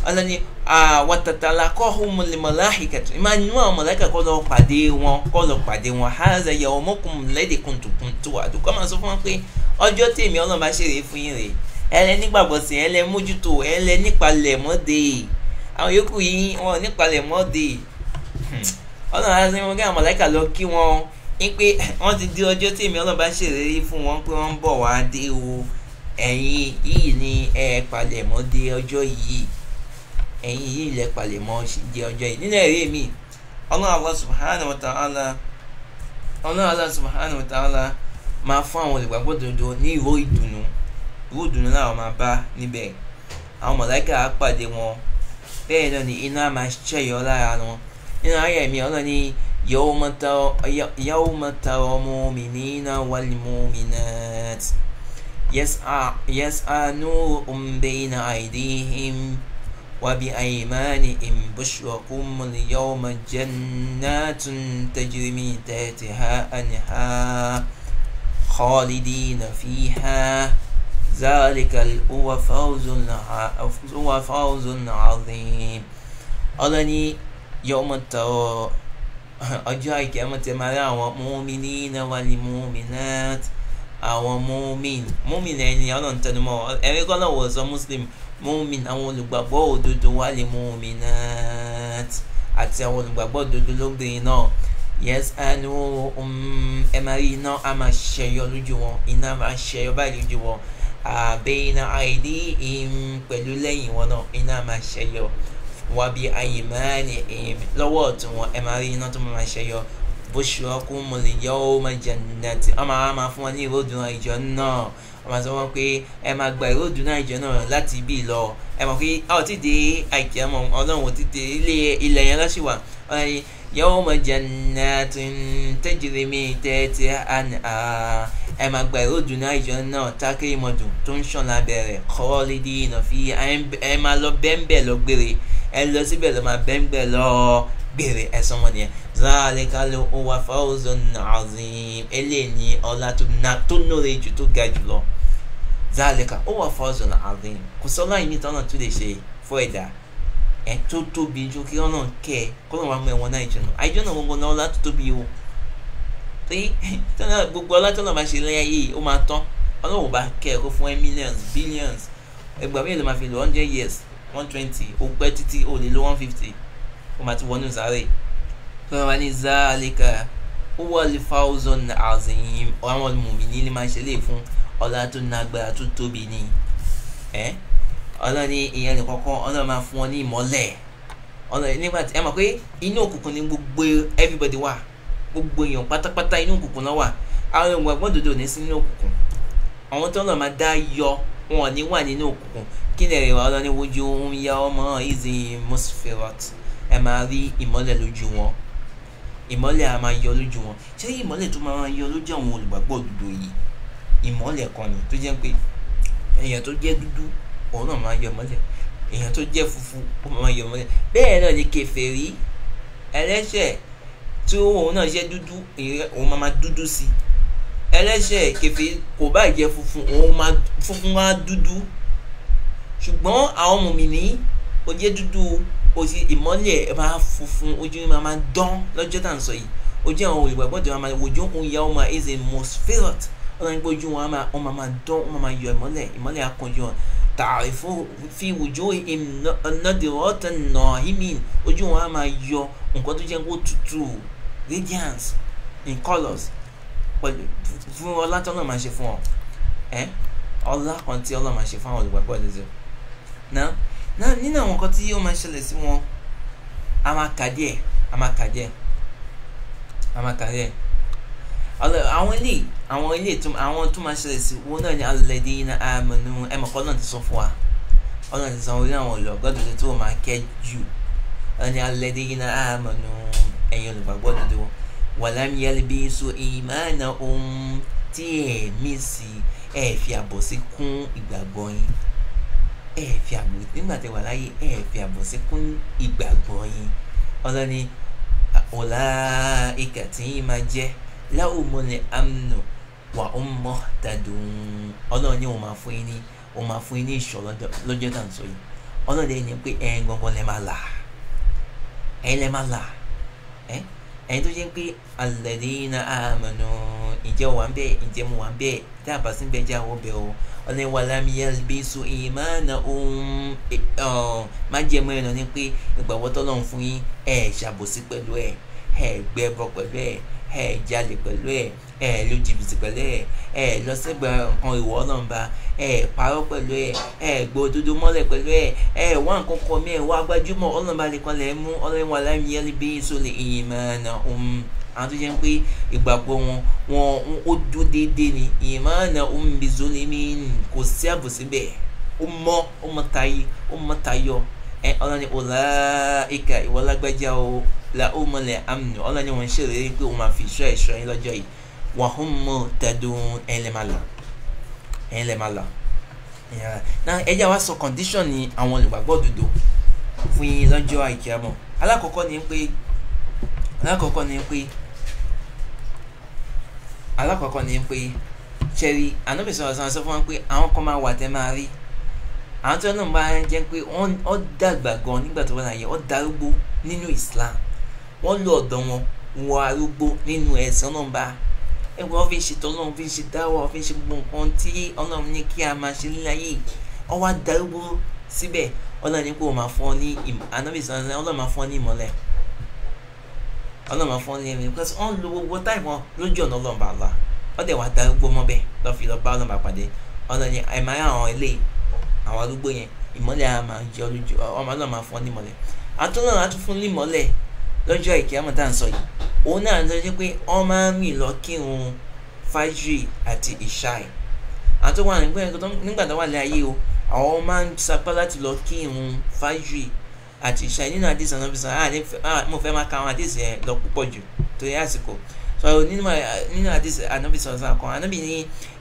ọlọ́ni àwọ̀tàtàlà kọ́hùnmù lèmọ̀láhìkẹ̀tù ìmáà nínú àwọn mọ̀lẹ́kà kọ́ lọ pàdé wọn kọ́ lọ pàdé wọn haza yẹ̀wò mọ́kùn lẹ́dẹ̀ kùntùkùn tó wà tó kọ́ máa sọ fún wọn pé ọjọ́ tèmi ọlọ́run bá ṣèrè fún yín rè ẹlẹ nígbàgbọ́ sí ẹlẹ mójútó ẹlẹ nípalẹ̀ mọ́dé àwọn yòókù yìí wọn nípalẹ̀ mọ́dé hmm. ọlọ́run á sẹ́wọ́n kí àwọn mọ̀lẹ́kà lọ kí wọn ní pé *laughs* wọ́n ti di ọjọ́ tèmi ọlọ́run bá fún wọn pé wọ́n ń bọ̀ wá dé o ẹ̀yin yìí ni ẹ palẹ̀ mọ́dé ọjọ́ yìí ẹ̀yin yìí lẹ palẹ̀mọ́ jẹ ọjọ́ yìí nínú ẹ̀rí mi ọlọ́run Allah subhanahu wa ta'ala ọlọ́run Allah subhanahu wa ta'ala máa fún àwọn olùgbàgbọ́ dodo ní ìró ìdùnnú ìró ìdùnnú làwọn máa bá níbẹ̀ àwọn mọ̀láìkà á pàdé wọn bẹ́ẹ̀ náà ni iná máa ṣẹ̀yọ́ lára wọn nínú ayé mi ọlọ́run ni yawma tara mu'minina wal mu'minat yas'a nuruhum bayna aydihim. وبأيمانهم بشركم اليوم جنات تجري من تحتها أنهار خالدين فيها ذلك هو فوز هو فوز عظيم أرني يوم الترى ọjọ́ ìkẹ́mọ̀ tẹ máa rí àwọn mọ́mìnì náà wà ní mọ́mìnà àwọn mọ́mìn mọ́mìn ẹni ọlọ́run tẹnumọ́ ẹ̀rí kọ́ náà wọ̀ sọ muslim mu'min àwọn olùgbàgbọ́ òdodo wal mu'minat àti àwọn olùgbàgbọ́ òdodo lóbìnrin náà yes ẹnu um, ẹ máa rí iná a máa ṣẹyọ lójú wọn iná máa ṣẹyọ báyìí lójú wọn àbẹ̀yìnà àìdí pẹ̀lú lẹ́yìn wọn náà iná máa ṣẹyọ wà bí ayé máa ní lọ́wọ́ ọ̀tún wọn ẹ máa rí iná tó máa ṣẹyọ bushrakumul yawma jannati ọmọ àwọn máa fún wọn ní ìròdùn ìjọ náà wọ́n máa sọ wọ́n pé ẹ máa gba ìró ìdùnnú àìjẹ́nà láti ibí lọ ẹ mọ̀ pé a ò tí dé àìkíyàmọ̀ ọlọ́run ò tí dé ilẹ̀ yẹn lọ́sì wà yawma jannatin tajri min tahtiha al-anhar ẹ máa gba ìró ìdùnnú àìjẹ́nà tákìrì mọ̀dùn tó ń ṣàn lábẹ́ rẹ̀ khalidina fiha ẹ máa lọ bẹ́ńbẹ́ lọ gbére ẹ lọ síbẹ̀ lọ máa bẹ́ńbẹ́ lọ gbére ẹ̀sán wọn nìyẹn zaalika ló ń wá fáwọ́sán azim eléyìí ni ọlá tó lóore jù tó ga jù lọ zaalika ó wá fáwọ́sán azim kò sọ́lá yìí nítorí náà tó lè ṣe fún ẹ̀dá ẹ̀ tó tóbi ju kí ọ̀nà kẹ́ ẹ̀ kọ́ ló wà mú ẹ̀wọ̀n náà ìjọba àìjọ náà gbogbo náà ọlá tó tóbi o pé *laughs* tọ́lá gbogbo ọlá tọ́lá máa ṣe lẹ́yà yìí ó máa tán ọlọ́wọ́ bá kẹ́ ẹ̀ kó fún ẹ millions billions ẹgbàá mi ló máa fi lò hundred years one twenty ó pẹ́ títí ó lè lo one fifty ó máa ti wọnú sáré fẹ́ràn ní záàlíkà wọ́ọ̀lì fáwùzọ̀n àzìyìn àwọn mùmíní lè máa ṣe lè fún ọlá tó nágbára tó tóbi ni ọlọ́ni ìyẹn nìkan kan ọlọ́ni máa fún ọ ní ìmọ́lẹ̀ ọlọ́ni nígbà tí ẹ mọ̀ pé inú òkùnkùn ni gbogbo everybody wà gbogbo èèyàn pátápátá inú òkùnkùn náà wà àwọn èèyàn gbọ́n dòdò ní sí nínú òkùnkùn àwọn tó ń lọ máa dá yọ wọn ò ní wà nínú òkùnkùn kí ni ẹ̀rẹ̀ wà ọlọ́ni wojú ohun ya ọmọ ìzìn mosfirat ẹ máa rí ìmọ́lẹ̀ lójú wọn ìmọ́lẹ̀ a máa yọ lójú wọn ṣé ìmọ́lẹ̀ tó máa yọ lójú àwọn olùgbàgbọ́ òdodo yìí ìmọ́lẹ̀ kan ni tó jẹ́ pé èèyàn tó jẹ́ dúdú òun náà máa yọ ìmọ́lẹ̀ èèyàn tó jẹ́ funfun ó máa yọ ìmọ́lẹ̀ bẹ́ẹ̀ náà ni kèfèrí ẹlẹ́ṣẹ̀ tí òun náà jẹ́ dúdú òun máa dúdú sí ẹlẹ́ṣẹ̀ kèfèrí kò bá jẹ́ funfun òun máa funfun máa dúdú ṣùgbọ́n àwọn mùmìnì ó jẹ́ dúdú òsì ìmọ́lẹ̀ ẹ máa funfun ojú yín máa dán lọ́jọ́ tá à ń sọ yìí ojú àwọn olùgbàgbọ́ ìjọba máa wojú òun ìyá ọmọ is a most wọn máa ń gbójú wọn wọn máa dán wọn máa yọ ìmọ́lẹ̀ ìmọ́lẹ̀ akànjú wọn tààrífù fi wùjú ìnàdìrọ́tà nàhímì ojú wọn á máa yọ nǹkan tó jẹ́ kó tutù radiance in colours pẹ̀lú fún ọlá tí ọlọ́run máa ṣe fún ọ ọlá kan tí ọlọ́run máa ṣe fún àwọn olùgbàgbọ́ ìdíje nínú na nǹkan tí ó máa ń ṣẹlẹ̀ sí wọn a máa kà díẹ̀ a máa kà díẹ̀ a máa kà díẹ̀ àwọn ilé àwọn ilé àwọn tó máa ṣẹlẹ̀ sí wọn náà ni alladina amanu ẹ̀mọ̀ kọ́ náà ti sọ fún wa ọlọ́run ti san orí àwọn olùgbàgbọ́ dodo tó máa kẹ́ jù ẹni alladina amanu ẹ̀yin olùgbàgbọ́ dodo walam yalbisu imanahum tí ẹ̀mí sí ẹ̀ fi àbọ̀ sí kún ẹ fi àbò nígbà tẹ́ wà láyé ẹ fi àbò sí kún ìgbàgbọ́ yín ọlọ́ni ọ̀la ìkà tí yín máa jẹ́ láwùmọ́ ni amnu wà ó mọ́ tàdùn ọlọ́run ni wọ́n máa fún yín ní wọ́n máa fún yín ní ìṣọ́ lọ́jọ́ náà sọ yìí ọlọ́run ni pé ẹ̀yin gbọ́ngàn lẹ́ máa là ẹ̀yin lẹ́ máa là ẹ̀. Eh? ẹni tó jẹ́ amanu ìjẹ́ wà ń bẹ̀ ìjẹ́ mu wà ń bẹ̀ tá o ọ̀nà ìwà lámì yalbisu ìmáàna ohun májẹ̀mú ẹ̀nà ni pé ìgbàgbọ́ tọ́lọ́run fún yín ẹ̀ ṣàbòsí pẹ̀lú ẹ̀ ẹ̀ gbẹ́bọ pẹ̀lú ẹ̀ ẹ̀ jalè pẹ̀lú ẹ lu jìbìtì pẹ̀lú ẹ ẹ lọ sẹ́gbẹ̀ẹ́ nǹkan ìwọ ọlọ́mba ẹ parọ́ pẹ̀lú ẹ ẹ gbọ́ òdodo mọ́lẹ̀ pẹ̀lú ẹ ẹ wá nǹkan kọ mí ẹ wá gbajúmọ̀ ọlọ́mba nìkan lẹ̀ mú ọlọ́wọ́ aláìmíyẹ́lì bí sólè ìyìnmọ̀ọ́nà òun um. àwọn tó jẹ́ pé ìgbàgbọ́ wọn wọn ó dó déédéé ni ìyìnmọ̀ọ́nà òun um bí sólè mí kò sí àbòsí bẹ́ẹ̀ ó mọ́ ó mọ́ tayé ó mọ́ tayọ ẹ ọlọ́ni ọ̀la ìka ìwọlágbájá o la ó mọ̀lẹ̀ amnu ọlọ́ni wọn ń ṣèlérí pé òun máa fi ìṣọ́ ẹ̀ṣọ́ yín lọ́jọ́ yìí wahum muhtadun ẹ̀yin lè máa là ẹ̀yin wa máa là ẹ̀yin lè máa ẹ jẹ́ wá sọ condition ni àwọn olùgbàgbọ́ òdodo fún yín lọ́jọ́ àìkíyàmọ̀ alákọ̀ọ́kọ́ ni pé alákọ̀ọ́kọ́ ni pé alákọ̀ọ́kọ́ ni pé ṣẹ́rí ànábì sọ̀rọ̀ sọ̀rọ̀ sọ fún wọn pé àwọn kan máa wà tẹ́ máa rí àwọn tí wọn náà máa jẹ́ pé wọ́n dàgbà gan nígbà tó wọ́n láyé wọ́n darúgbó nínú Islam wọ́n lọ ọ̀dọ̀ wọn wọ arúgbó nínú ẹ̀sán náà bá ẹ̀wọ̀n ó fi ń ṣètò ọlọ́run fi ń ṣe dáwà ó fi ń ṣe gbogbo nǹkan tí ọlọ́run ní kí a máa ṣe níláyé ó wá darúgbó síbẹ̀ ọlọ́run ní kó máa fún ọ ní ìmọ̀ ànábì sọ̀rọ̀ ọlọ́run máa fún ọ ní ìmọ̀lẹ̀ ọlọ́run máa fún ọ ní ẹ̀mí because wọ́n lo gbogbo táìmù lójú ọ̀nà ọlọ́run bá la ó dẹ̀ wá darúgbó mọ́ bẹ́ẹ̀ lọ́ fi lọ bá ọlọ́run bá pàdé ọlọ́run ní ẹ̀ máa àwọn ilé àwọn arúgbó yẹn ìmọ̀lẹ̀ á máa yọ lójú ọmọ ọlọ́run máa fún ọ ní ìmọ̀lẹ̀ àtúnlọ́run á tún fún ní lọ́jọ́ ìkẹ́mọ̀ tá à ń sọ yìí òun náà ló jẹ́ pé wọ́n máa ń rìn lọ kírun fájírì àti ìṣáì àti nígbà tó wà ní ayé o àwọn máa ń sapá láti lọ kírun fájírì àti ìṣáì nínú àdìsàn náà fi sàn áà mo fẹ́ máa ka àwọn àdìsàn yẹn lọ púpọ̀ jù torí àsìkò nínú àdìsí ànábì sọ̀rọ̀ kan ànábì ní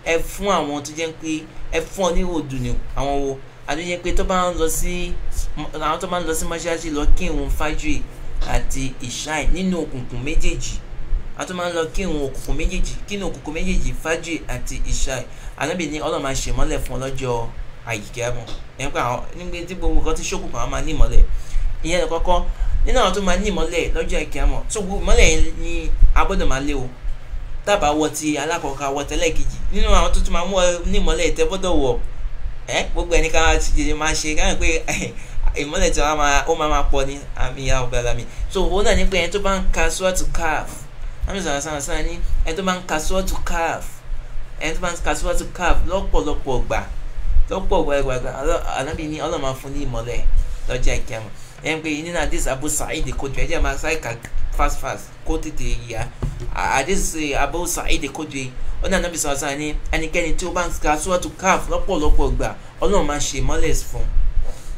ẹ fún àwọn tó jẹ́ pé ẹ fún ọ ní òdù ni àwọn wo àti jẹ́ pé tó bá ń lọ sí àwọn tó bá ń lọ sí mọ́ṣáláṣí lọ kírun fájúì àti ìṣáì nínú òkùnkùn méjèèjì a tún máa ń lọ kírun òkùnkùn méjèèjì kírun òkùnkùn méjèèjì fájì àti ìṣáì anábì ní ọlọ́run máa ṣèmọ́lẹ̀ fún ọlọ́jọ́ àyíkẹ́mọ̀ ẹ̀ ń pẹ́ àwọn nígbà tí gbogbo nǹkan ti ṣókùnkùn àwọn máa ní ìmọ́lẹ̀ ìyẹn lọ kọ́kọ́ nínú àwọn tó máa ní ìmọ́lẹ̀ lọ́jọ́ àyíkẹ́mọ̀ tó gbogbo ìmọ́lẹ̀ yẹn ni a gbọ́dọ̀ máa lé o tábà wọ ti alákọ̀ọ́ka wọ tẹ́lẹ̀ kejì nínú àwọn tó tún máa mú ọ ní ìmọ́lẹ̀ tẹ́ gbọ́dọ̀ wọ̀ ẹ́ gbogbo ẹni ká máa ṣe káyọ̀ pé *laughs* ìmọ́lẹ̀ tí wọ́n máa ó máa máa pọ̀ ní àmì ìyá alámi so òun náà ní pé ẹni tó bá ń ka sọ́ọ̀tù káf àmì sọ̀rọ̀ sọ̀rọ̀ sọ̀rọ̀ ní ẹni tó bá ń ka sọ́ọ̀tù káf ẹni tó bá ń ka sọ́ọ̀tù káf lọ́pọ̀lọpọ̀ gbà lọ́pọ̀ gbàgbà alábi ní ọlọ́mọ fún ní ìmọ́lẹ̀ lọ́jọ́ ìkẹyàmù ẹni pé nínú àdìs Abu Sa'id Khudri ẹjẹ máa sáìkà fast fast kó tètè yá àdìs eh, Abu Sa'id Khudri ọ̀nà ànábì sọ̀rọ̀ sọ̀rọ̀ ní ẹnikẹ́ni tí ó bá ń ka sọ́ọ̀tù káf lọ́pọ̀lọpọ̀ gbà ọlọ́run máa ṣe mọ́lẹ̀ fún un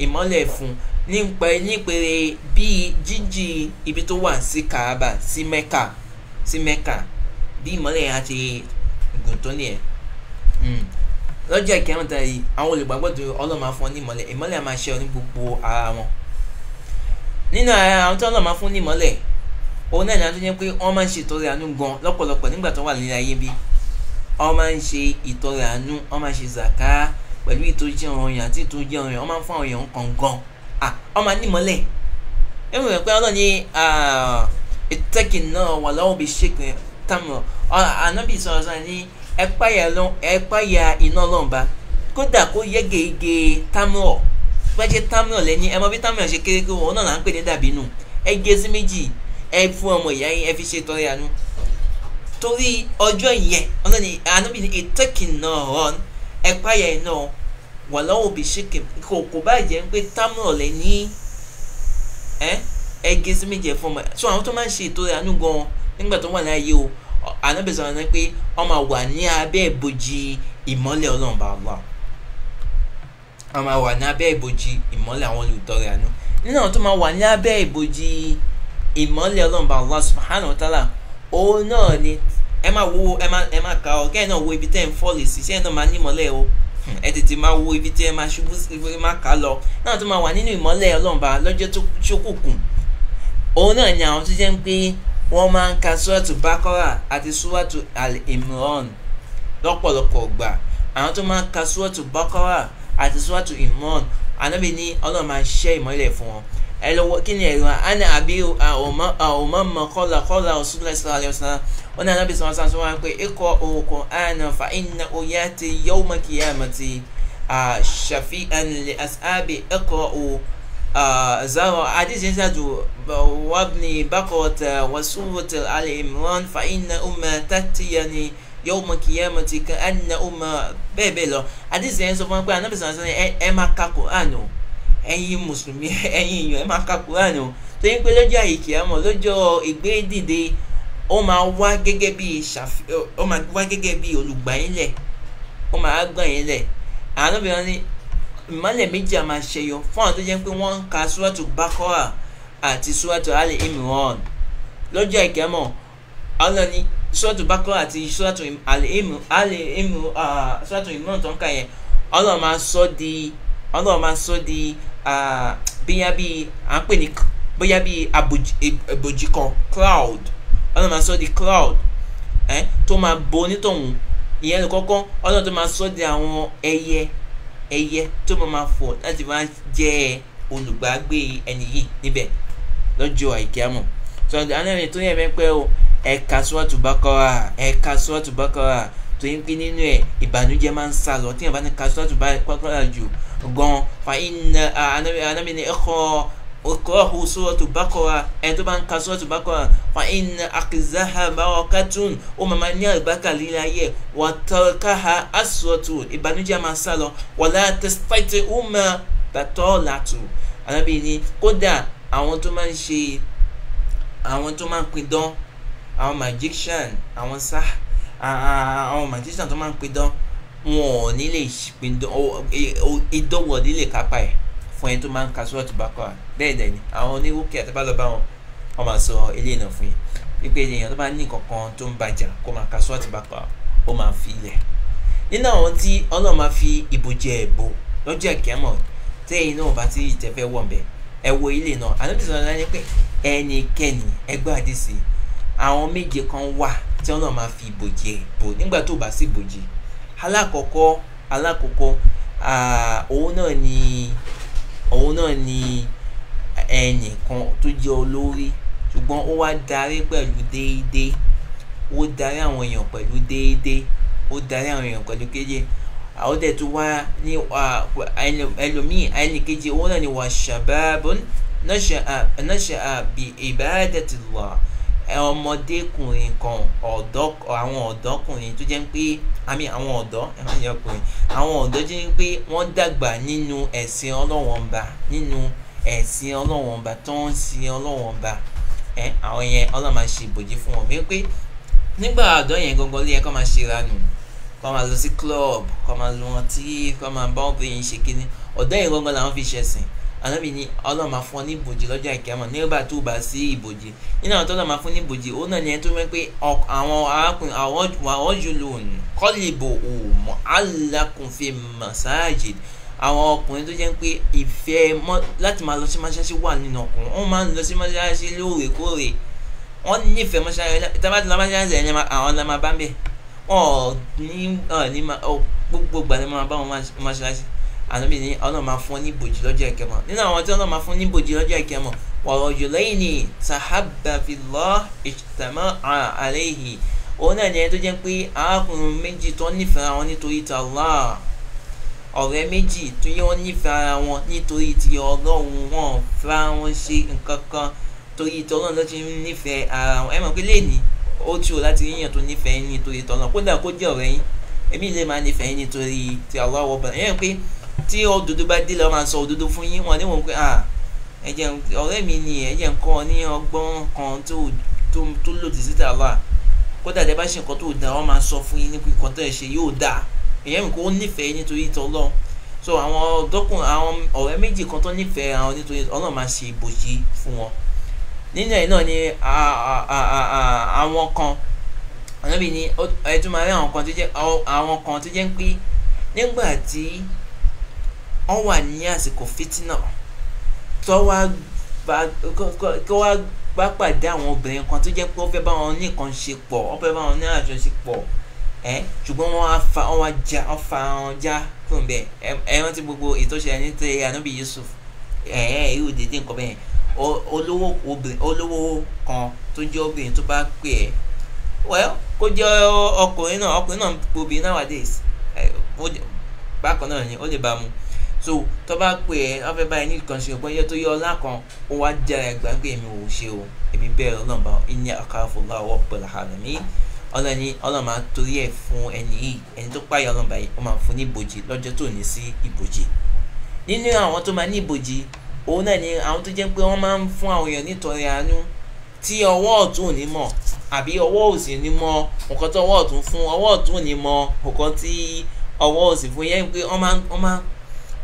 ìmọ́lẹ̀ fún nípa nípele bíi jíjí ibi tó wà sí kaaba sí mẹ́ka sí bí ìmọ́lẹ̀ yẹn àti gùn tó nìyẹn hmm. lọ́jọ́ ìkẹrìntàn yìí àwọn olùgbàgbọ́ tó fún ní ìmọ́lẹ̀ ìmọ́lẹ̀ máa ṣe gbogbo ara wọn nínú ara àwọn tó fún ní ìmọ́lẹ̀ òun náà pé wọ́n máa ń ṣe àánú gan lọ́pọ̀lọpọ̀ nígbà tó wà nílé pẹ̀lú ètò jẹ́ ọ̀ràn yẹn àti ètò jẹ́ ọ̀ràn yẹn wọ́n máa ń fún àwọn èèyàn kọ̀ọ̀kan wọ́n máa ní ìmọ́lẹ̀ ẹ mọ̀ pé ọlọ́ni ìtẹ́kì náà wà lọ́wọ́ bí ṣèkìn tamọ̀ ànábì sọ̀rọ̀ sọ̀rọ̀ ní ẹ̀páyà iná ọlọ́mba kódà kó yẹ gègé tamọ̀ pẹ́jẹ́ tamọ̀ lẹ́ni ẹ mọ̀ bí tamọ̀ ṣe kéré kó wọn náà là ń pè ní dàbínù ẹ gé sí méjì ẹ fún ọmọ ìyá yín ẹ fi ṣe tọrẹ àánú torí ọjọ́ yẹn ọlọ́ni ànábì ní ìtẹ́kì náà ẹ̀pá yẹn náà wà lọ́wọ́ bí ṣìkì kò kò bá jẹ́ pé támúrọ̀ lẹ ní ẹgẹ́ sí méje fún ọmọ so àwọn tó máa ń ṣe ìtòrè àánú gan nígbà tó wà láàyè o ànábẹ̀sọ̀ ọ̀nà pé ọmọ wà ní abẹ́ ìbòjì ìmọ́lẹ̀ ọlọ́run bá wà ọmọ wà ní abẹ́ ìbòjì ìmọ́lẹ̀ àwọn olùtọ́rẹ̀ àánú nínú àwọn tó máa wà ní abẹ́ ìbòjì ìmọ́lẹ̀ ọlọ́run bá wà subhanahu wa ta'ala òun náà ni ẹ máa wo ẹ máa ẹ máa kà ọ kẹ́ ẹ náà wo ibi tẹ́ ẹ ń fọ́ọ̀lì sí ṣé ẹ náà máa ní ìmọ́lẹ̀ o hmm. ẹ tètè máa wo ibi tí ẹ máa ṣubú sí ibi máa kà á lọ náà tó máa wà nínú ìmọ́lẹ̀ ọlọ́mba lọ́jọ́ tó ṣókùnkùn òun náà ni àwọn tó jẹ́ ń pé wọ́n máa ń ka sùwàtù bákọ́rà àti sùwàtù al-imran lọ́pọ̀lọpọ̀ gbà àwọn tó máa ń ka sùwàtù bákọ́rà àti sùwàtù imran anábì ní ọlọ́run máa ṣẹ́ ìmọ́lẹ̀ fún wọn ẹ lọ́wọ́ kí ni ẹ̀rọ ana àbí àwọn ọmọ mọ kọ́là kọ́là ọ̀ṣun lẹ́sìn wọn náà nàbì sọ̀rọ̀ sàn sọ wọn pé ikọ̀ òkò àná fa iná oyè ti yẹ́wò mọ́ kí yá mọ́ ti ṣàfi ẹnlẹ asábì ikọ̀ o zaro àdìsí ṣáàtù wàbni bákọ̀tà wàsúwòtà alẹ́ imran fa iná ọmọ tàtìyà ni yóò mọ kìyàmọ ti kan ẹnna ó mọ bẹ́ẹ̀ bẹ́ẹ̀ lọ àdìsí yẹn sọ fún wọn pé anábì sàn sàn ẹ máa ka quran o ẹ̀yin mùsùlùmí *laughs* ẹ̀yin èèyàn ẹ máa ka quran o torí pé lọ́jọ́ àyè kìyàmọ lọ́jọ́ ìgbédìde ó máa wá gẹ́gẹ́ bí ó máa wá gẹ́gẹ́ bí olùgbàyìnlẹ̀ ó máa gbàyìnlẹ̀ àwọn obìnrin ní ìmọ̀lẹ̀ méjì a máa ṣẹyọ fún àwọn tó jẹ́ pé wọ́n ń ka suratu Bakora àti suratu Ali Imran lọ́jọ́ ìkẹ́mọ̀ Allah ní suratu Bakora àti suratu Ali Imran tó ń kà yẹn Allah máa sọ di Allah máa sọ di bóyá bí à ń pè ní bóyá bí àbòjì kan cloud ọlọ́run máa sọ di cloud ẹ tó máa bo onítọ̀hún ìyẹn lè kọ́kọ́ ọlọ́run tó máa sọ di àwọn ẹyẹ ẹyẹ tó máa máa fò láti máa jẹ olùgbàgbé ẹni yìí níbẹ̀ lọ́jọ́ àìkíámọ̀ tó ọ̀dọ̀ anẹ́rìn tó yẹ mẹ́pẹ́ o ẹ̀ka sọ́ọ̀tù bákọ́ra ẹ̀ka sọ́ọ̀tù bákọ́ra tó yẹ pé nínú ẹ̀ ìbànújẹ́ máa ń sá lọ tí yẹn bá ní ka sọ́ọ̀tù bákọ́ra jù gan fa iná anamíní ẹ̀kọ́ okòóhù sọ́ọ̀tù bákọ́ra ẹni tó bá ń ka sọ́ọ̀tù bákọ́ra wà iná àkìzáhà bárakàtún ó màmá ní àlùbákà líla yẹ wà tọ́káhà àsọ̀tù ìbànújẹ́ máa wà láà tẹ́sítẹ́tì ọmọ bàtọ́ làtù alábìyí kódà àwọn tó máa ń ṣe àwọn tó máa ń pidán àwọn magician àwọn sá àwọn magician tó máa ń pidán wọn ò ní lè pidán ìdánwò ní lè kápá ẹ̀ fún ẹni tó máa ń ka sọ́ọ̀tù bákọ́ra bẹ́ẹ̀ dẹ̀ ni àwọn oníwókè àti bálọ̀ bá wọn wọn máa sọ eléyìí náà fún yín wípé èèyàn tó bá ní nǹkan kan tó ń bàjá kó máa ka sọ́ọ̀tù bákọ́ra ó máa fi ilẹ̀ nínú àwọn tí ọlọ́run máa fi ìbò jẹ ẹ̀bò lọ́jọ́ ìkẹ́mọ̀ tẹ́yìn náà bá ti ìtẹ́fẹ́ wọ̀ bẹ́ẹ̀ ẹ wo ilé náà ànábìsọ̀ náà ní pé ẹnikẹ́ni ẹgbẹ́ àdìsí àwọn ni òun náà ni ẹnìkan tó jẹ́ olórí ṣùgbọ́n ó wá darí pẹ̀lú déédéé ó darí àwọn èèyàn pẹ̀lú déédéé ó darí àwọn èèyàn pẹ̀lú kéje àwọn dẹ̀ tó wá ní ẹlòmíì ẹnìkejì òun náà ni wà ṣàbàbọ̀n náà ṣe àbí ìbáradàtìlá ọmọdékùnrin kan ọ̀dọ́ àwọn ọ̀dọ́kùnrin tó jẹ́ pé àmì àwọn ọ̀dọ́ ẹ̀rọ ọkùnrin àwọn ọ̀dọ́ jẹ́ pé wọ́n dàgbà nínú ẹ̀sìn ọlọ́wọ́n ba nínú ẹ̀sìn ọlọ́wọ́n ba tó ń sin ọlọ́wọ́n ba ẹ̀ àwọn yẹn ọlọ́mà ṣe ìbòjì fún wọn wípé nígbà ọ̀dọ́ yẹn gangan ló yẹ kó máa ṣe ìranù kó máa lọ sí club kó máa lọ ọtí kó máa bá obìnrin ṣe kíní ọ̀dọ́ yẹn gangan làwọn fi ṣẹ̀sìn ànábì ni ọlọ́run máa fún ọ ní ìbòjì lọ́jọ́ àìkíyàmọ̀ nígbà tó bá sí ìbòjì nínú àwọn tọ́lọ́ máa fún ní ìbòjì òun náà ni ẹni tó mẹ́ pé àwọn arákùnrin àwọn jùlùún kọ́lìbò òmò alákùnfẹ́ masajid àwọn ọkùnrin tó jẹ́ pé ìfẹ́ láti máa lọ sí mọ́ṣáláṣí wà nínú ọkùnrin wọ́n máa ń lọ sí mọ́ṣáláṣí lóòrèkóòrè wọ́n nífẹ̀ẹ́ mọ́ṣáláṣí tábà tí lọ mọ́ṣáláṣí ẹ̀ àwọn ọ̀la máa bá ń bẹ̀ wọ́n ní gbogbo ìgbà ni wọ́n máa bá wọn mọ́ṣáláṣí ànábì ní ọlọ́run máa fún ọ ní ìbòjì lọ́jọ́ ìkẹmọ̀ nínú àwọn tí ọlọ́run máa fún ní ìbòjì lọ́jọ́ ìkẹmọ̀ wọ̀rọ̀ jùlẹ́yìnì tahabba fillah ìtàmọ́ àlẹ́yìí òun náà ni ẹni tó jẹ́ pé arákùnrin méjì tó nífẹ̀ẹ́ ara wọn nítorí ti Allah ọ̀rẹ́ méjì tó yẹ wọ́n nífẹ̀ẹ́ ara wọn nítorí ti ọlọ́run wọn fẹ́ wọn ṣe nǹkan kan torí tọ́lọ́run ló ti nífẹ̀ẹ́ ara wọn ẹ mọ̀ pé lẹ́ni ó tí o láti yíyàn tó nífẹ̀ẹ́ Allah wọ́n bẹ̀rẹ̀ yẹn tí òdodo bá dé lọ́ọ́ máa sọ òdodo fún yín wọn níwọ̀n pé ẹ̀jẹ̀ ọ̀rẹ́ mi ni ẹ̀jẹ̀ ń kọ́ ní ọgbọ́n kan tó lòdì sí tààlà kódà tẹ bá ṣe nǹkan tó dáa wọn máa sọ fún yín nípa nǹkan tó ẹ ṣe yóò dáa èyàn mi kò nífẹ̀ẹ́ nítorí ìtọ́ ọlọ́run so àwọn dọ́kùn àwọn ọ̀rẹ́ méjì kan tó nífẹ̀ẹ́ àwọn nítorí ọlọ́run máa ṣe ìbòjì fún wọn nínú ẹ̀ náà ni àwọn kan ànábì ni ẹ tún máa rí àwọn kan tó jẹ́ àwọn kan tó jẹ́ pé nígbà tí ọ wà ní àsìkò fìtínà tó wá kó wá bá pàdé àwọn obìnrin kan tó jẹ́ pé ó fẹ́ bá wọn ní nǹkan ṣe pọ̀ ó fẹ́ bá wọn ní àjọṣepọ̀ ẹ ṣùgbọ́n wọ́n fa wọn já wọ́n fa wọn já fún bẹ́ẹ̀ ẹ rántí gbogbo ìtọ́sẹ̀ ní tẹ ànábì Yusuf ẹ ẹ irú dédé nǹkan bẹ́ẹ̀ olówó obìnrin olówó kan tó jẹ́ obìnrin tó bá pè ẹ́ well kó jẹ́ ọkùnrin náà ọkùnrin náà obìnrin nowadays bákan náà ni ó lè bá mu so tó bá pè ẹ́ wọ́n fẹ́ báyìí ní nǹkan ṣe ọgbọ́n yẹ tó yẹ ọlá kan ó wá jára ìgbàgbé mi ò ṣe o èmi bẹ́ẹ̀ ọlọ́mọba ìní àkàràfọ̀ láwọ̀ pẹ̀lú ààrẹ mi ọlọ́ni ọlọ́mọ torí ẹ̀ fún ẹni yìí ẹni tó pààyà ọlọ́mọba yìí ó máa fún ní ìbòjì lọ́jọ́ tó ní sí ìbòjì nínú àwọn tó máa ní ìbòjì òun náà ni àwọn tó jẹ́ pé wọ́n máa ń fún àwọn èèyàn nítorí àánú tí ọwọ́ ọ̀tún ò ní mọ̀ àbí ọwọ́ òsì ní mọ̀ nǹkan tó ọwọ́ ọ̀tún fún ọwọ́ ọ̀tún ò ní mọ̀ nǹkan tí ọwọ́ òsì fún yẹn pé wọ́n máa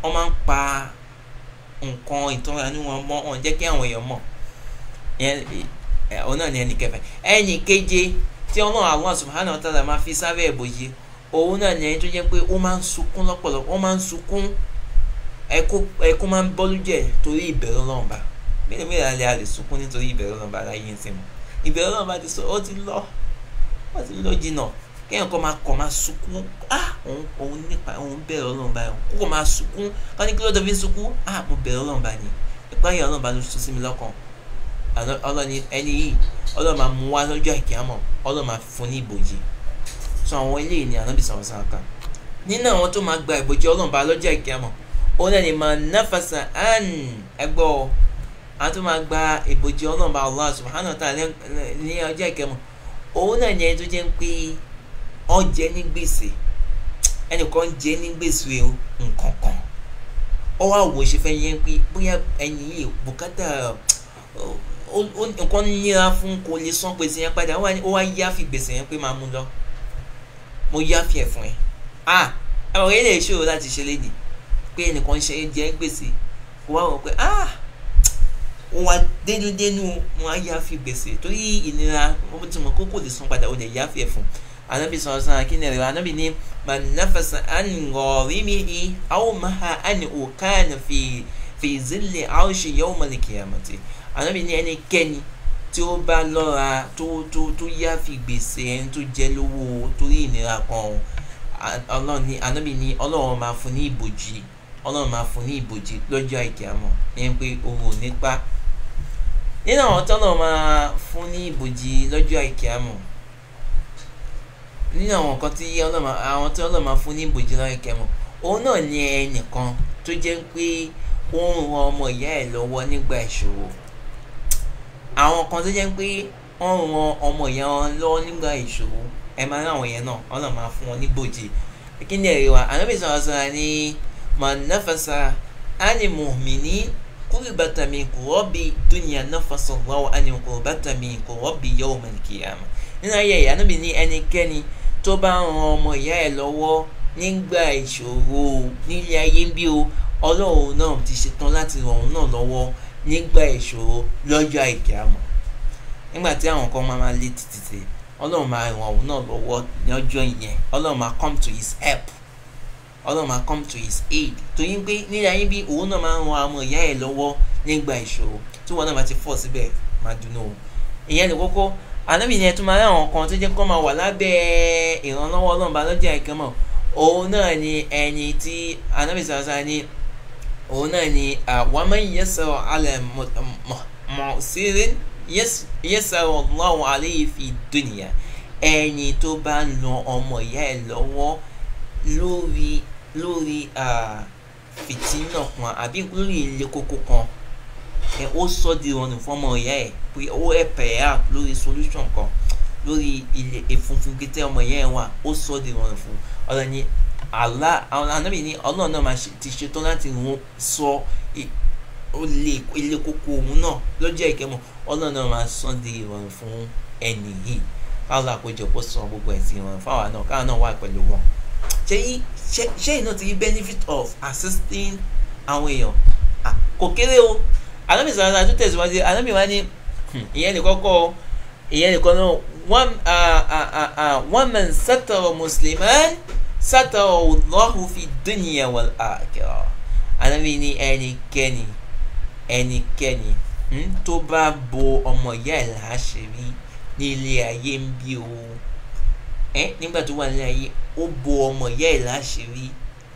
wọ́n máa ń pa nǹkan ìtọ́ra ní wọn mọ́ wọn jẹ́ kí àwọn èèyàn mọ̀ òun náà ni ẹnì kẹfà ẹnì keje tí ọlọ́run àwọn subhanahu wa ta'ala máa fi sábẹ́ ìbòye òun náà ni ẹni tó jẹ́ pé ó máa ń sunkún lọ́pọ̀lọpọ̀ ó máa ń sunkún ẹkún máa ń bọ́lú jẹ torí ìbẹ̀rù ọlọ́run bá mélòó mélòó alẹ́ a lè sunkún nítorí ìbẹ̀rù ọlọ́run bá láyé ń sìn mọ́ ìbẹ̀rù ọlọ́run bá ti sọ ó ti lọ ó ti lọ jìnnà kéèyàn kọ́ máa kọ̀ máa sunkún ah òun òun nípa òun bẹ̀rẹ̀ ọlọ́run báyìí kó kọ̀ máa sunkún ká ní kí lọ́dọ̀ fi sunkún ah mo bẹ̀rẹ̀ ọlọ́run báyìí ìpáyà ọlọ́run bá ló sọ sí mi lọ́kàn ọlọ́ni ẹni yìí ọlọ́run máa mú wá lọ́jọ́ àìkíámọ̀ ọlọ́run máa fún ní ìbòjì so àwọn eléyìí ni ànábì sàwọn sàn kan nínú àwọn tó máa gba ìbòjì ọlọ́run bá lọ́jọ́ àìkíámọ̀ òun ẹni máa náfàsà án ẹgbọ́ àwọn tó máa gba Allah subhanahu wa ta'ala ní ọjọ́ àìkíámọ̀ òun náà ni ẹni ọ́n jẹ ní gbèsè ẹnìkan jẹ ní gbèsè nǹkan kan ó wá wò ṣe fẹ́ yẹn pé bóyá ẹni yìí bùkátà nǹkan níra fún kò lè san gbèsè yẹn padà ó wá yá fi gbèsè yẹn pé máa mú lọ mo yá fi ẹ̀ fún ẹ ah ọ̀rẹ́ lè ṣòro láti ṣe lédi pé ẹnìkan ṣe jẹ gbèsè kó wá wọ̀ pé ah wà dénúdénú wọn á yá fi gbèsè torí ìnira wọn ti mọ kókò lè san padà ó lè yá fi ẹ̀ fún un anabi sọ̀rọ̀ sàn kí ni rẹ̀ anabi ní man nafasa an gharimihi aw maha an ukana fi fi zilli arshi yawmal qiyamati anabi ní كني tí ó bá lọ́ra tó tó tó yá fi gbèsè ẹni tó jẹ́ lówó torí ìnira kan ọlọ́run ní anabi ní ọlọ́run máa fún ní ìbòjì ọlọ́run máa fún ní ìbòjì lọ́jọ́ àìkíyàmọ̀ ní pé òun ò nípa nínú àwọn tọ́lọ̀ máa fún ní ìbòjì lọ́jọ́ àìkíyàmọ̀ nínú àwọn nǹkan tí ọlọ́mà àwọn tí ọlọ́mà fún ní ìbòjì lọ́rẹ̀ kẹmọ̀ òun náà ni ẹnìkan tó jẹ́ pé ó ń ran ọmọ ìyá ẹ̀ lọ́wọ́ nígbà ìṣòro àwọn kan tó jẹ́ pé ó ń ran ọmọ ìyá wọn lọ́wọ́ nígbà ìṣòro ẹ máa ráwọn yẹn náà ọlọ́mà fún wọn níbòjì kí ni ẹ̀rí wa àná bìsọ̀ ọ̀sán ni mọ̀nàfẹ́sà ánìmù mi ní kúrìbàtà mi kò rọ́bì dúnìyà náfẹ́sọ̀ lọ́wọ́ ánìmù kò mi kò rọ́bì yawmal qiyamah nínú ayẹyẹ àná bì ní ẹnikẹ́ni tó bá ń ran ọmọ ìyá ẹ̀ lọ́wọ́ nígbà ìṣòro nílé ayé bí o ọlọ́run náà ti ṣetán láti ràn òun náà lọ́wọ́ nígbà ìṣòro lọ́jọ́ àìkè àmọ́ nígbà tí àwọn kan máa máa lé títìtì ọlọ́run máa ràn òun náà lọ́wọ́ lọ́jọ́ yẹn ọlọ́run máa come to his help ọlọ́run máa come to his aid torí pé nílé ayé bí òun náà máa ń ran ọmọ ìyá ẹ̀ lọ́wọ́ nígbà ìṣòro tí wọn náà bá ti fọ̀ síbẹ̀ máa dùnú ìyẹn lè kókó ànábì yẹn tún máa rí àwọn kan tó jẹ́ kó máa wà lábẹ́ ìrànlọ́wọ́ ọlọ́run bá lọ́jà ìkan mọ̀ òun náà ni ẹni tí ànábì sàrásà ni òun náà ni wa man yassara ala mu'sirin yassara Allahu alayhi fid dunya ẹni tó bá lọ ọmọ ìyá ẹ̀ lọ́wọ́ lórí lórí fìtínà kan àbí lórí ilé kókó kan ẹ ó sọ di ìrọ̀rùn fọmọ ìyá ẹ pé ó ẹ̀pẹ̀ ẹ̀ out lórí solution kan lórí ilé ìfunfun kété ọmọ ìyá ẹ wà ó sọ di ìrọ̀rùn fún ọ̀rọ̀ ni Allah anábì ní ọlọ́run náà ti ṣetán láti sọ ilé kókó òun náà lọ́jọ́ ìkẹ́mọ̀ ọlọ́run náà máa sọ di ìrọ̀rùn fún ẹnì yìí káwọn àkójọpọ̀ sọ gbogbo ẹ̀sìn ìrọ̀rùn fáwọn náà káwọn náà wà pẹ̀lú wọn ṣé iná ti rí benefit of assisting àwọn èèyàn kò kéré o anábì sàrà sàrà tún tẹ̀síwájú anábì wá ní hmm, ìyẹn nìkan kọ́ ìyẹn nìkan náà wọ́n mọ̀ sátọ̀rọ̀ mùsùlùmí sátọ̀rọ̀ Allahu fi dunya wal akhirah anábì ní ẹnikẹ́ni ẹnikẹ́ni hmm, tó bá bo ọmọ ìyá ẹ̀ láṣìírí ní ilé ayé ń bí o ẹ nígbà tó wà nílé ayé ó bo ọmọ ìyá ẹ̀ láṣìírí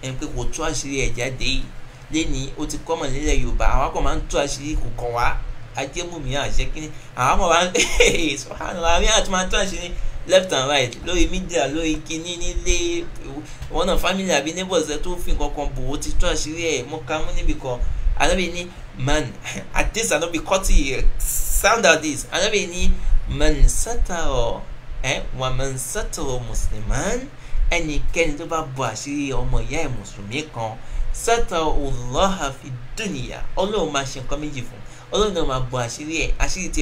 ẹni pé kò tó àṣírí ẹ̀ jáde yìí lẹ́ni ó ti kọ́mọ̀ nílẹ̀ yorùbá àwọn akọ̀ máa ń tú àṣírí kò kàn wá ajémùmí àṣekínní àwọn akọ̀ máa ń sọ̀hánà àmì àti máa tú àṣírí left and right lórí mídíà lórí kínní nílé wọn náà family àbí neighbors ẹ tó fi kankan bò ó ti tú àṣírí ẹ mọ́kámú níbi kan alábẹ́ ní man *laughs* at this i no be cutty sound out this alábẹ́ ní man sátàrọ̀ ẹ̀ wà man sátàrọ̀ mùsùlùmán ẹnikẹ́ni tó bá bo àṣírí ọmọ ìyá ẹ̀ mùsùlùmí kan sátà ọlọ́hà fi dúnìyà ọlọ́run máa ṣe nǹkan méjì fún ọlọ́run náà máa bọ àṣírí ẹ̀ àṣírí tí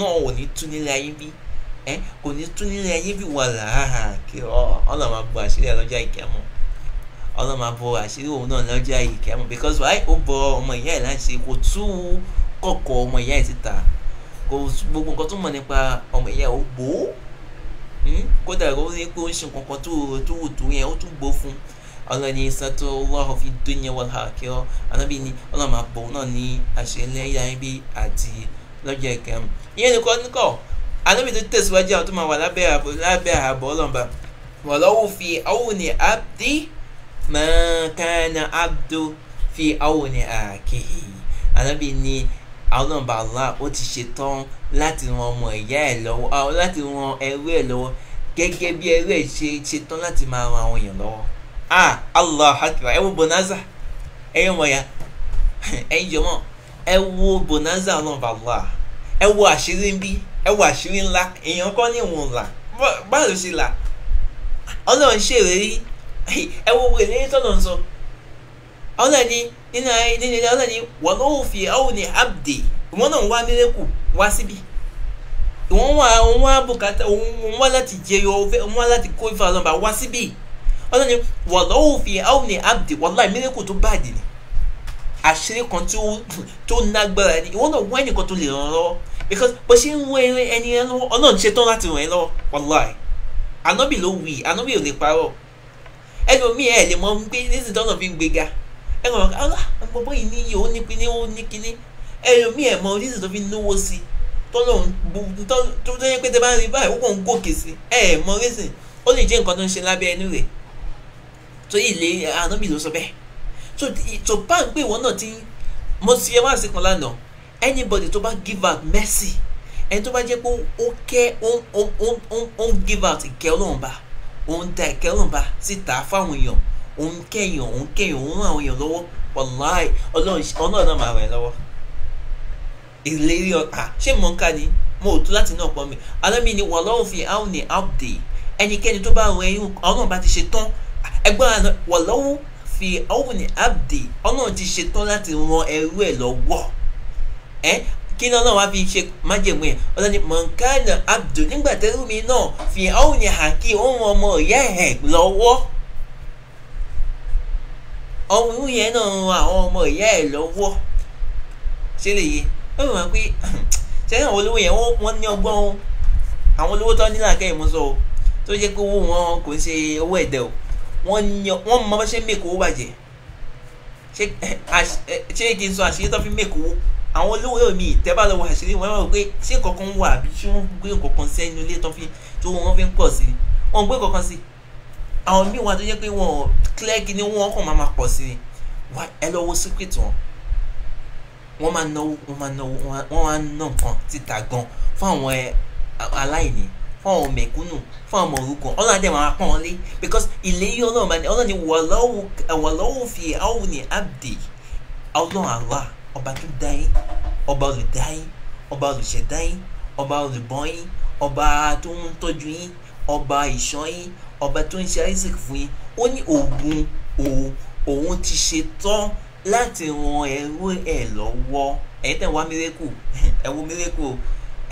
náà ò ní tú nílé ayé bí ẹ kò ní tú nílé ayé bí wà láhà kí ọlọ́run máa bọ àṣírí ẹ̀ lọ́jọ́ ìkẹ́mọ̀ ọlọ́run máa bọ àṣírí òun náà lọ́jọ́ ìkẹ́mọ̀ because why ó bọ ọmọ ìyá ẹ̀ láṣẹ kò tú kọ̀kọ̀ ọmọ ìyá ẹ̀ síta kò gbogbo nǹkan tó mọ̀ nípa ọmọ ìyá ẹ̀ ó gbòó hm? kódà ó rí pé ó ń ṣe nǹkan kan tó wù tó yẹn ó tún gbó fún un ọlọ́ni sátó lọ́hùn fi dúnyẹ wọ́n ha kí ọ́ anábì ní ọlọ́mà bò náà ní àṣẹlẹ̀ ẹ̀yà yín bí àti lọ́jọ́ ẹ̀kẹ́m. ìyẹn nìkọ́ nìkọ́ anábì tó tẹ̀síwájú àwọn tó máa wà lábẹ́ ààbò ọlọ́mba wọ́n lọ́wọ́ fi àwọn ní abdi mẹ́kànnà abdu fi àwọn ní àkèhì anábì ní ọlọ́mba Allah ó ti ṣetán láti ran ọmọ ìyá ẹ̀ lọ́wọ́ láti ran ẹrú ẹ̀ lọ́wọ́ gẹ́gẹ́ bí ẹrú ẹ̀ ṣe ṣetán láti máa ran àwọn èèyàn lọ́wọ́ a ah, allah akbar ẹ wo bonanza ẹ yẹ mọ ya ẹyin jọmọ ẹ wo bonanza ọlọ́ọ̀bà allah ẹ wo àṣírí bí ẹ wo àṣírí ńlá èèyàn kọ́ ní ìwọ̀n ńlá báwo ṣe là ọlọ́run ṣèlérí ẹ wo wo ìlérí tọ́nà ń sọ ọlọ́run nínú ayé nínú ilé ọlọ́run wọ́n fi ọ̀hún ní abdi ìwọ́n náà wá wá ìwọ́n wá bùkátà òun wá láti jẹyọ ọlọ́run ni wọ̀lọ́wọ́ fi àwọn ní abdi wallahi mírèkù tó báàdì ni àṣírí kan tó nágbára ni ìwọ náà wọ́n ẹnìkan tó lè ràn lọ́wọ́ because bó ṣe ń wọ ẹrin ẹni yẹn lọ́wọ́ ọlọ́run ṣe tán láti ràn ẹ́ lọ́wọ́ wallahi ànábì ló wì ànábì ò lè parọ́ ẹlòmíì ẹ̀ lè mọ pé nísìnyí tọ́nà fi ń gbéga ẹ̀rọ àgbọ̀bọ̀ yìí ní yìí ó ní kíní ó ní kíní ẹlòmíì ẹ̀ mọ nísìnyí tó fi náwó sí tọ́lọ́run tó tó yẹ pé tẹ bá ń rí báyìí ó kàn ń gòkè sí ẹ̀ mọ nísìnyí ó lè jẹ́ nǹkan tó ń ṣe lábẹ́ ẹnu rẹ̀ so ilé anábì ló sọ bẹ́ẹ̀ so so bank pé ìwọ náà ti mo ti ẹ wá sí kan lánàá anybody tó bá give out mercy ẹni tó bá jẹ́ pé ó kẹ́ ó ń give out ìkẹ́ ọlọ́run bá ó ń da ìkẹ́ ọlọ́run bá síta fáwọn èèyàn ó ń kẹ́yàn ó ń kẹ́yàn ó ń ràn àwọn èèyàn lọ́wọ́ wàláì ọlọ́run náà máa ràn ẹ́ lọ́wọ́ ìlérí ọ̀tá ṣé mò ń ká ni mo ò tú láti náà pọ̀ mi alámi ni wàláhùn fi áwọn ní áwùdè ẹnikẹ́ni tó bá ràn ẹ̀yìn ọlọ́run ti ṣe tán ẹgbọ́n wọ̀lọ́wọ́ fi ọ̀hún ní abdi ọlọ́run ti ṣetán láti ran ẹrú ẹ̀ lọ́wọ́ ẹ kí ni ọlọ́run wá fi ṣe májèmú yẹn ọlọ́run ní abdu nígbà tẹ́rù mi náà fi ọ̀hún ní hàkí òun ọmọ ìyá ẹ̀ lọ́wọ́ ọ̀hún yẹn náà ran àwọn ọmọ ìyá ẹ̀ lọ́wọ́ ṣe lè yé wọ́n mọ̀ pé sẹ́yìn *clears throat* àwọn olówó yẹn wọ́n ní ọgbọ́n àwọn olówó tó ní làákẹ́ ìmúṣọ tó jẹ́ pé owó wọn kò ń ṣe owó ẹ̀dẹ̀ o wọ́n yan wọ́n mọ bá ṣe ń mèkó owó bàjẹ́ eh, eh, ṣé kí n sọ àṣírí tó fi mèkó owó àwọn olówó yóò mi ìtẹ́ bá lọ wọ àṣírí wọn wọ́n pé ṣé kankan wà àbí ṣé wọ́n gbé kankan sẹ́nu ilé tó fi tó wọ́n fi ń pọ̀ sí wọ́n gbé kankan sí àwọn míì wà tó jẹ́ pé wọ́n clerk ni wọ́n kàn máa pọ̀ sí ẹ lọ wo secret wọn wọ́n máa náwó wọ́n máa náwó wọ́n máa ná nǹkan títa gan fún àwọn eh, aláìní fún àwọn mẹ̀kúnnù fún àwọn òrukàn ọlọ́run àdé máa pọ́n lé because ìlérí ọlọ́run bá ní ọlọ́run ní wọ̀lọ́wọ́ fi àwọn ní abdi ọlọ́run àlá ọba tó dáyé ọba olùdáyé ọba olùṣẹ̀dáyé ọba olùbọ́yé ọba tó ń tọ́jú yín ọba ìṣọ́ ọba tó ń ṣe isaac fún yín ó ní òògùn òun ti ṣe tán láti ran ẹrú ẹ lọ́wọ́ ẹ̀yin tẹ̀ wá mírẹ́kù *laughs* ẹ wo o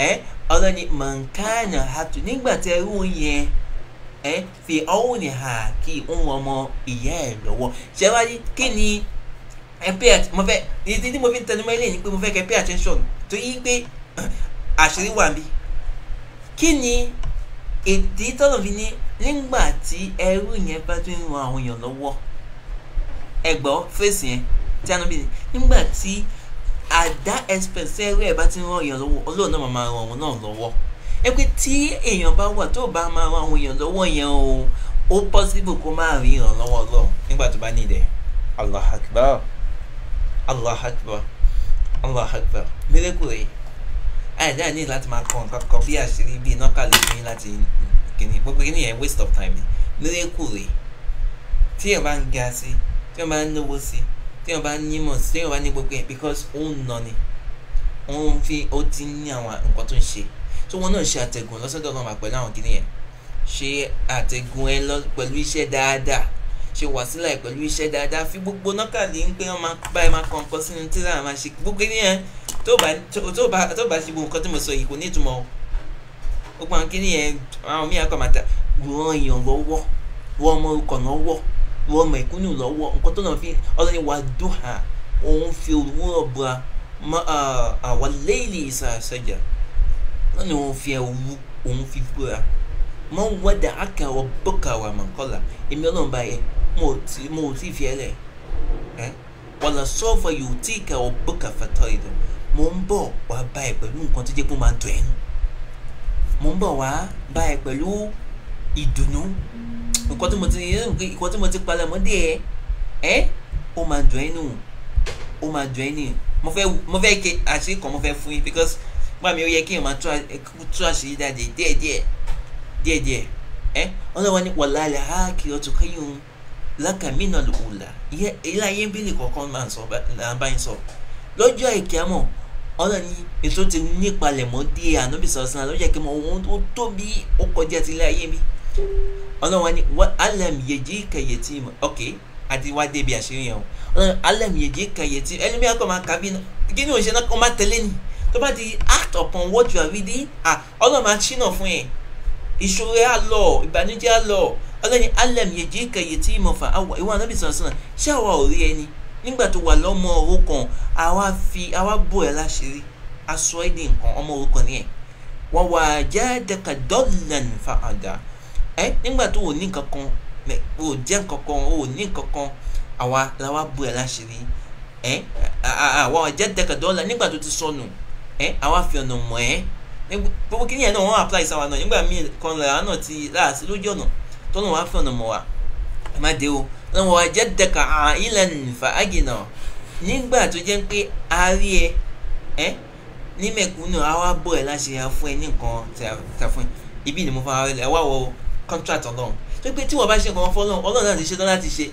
ẹ ọlọ́ni mọ̀nkánà hàtù nígbà tẹ ẹrú yẹn ẹ fi ọ̀hún ni hà kí ń ọmọ ìyá ẹ lọ́wọ́ ṣe wá yí kí ni ẹ pay attention mo fẹ́ ní tí mo fi ń tẹnumọ́ eléyìí ni pé mo fẹ́ kẹ́ pay attention tó yí pé *clears throat* àṣírí wà bí kí ni èdè tọ́lọ̀ fi ní nígbà tí ẹrú yẹn bá tún ń ran àwọn èèyàn lọ́wọ́ ẹgbọ́ fèsì yẹn tí a nọ bí nígbà tí. at that expense ṣé ẹrú ẹ̀ bá ti ràn èèyàn lọ́wọ́ ọlọ́run náà máa ràn òun náà lọ́wọ́ ẹ pé tí èèyàn bá wà tó bá máa ràn àwọn èèyàn yẹn o ó possible kó máa rí ìrànlọ́wọ́ ọlọ́run nígbà tó bá ní àìdá ní láti máa kọ nǹkan kan bí àṣírí bí iná kàlẹ́ waste of time tí èèyàn bá ń ga téèyàn bá ní mọ̀ téèyàn bá ní gbogbo yẹn because ó ń nọ ni ó ń fi ó ti ní àwọn nǹkan tó ń ṣe tó wọn náà ṣe àtẹ̀gùn lọ́sọ̀dọ̀ náà wà pẹ̀lú àwọn kìnìún yẹn ṣe àtẹ̀gùn ẹ lọ pẹ̀lú iṣẹ́ dáadáa ṣe wà sílẹ̀ pẹ̀lú iṣẹ́ dáadáa fi gbogbo nọ́kàlì ń pé wọ́n máa bá ẹ máa kàn kọ́ sínú tí láà máa ṣe gbogbo yẹn tó bá tó bá ṣe gbogbo nǹkan tí mo sọ yìí kò ní ìtumọ̀ ó gbọ́n kí ni yẹn àwọn míì akọ̀ màtà wọ́n yàn lọ́wọ́ wọ́n mọ ọkọ̀ lọ́wọ́ rọ ọmọ ìkúnnù lọ́wọ́ nǹkan tó náà fi ọlọ́ni wà dùhà òun fi òwúrọ̀ búra àwọn léèlì ìsàsàjà wọ́n ní òun fi ẹ̀wù òun fi búra mọ wọ́dà àkàrọ̀ bọ́kàrọ̀ àmọ̀kọ́là èmi ọlọ́run báyẹn mo ò tí ì fi ẹ lẹ̀ wàlà sọ́ọ̀fà yóò tí ì kàrọ̀ bọ́kàfà tọ́ ìdọ̀ mo ń bọ̀ wá báyìí pẹ̀lú nǹkan tó jẹ́ pé ó máa dùn ẹ́nu mo ń bọ̀ wá báyìí pẹ̀lú ìdùnnú ìkọ́ tí mo ti ìkọ́ tí mo ti palẹ̀ mọ́dé ẹ ẹ́ ó máa dùn ẹ́ nù ó máa dùn ẹ́ nì mo fẹ́ mo fẹ́ ke àṣírí kan mo fẹ́ fún yín because gbà mí ó yẹ kí n máa tú àṣírí jáde díẹ̀díẹ̀ díẹ̀díẹ̀ ẹ́ ọlọ́wọ́ ní wàlá rẹ̀ á kí ọ tó kẹ́yìn òun lákàmínà lòwòlà ilé ayé bílì kọ̀ọ̀kan máa ń sọ bá ń sọ lọ́jọ́ ìkẹ́mọ̀ ọlọ́ni ètò ti nípalẹ̀mọ́ díẹ̀ ànábìsọ̀ọ́sán lọ́jọ́ ìkẹ́mọ̀ òun tó tóbi ó kọjá ti ilé ayé mi ọlọ́run ni wọ́n alẹ́m yejì kẹyẹ tí mo ok àti wá débi àṣírí yẹn o ọlọ́run alẹ́m yejì kẹyẹ tí ẹlẹ́mí akọ máa kà bí kí ni òṣèlú ọmọ tẹ̀lé ni tó bá ti act upon what you are reading ah ọlọ́run máa ṣínà fún yẹn ìṣòro á lọ ìbànújẹ́ á lọ ọlọ́run alẹ́m yejì kẹyẹ tí mo fà áwọ̀ ìwọ anábì sọ̀rọ̀ sọ̀rọ̀ ṣé àwa ò rí ẹni nígbà tó wà lọ́mọ òrukàn àwa fi àwa bò ẹ́ láṣìírí aṣọ ẹ̀dín nǹkan ọmọ òrukàn ni ẹ̀ wọ́n wà jáde kàdọ́ọ̀lẹ́n fa àdá ẹ nígbà tó o ní nǹkan kan o jẹ́ nǹkan o ní nǹkan kan àwa la wá bu ẹ̀ láṣìírí ẹ àwa ọ̀jẹ̀ tẹkẹ̀dọ́là nígbà tó ti sọnù ẹ àwa fi ọ̀nà mọ̀ ẹ́ gbogbo kí ni ẹ̀ náà wọ́n apply sáwa náà nígbà míì kan lára náà ti láàsí lójú ọ̀nà tọ́nà wá fi ọ̀nà mọ̀ wá ẹ má dé o náà wọ́n ọ̀jẹ̀ tẹkẹ̀ ilẹ̀ nìfà àgìnà nígbà tó jẹ́ pé a rí ẹ ẹ ní mẹ̀kúnnù àwa bọ̀ ẹ̀ láṣìírí fún ẹ ní nǹkan tẹ̀ ẹ ibi ni mo fara rẹ̀ wá wọ́ o contract ọlọ́run tó pé tí wọ́n bá ṣe nǹkan fọ́lọ́run ọlọ́run náà ti ṣe tán láti ṣe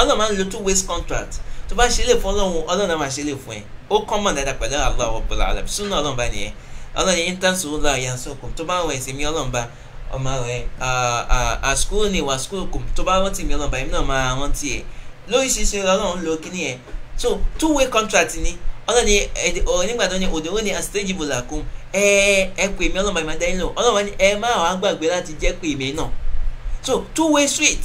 ọlọ́run máa ń lo two ways contract tó bá ṣe lè fún ọlọ́run ọlọ́run náà máa ṣe lè fún ẹ ó common dáadáa pẹ̀lú Allah ọ̀bọ̀là àlẹ́ súnà ọlọ́run bá nìyẹn ọlọ́run yẹn ń tàn sùn lọ àyà sọ̀kùn tó bá wọ̀ ẹ̀sìn mi ọlọ́run bá ọmọ rẹ àsukúrò ni wà sukúrò kùn tó bá rántí mi ọlọ́run bá èmi náà máa rántí ẹ lóríṣiríṣi ọlọ́run lo kíní yẹn so two way contract ni ọlọ́run ni nígbà tó ní òdòwò ni àsìtẹ́jìbò làkún ẹ ẹ pè mí ọlọ́run bá yín lò ọlọ́run ni ẹ má wá gbàgbé láti jẹ́ pè mí náà so two way street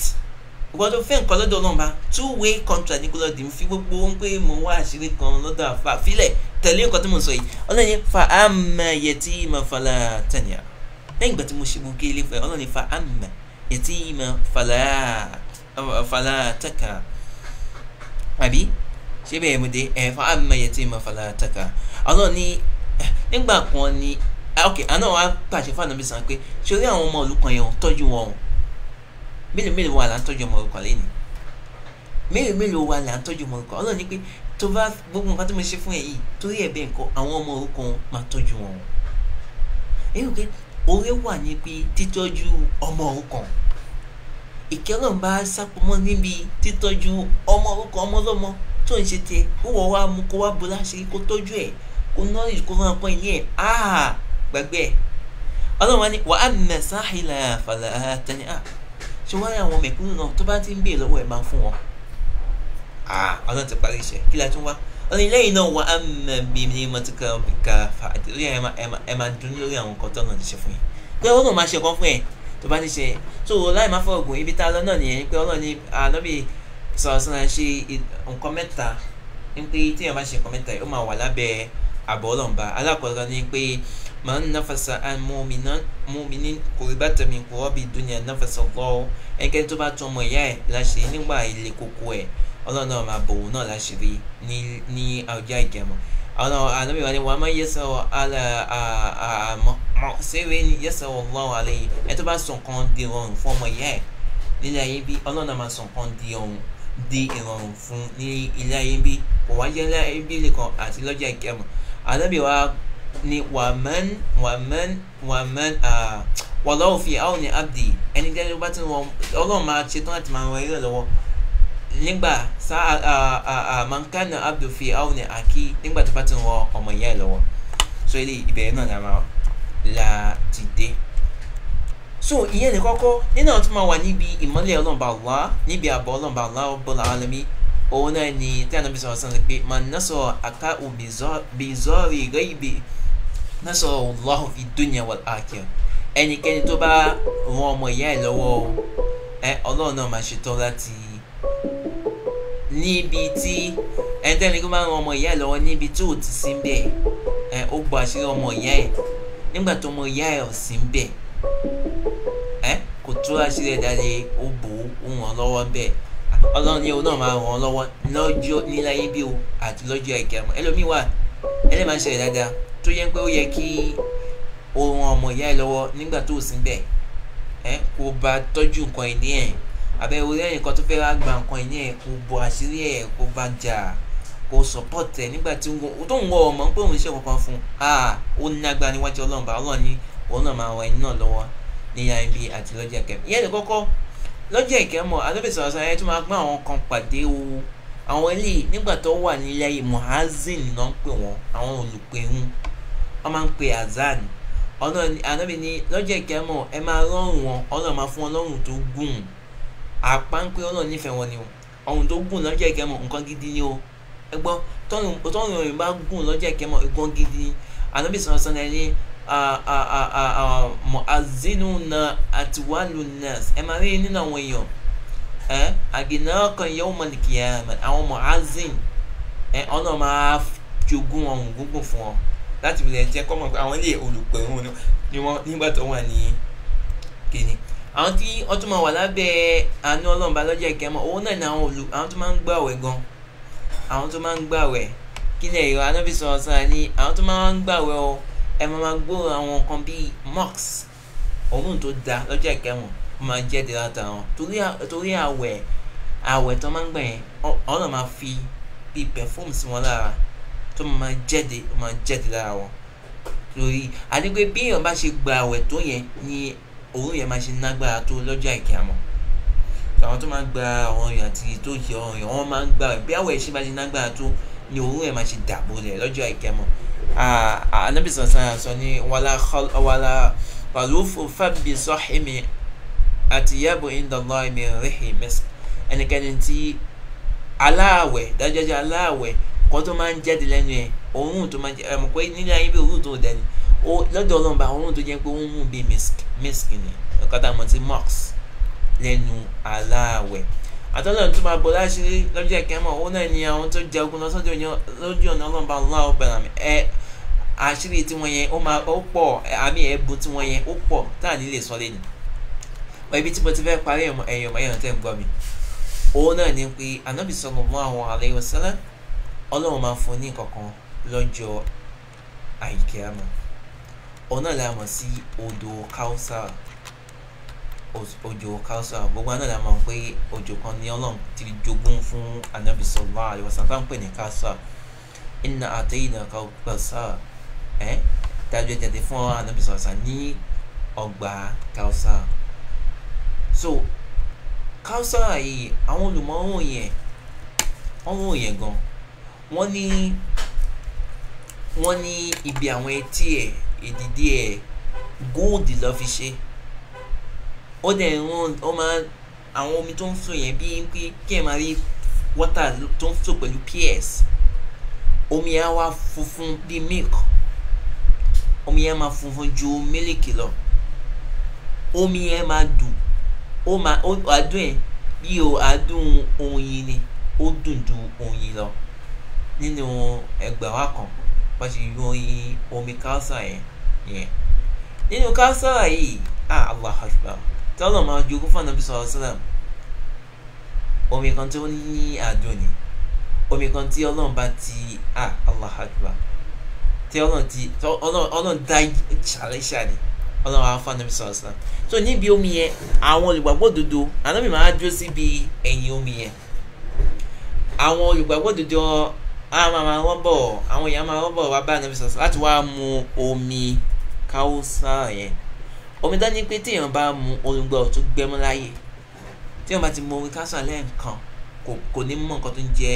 ìwọ́n tó fẹ́ nǹkan lọ́dọ̀ ọlọ́run two way contract ní kúlọ́ọ̀dì ń fi gbogbo ń pé mo wá àṣírí kan lọ́dọ̀ àfa fílẹ̀ tẹ̀lé nǹkan tí mo sọ yìí ọlọ́run ni fa àmà yẹtí mà fàlà tẹ̀yà lẹ́yìn ìgbà tí mo ṣe mo ṣé bẹ́ẹ̀ mo dé ẹ̀ fa amma yatima fala taka ọlọ́run ní nígbà kan ní ok àná wa pàṣẹ fún ànábì sàn pé ṣé orí àwọn ọmọ òrukàn yẹn tọ́jú wọn o mélòó mélòó wa là ń tọ́jú ọmọ òrukàn lẹ́nu mélòó mélòó wa là ń tọ́jú ọmọ òrukàn ọlọ́run ní pé tó bá gbogbo nǹkan tó mo ṣe fún ẹ yìí torí ẹ̀ bẹ́ẹ̀ nǹkan àwọn ọmọ òrukàn máa tọ́jú wọn o pé oore wà ní pé títọ́jú ọmọ òrukàn ìkẹ́lọ́n bá sápamọ́ níbi títọ́jú ọmọ òrukàn ọmọ tó ń ṣe tiẹ̀ kó wọ́n wá mú kó wá bo láṣẹ kó tọ́jú ẹ̀ kó nọ́ọ̀lì kó máa pọ́n ilé ẹ̀ áà ah, gbàgbé ẹ̀ wa ni wà á nà sáhìlà fàlà à ṣé wọ́n rí àwọn mẹ̀kúnnù náà tó bá ti ń béè lọ́wọ́ ẹ̀ máa fún wọn. Ah, ọlọ́run ti parí iṣẹ́ kí la tún wá ọlọ́run lẹ́yìn náà wà á mẹ bí ní mọ́tíkà ọ̀bìkà fàdúrí ẹ̀ máa dún lórí àwọn nǹkan tó ń ṣe fún yín pé ọlọ́run máa ṣe kan fún ẹ̀ tó bá ti ṣe so láì má fọ̀gùn ibi tá a lọ náà nìyẹn pé ọlọ́run ni ànábì sọ ọ sọ́nà ṣe nǹkan mẹ́ta ní pé téèyàn bá ṣe nǹkan mẹ́ta yìí ó máa wà lábẹ́ àbọ̀ ọlọ́mba alákọ̀ọ́lọ́ ni pé man nafasa an mu'minin kurbata min kurabi dunya nafasa Allahu ẹnikẹ́ni tó bá tún ọmọ ìyá ẹ̀ láṣẹ nígbà ilé koko ẹ̀ ọlọ́run náà máa bò òun náà láṣìírí ní ọjọ́ ìjẹmọ́ ọ̀nà ànábì wa ni wàá máa yẹsẹ̀ àlà àmọ́ ṣeré yẹsẹ̀ Allahu alayhi ẹ tó bá sọ nǹkan di ọrùn fún ọmọ ìyá ẹ̀ nílẹ̀ ayé bí ọlọ́run náà máa sọ di ọrùn di ìrọ̀rùn fún ní ilé ayé bí kò wá jẹ́ ilé ayé bí nìkan àti lọ́jọ́ ìkẹmọ̀ ànábì wa ni wàmán wàmán wàmán wàlọ́wọ́ fi àwọn ní abdi ẹni gẹ́gẹ́ bá ti wọn ọlọ́run máa ṣetán láti máa ran eré lọ́wọ́ nígbà sá mankana abdu fi àwọn ní àkí nígbà tó bá ti wọn ọmọ ìyá ẹ lọ́wọ́ so ilé ìbẹ̀rẹ̀ náà la máa la ti dé so ìyẹn lè kọ́kọ́ nínú àwọn tó máa wà níbi ìmọ́lẹ̀ ọlọ́mọba wá níbi àbọ̀ ọlọ́mọba wá bọ́lá alẹ́mí òun náà ni tí a nàbí sọ̀rọ̀ sàn lè pé màá násọ̀ àká òbíìzọ́rì rẹ̀ ibi násọ̀ ọlọ́hùn ìdúnyẹ̀ wà ákẹ́ ẹnikẹ́ni tó bá ran ọmọ ìyá ẹ̀ lọ́wọ́ ẹ ọlọ́run náà máa ṣetán láti níbi tí ẹnikẹ́ni tó bá ran ọmọ ìyá ẹ̀ lọ́wọ́ níbi tí ò ti sí bẹ́ẹ̀ ẹ ó gbọ́ àṣírí ọmọ ìyá ẹ̀ nígbà tó ọmọ ìyá ẹ̀ ò sí bẹ́ẹ̀ túra sílẹ̀ dáre ó bò ó ràn lọ́wọ́ bẹ́ẹ̀ ọlọ́run ní òun náà máa ràn lọ́wọ́ lọ́jọ́ níláyé bí o àti lọ́jọ́ ìkẹmọ ẹlòmíì wà ẹlẹ́mà ń ṣẹlẹ̀ dáadáa tó yẹ pé ó yẹ kí o ràn ọmọ ìyá ẹ lọ́wọ́ nígbà tó o sí bẹ̀ ẹ kó o bá tọ́jú nǹkan ìní ẹ̀ abẹ́ orí ẹ̀yìn kan tó fẹ́ wá gba nǹkan ìní ẹ̀ kó o bọ àṣírí ẹ̀ kó o bá jà kó support ẹ̀ nígbà tí tó ń wọ ọmọ pé òun ṣe kankan fún un ó ní agbára ọlọ́run bá ọlọ́run ní òun náà máa ràn ẹni náà lọ́wọ́ níyàn ibi àti lọ́jà kẹm ìyẹn ní kọ́kọ́ lọ́jà ìkẹ́mọ̀ adébísọ̀rọ̀ sàn ẹ̀ tún máa àwọn kan pàdé o àwọn eléyìí nígbà tó wà nílẹ̀ yìí muhazin ló ń pè wọn àwọn olùpẹ̀hún wọ́n máa ń pè azan ẹ máa rọrùn wọn fún tó gùn àpá ń wọn ni o ẹ òyìnbá gùn gidi mọ̀azínúna àti wàlúùnàs ẹ máa rí nínú àwọn èèyàn ẹ àgìnà ọkàn yẹn ó mọ nìkìyàmẹ àwọn mọ̀azín ẹ ọ̀nà máa jogún ọ̀hún gúngùn fún ọ láti fi lè jẹ́ kọ́ mọ̀ pé àwọn ilé olùpẹ̀rún ni wọ́n nígbà tó wà ní kìnnì àwọn tí wọ́n tún máa wà lábẹ́ àánú ọlọ́mọba lọ́jọ́ ìkẹ́mọ̀ òun náà ni àwọn olù àwọn tó máa ń gbàwẹ̀ gan àwọn tó máa ń gbàwẹ̀ kí ni èrò anábìsọ̀ ọ̀sán ni àwọn tó máa ń gbàwẹ̀ o ẹ máa máa gbọ́ àwọn nǹkan bíi mox òórùn tó da lọ́jọ́ ìkẹwọn máa jẹ́de látara wọn torí àwẹ̀ àwẹ̀ tó máa ń gbà yẹn ọ̀nà máa fi bíi perfume sí wọn lára tó máa jẹ́de máa jẹ́de lára wọn lórí àdígbé bí èèyàn bá ṣe gba àwẹ̀ tó yẹn ni òórùn yẹn máa ṣe nágbára tó lọ́jọ́ ìkẹwọn àwọn tó máa ń gba àwọn èèyàn àti tó yẹ ọ̀ràn wọn máa ń gba bí àwẹ̀ ṣe máa ṣe nágbára tó ni òórùn yẹn máa ṣe dàbò rẹ̀ lọ́jọ́ ìkẹwọn anabi sansan sọ ni wàlá wàlá wàlúfù fàbí sọ́hìmì àti yàbò ìdánlọ́ ìmì rìhì mẹ́sì ẹnikẹ́ni tí aláàwẹ̀ dájọ́jọ́ aláàwẹ̀ kọ́ tó máa ń jáde lẹ́nu ẹ̀ òórùn tó máa ń jáde ẹ̀mọ̀ pé nílẹ̀ ayé bí òórùn tó dẹ̀ ni lọ́dọ̀ ọlọ́mọba òórùn tó jẹ́ pé ó ń mú bíi mẹ́sìkì ni ọ̀kadà mọ̀ sí mọ́ọ̀s lẹ́nu aláàwẹ̀ àtọ́lọ́run tó máa bọ̀ láṣìírí lọ́jọ́ ìkẹ́mọ̀ òun náà ni àwọn tó jẹ ogun lọ́sọ́dọ̀ lójú ọ̀nà ọlọ́mọba ọlọ́ọ̀bẹ̀rẹ̀ àṣírí tiwọn yẹn ó máa ó pọ̀ àmì tiwọn yẹn ó pọ̀ tá à ní lè sọ lẹ́nu ibi tí mo ti fẹ́ parí ẹ̀yàn ọmọ ẹ̀yàn tẹ́ ń gbọ́ mi òun náà ni pé anábì sallallahu alaihi wasallam ọlọ́run máa fún ní kankan lọ́jọ́ àìkíyàmọ̀ òun náà la mọ̀ sí odò kausa òjò kausa gbogbo àná la mọ̀ pé kan ní ọlọ́run ti jogún fún anábì ń pè ní ẹ́ dájú ẹ̀jẹ̀ fún anabi sọ̀sà ní ọgbà kausa so kausa yìí àwọn olùmọ̀ ọ̀hún yẹn ọ̀hún yẹn gan wọ́n ní wọ́n ní ibi àwọn etí ẹ̀ èdìdí ẹ̀ góòdì lọ́ fi ṣe ó dẹ̀ wọ́n ó máa àwọn omi tó ń fò yẹn bí pé kí ẹ̀ máa rí wọ́tà tó ń fò pẹ̀lú ps omi á wá funfun bíi milk omi yẹn máa funfun ju mílìkì lọ omi yẹn máa dùn ó máa ó àdùn bí o àdùn oyin ni ó dùn ju oyin lọ nínú ẹgbẹ́ wa kan wọ́n ti yọ oyin omi káúsà yẹn yẹn nínú káúsà yìí ah allah akbar tọ́lọ̀ máa jogún fún anabi sọ̀rọ̀ sọ́làm omi kan tó ní àdùn ni omi kan tí ọlọ́run bá ti ah allah akbar tẹ ọlọ́run ti ọlọ́run dá ṣàlẹ́ṣà ni ọlọ́run àwọn afánàmì sọ̀rọ̀ sọ̀rọ̀ so níbi omi yẹn àwọn olùgbàgbọ́ òdodo ànábì máa dúró síbi ẹ̀yìn omi yẹn àwọn olùgbàgbọ́ òdodo àwọn máa wọ́n bọ̀ àwọn èèyàn máa wọ́n bọ̀ wá bá ànábì sọ̀rọ̀ láti wá mu omi káwọ́sá yẹn omi dání pé téèyàn bá mu olùgbọ́ tó gbẹ́mú láyè téèyàn bá ti mu omi káwọ́sá lẹ́ẹ̀kan kò ní mọ̀ nǹkan tó ń jẹ́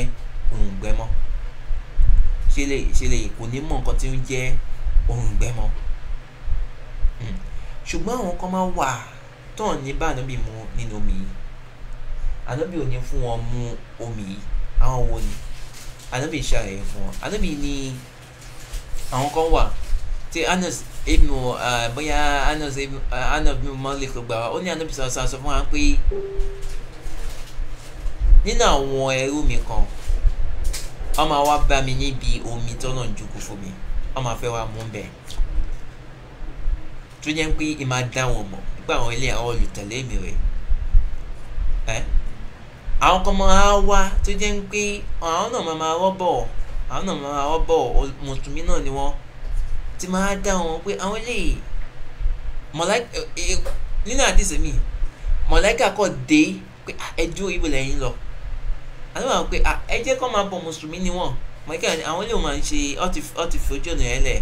òǹgbẹ́mọ́ ṣe lè ṣe lè kò ní mọ nǹkan tí ó jẹ́ òrùn gbẹ mọ́ àwọn kan máa wà tán ní ànábì mu nínú omi yìí ànábì ò ní fún wọn mu omi yìí àwọn wo ni ànábì ṣàlàyé fún wọn ànábì ní àwọn kan wà tí Anas ibn bóyá Anas ibn Malik gbà wá ó ní ànábì sọ sọ fún wa pé nínú àwọn ẹrú mi kan wọ́n wa wá bá mi níbi omi tọ́nà jùkú fún mi wọ́n máa fẹ́ wá mú bẹ́ẹ̀ tó jẹ́ pé ì máa dá wọn mọ̀ nípa àwọn ilé àwọn olùtẹ̀lé mi rẹ̀ ẹ́ àwọn kan máa wá tó jẹ́ pé àwọn náà máa rọ́bọ̀ àwọn náà máa rọ́bọ̀ mùsùlùmí náà ni wọ́n ti máa dá wọn pé àwọn eléyìí mọ̀láìkà nínú àdìsí mi mọ̀láìkà kọ̀ dé pé ẹjọ́ ibo lẹ́yìn lọ. A, àlọ́ àwọn pé ẹ jẹ́ kó máa bọ̀ mùsùlùmí ni wọ́n mọ̀ọ́kẹ́ ni àwọn lè máa ń ṣe ọ́ ti fi ojú ọ̀nà yẹn lẹ̀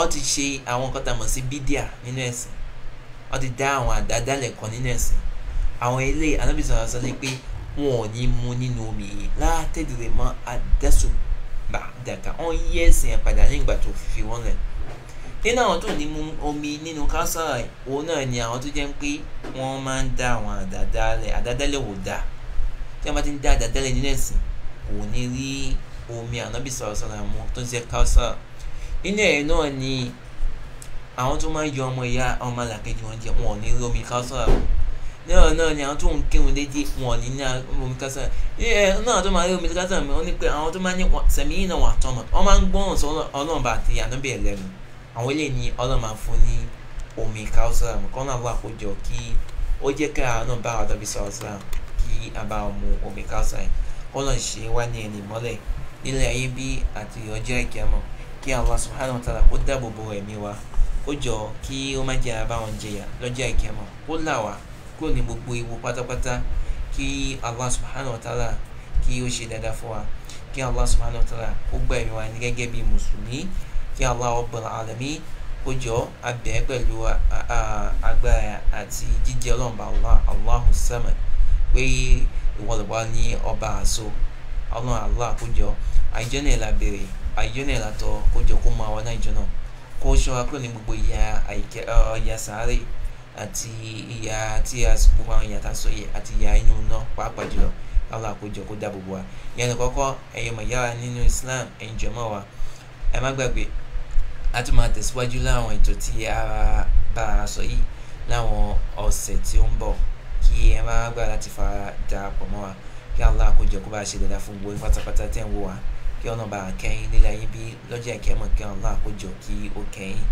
ọ́ ti ṣe àwọn nǹkan tá a mọ̀ sí bídíà nínú ẹ̀sìn ọ́ ti dá àwọn àdádálẹ̀ kan nínú ẹ̀sìn àwọn ilé anábìsọ̀ sọ lé pé wọn ò ní mu nínú omi yìí látẹ̀dẹ̀rẹ̀ mọ́ àdẹ́sùbà dàkà wọ́n yí ẹ̀sìn ẹ̀ padà nígbà tó fi wọ́n lẹ̀ nínú àwọn tó ní mu omi nínú kásáà òun náà ni àwọn tó jẹ́ pé wọ́n máa ń dá àwọn àdádálẹ̀ àdádálẹ̀ wò dáa tí wọ́n bá ti ń dá àdá tẹ́lẹ̀ nínú ẹ̀sìn kò ní rí omi ànábì sọ̀rọ̀ sọ̀rọ̀ mu tó ń ṣe káwùsà nínú ẹ̀ náà ni àwọn tó máa ń yọ ọmọ ìyá ọmọ làkejì wọn jẹ wọn ò ní rí omi káwùsà náà náà ni àwọn tó ń kírun dédé wọn ò ní ní omi káwùsà náà tó máa rí omi káwùsà mi wọ́n ní pé àwọn tó máa ní sẹ̀mí náà wà tọ́mọ wọ́n máa ń gbọ́ràn sọ ọlọ́ọ̀bà àti ànábì ẹ̀ lẹ́nu àwọn ilé ni ọlọ́ọ̀mà fún ní omi káwùsà kọ́nà wà kó jọ kí ó jẹ́ ká àánú bá ọ̀dọ́bí sọ̀rọ̀ sọ̀rọ̀ kí a bá ọmọ omi káàsán ọlọ́run ṣe wá ní ẹni mọ́lẹ̀ nílé ayé bí àti ọjọ́ ìkíyàmọ̀ kí Allah subhanahu wa ta'ala kó dáàbò bo ẹ̀mí wa ó jọ kí ó má jẹ́ abáwọn jẹyà lọ́jọ́ ìkíyàmọ̀ ó là wá kúrò ní gbogbo ewu pátápátá kí Allah subhanahu wa ta'ala kí ó ṣe dáadáa fún wa kí Allah subhanahu wa ta'ala ó gba ẹ̀mí wa ní gẹ́gẹ́ bí mùsùlùmí kí Allah Rabbul alamin ó jọ abẹ́ pẹ̀lú agbára àti jíjẹ́ ọlọ́mọba Allah Allahu samad pé ìwọlọ̀wá ní ọba àṣọ ọlọ́run Allah àkójọ àìjọ náà là bèrè àìjọ náà là tọ kójọ kó máa wà náà ìjọ náà kó gbogbo sáré àti tí àwọn tá a sọ yẹ àti ìyà inú náà pàápàá jùlọ àkójọ kó dáàbò Islam ẹ̀yìn wa ẹ má gbàgbé a tún máa tẹ̀síwájú láwọn ètò tí kí ẹ má gbà láti fara darapọ̀ mọ́ wa kí Allah kó jẹ́ kó bá ṣe dáadáa fún gbogbo pátápátá tẹ̀ ń wò wá kí ọ̀nà bá kẹ́yìn nílé ayé bí lọ́jọ́ ìkẹ́mọ̀ kí Allah kó jọ kí ó kẹ́yìn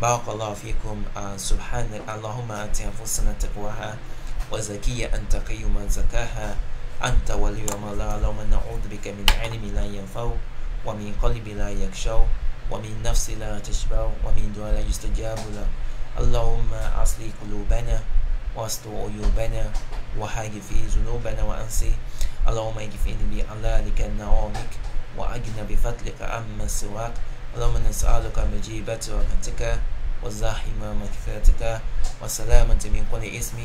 barakallahu fikum subhana allahumma ati anfusana taqwaha wa zakiya anta qayyu man zakaha anta waliyuha mawla allahumma na'udhu bika min ilmin la yanfa'u wa min qalbin la yakhsha'u wa min nafsin la tashba'u wa min du'a la yustajabu lahu allahumma asli qulubana واستر عيوبنا في ذنوبنا وأنسي اللهم على بأملالك نعومك واجنا بفضلك عما سواك اللهم نسألك مجيبة رحمتك وزاحمة مغفرتك وسلامة من كل اسم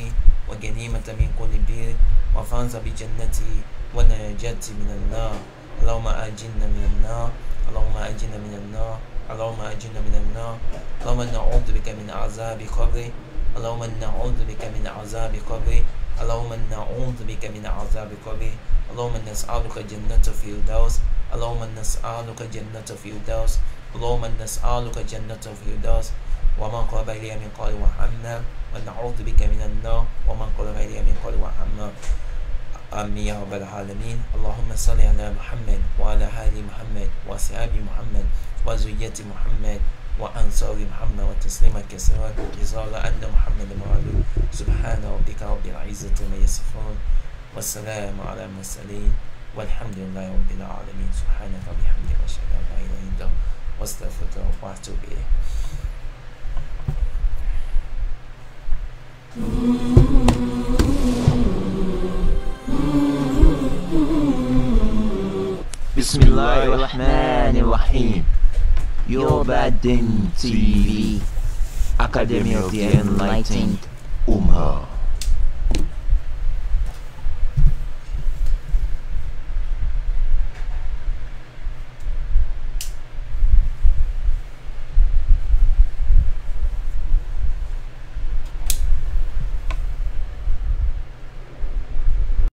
وجنيمة من كل بير وفانز بجنتي ونجاتي من النار اللهم أجنا من النار اللهم أجنا من النار اللهم أجنا من النار اللهم نعوذ بك من عذاب قبري اللهم نعوذ بك من عذاب قبري اللهم نعوذ بك من عذاب قبري اللهم نسألك جنة الدوس اللهم نسألك جنة الدوس اللهم نسألك جنة الدوس وما قرب إلي من قول وحمنا ونعوذ بك من النار وما قرب إلي من قول وحمنا آمين يا رب العالمين اللهم صل على محمد وعلى آل محمد وصحاب محمد وزوجة محمد وأنصار محمد وتسليما كثيرا إزار أن محمد معلوم سبحان ربك رب العزة ما يصفون والسلام على المرسلين والحمد لله رب العالمين سبحانك وبحمدك أشهد أن لا إله إلا أنت واستغفرك وأتوب إليه بسم الله الرحمن الرحيم Your Yobaden TV, Academy of the Enlightened, Umha.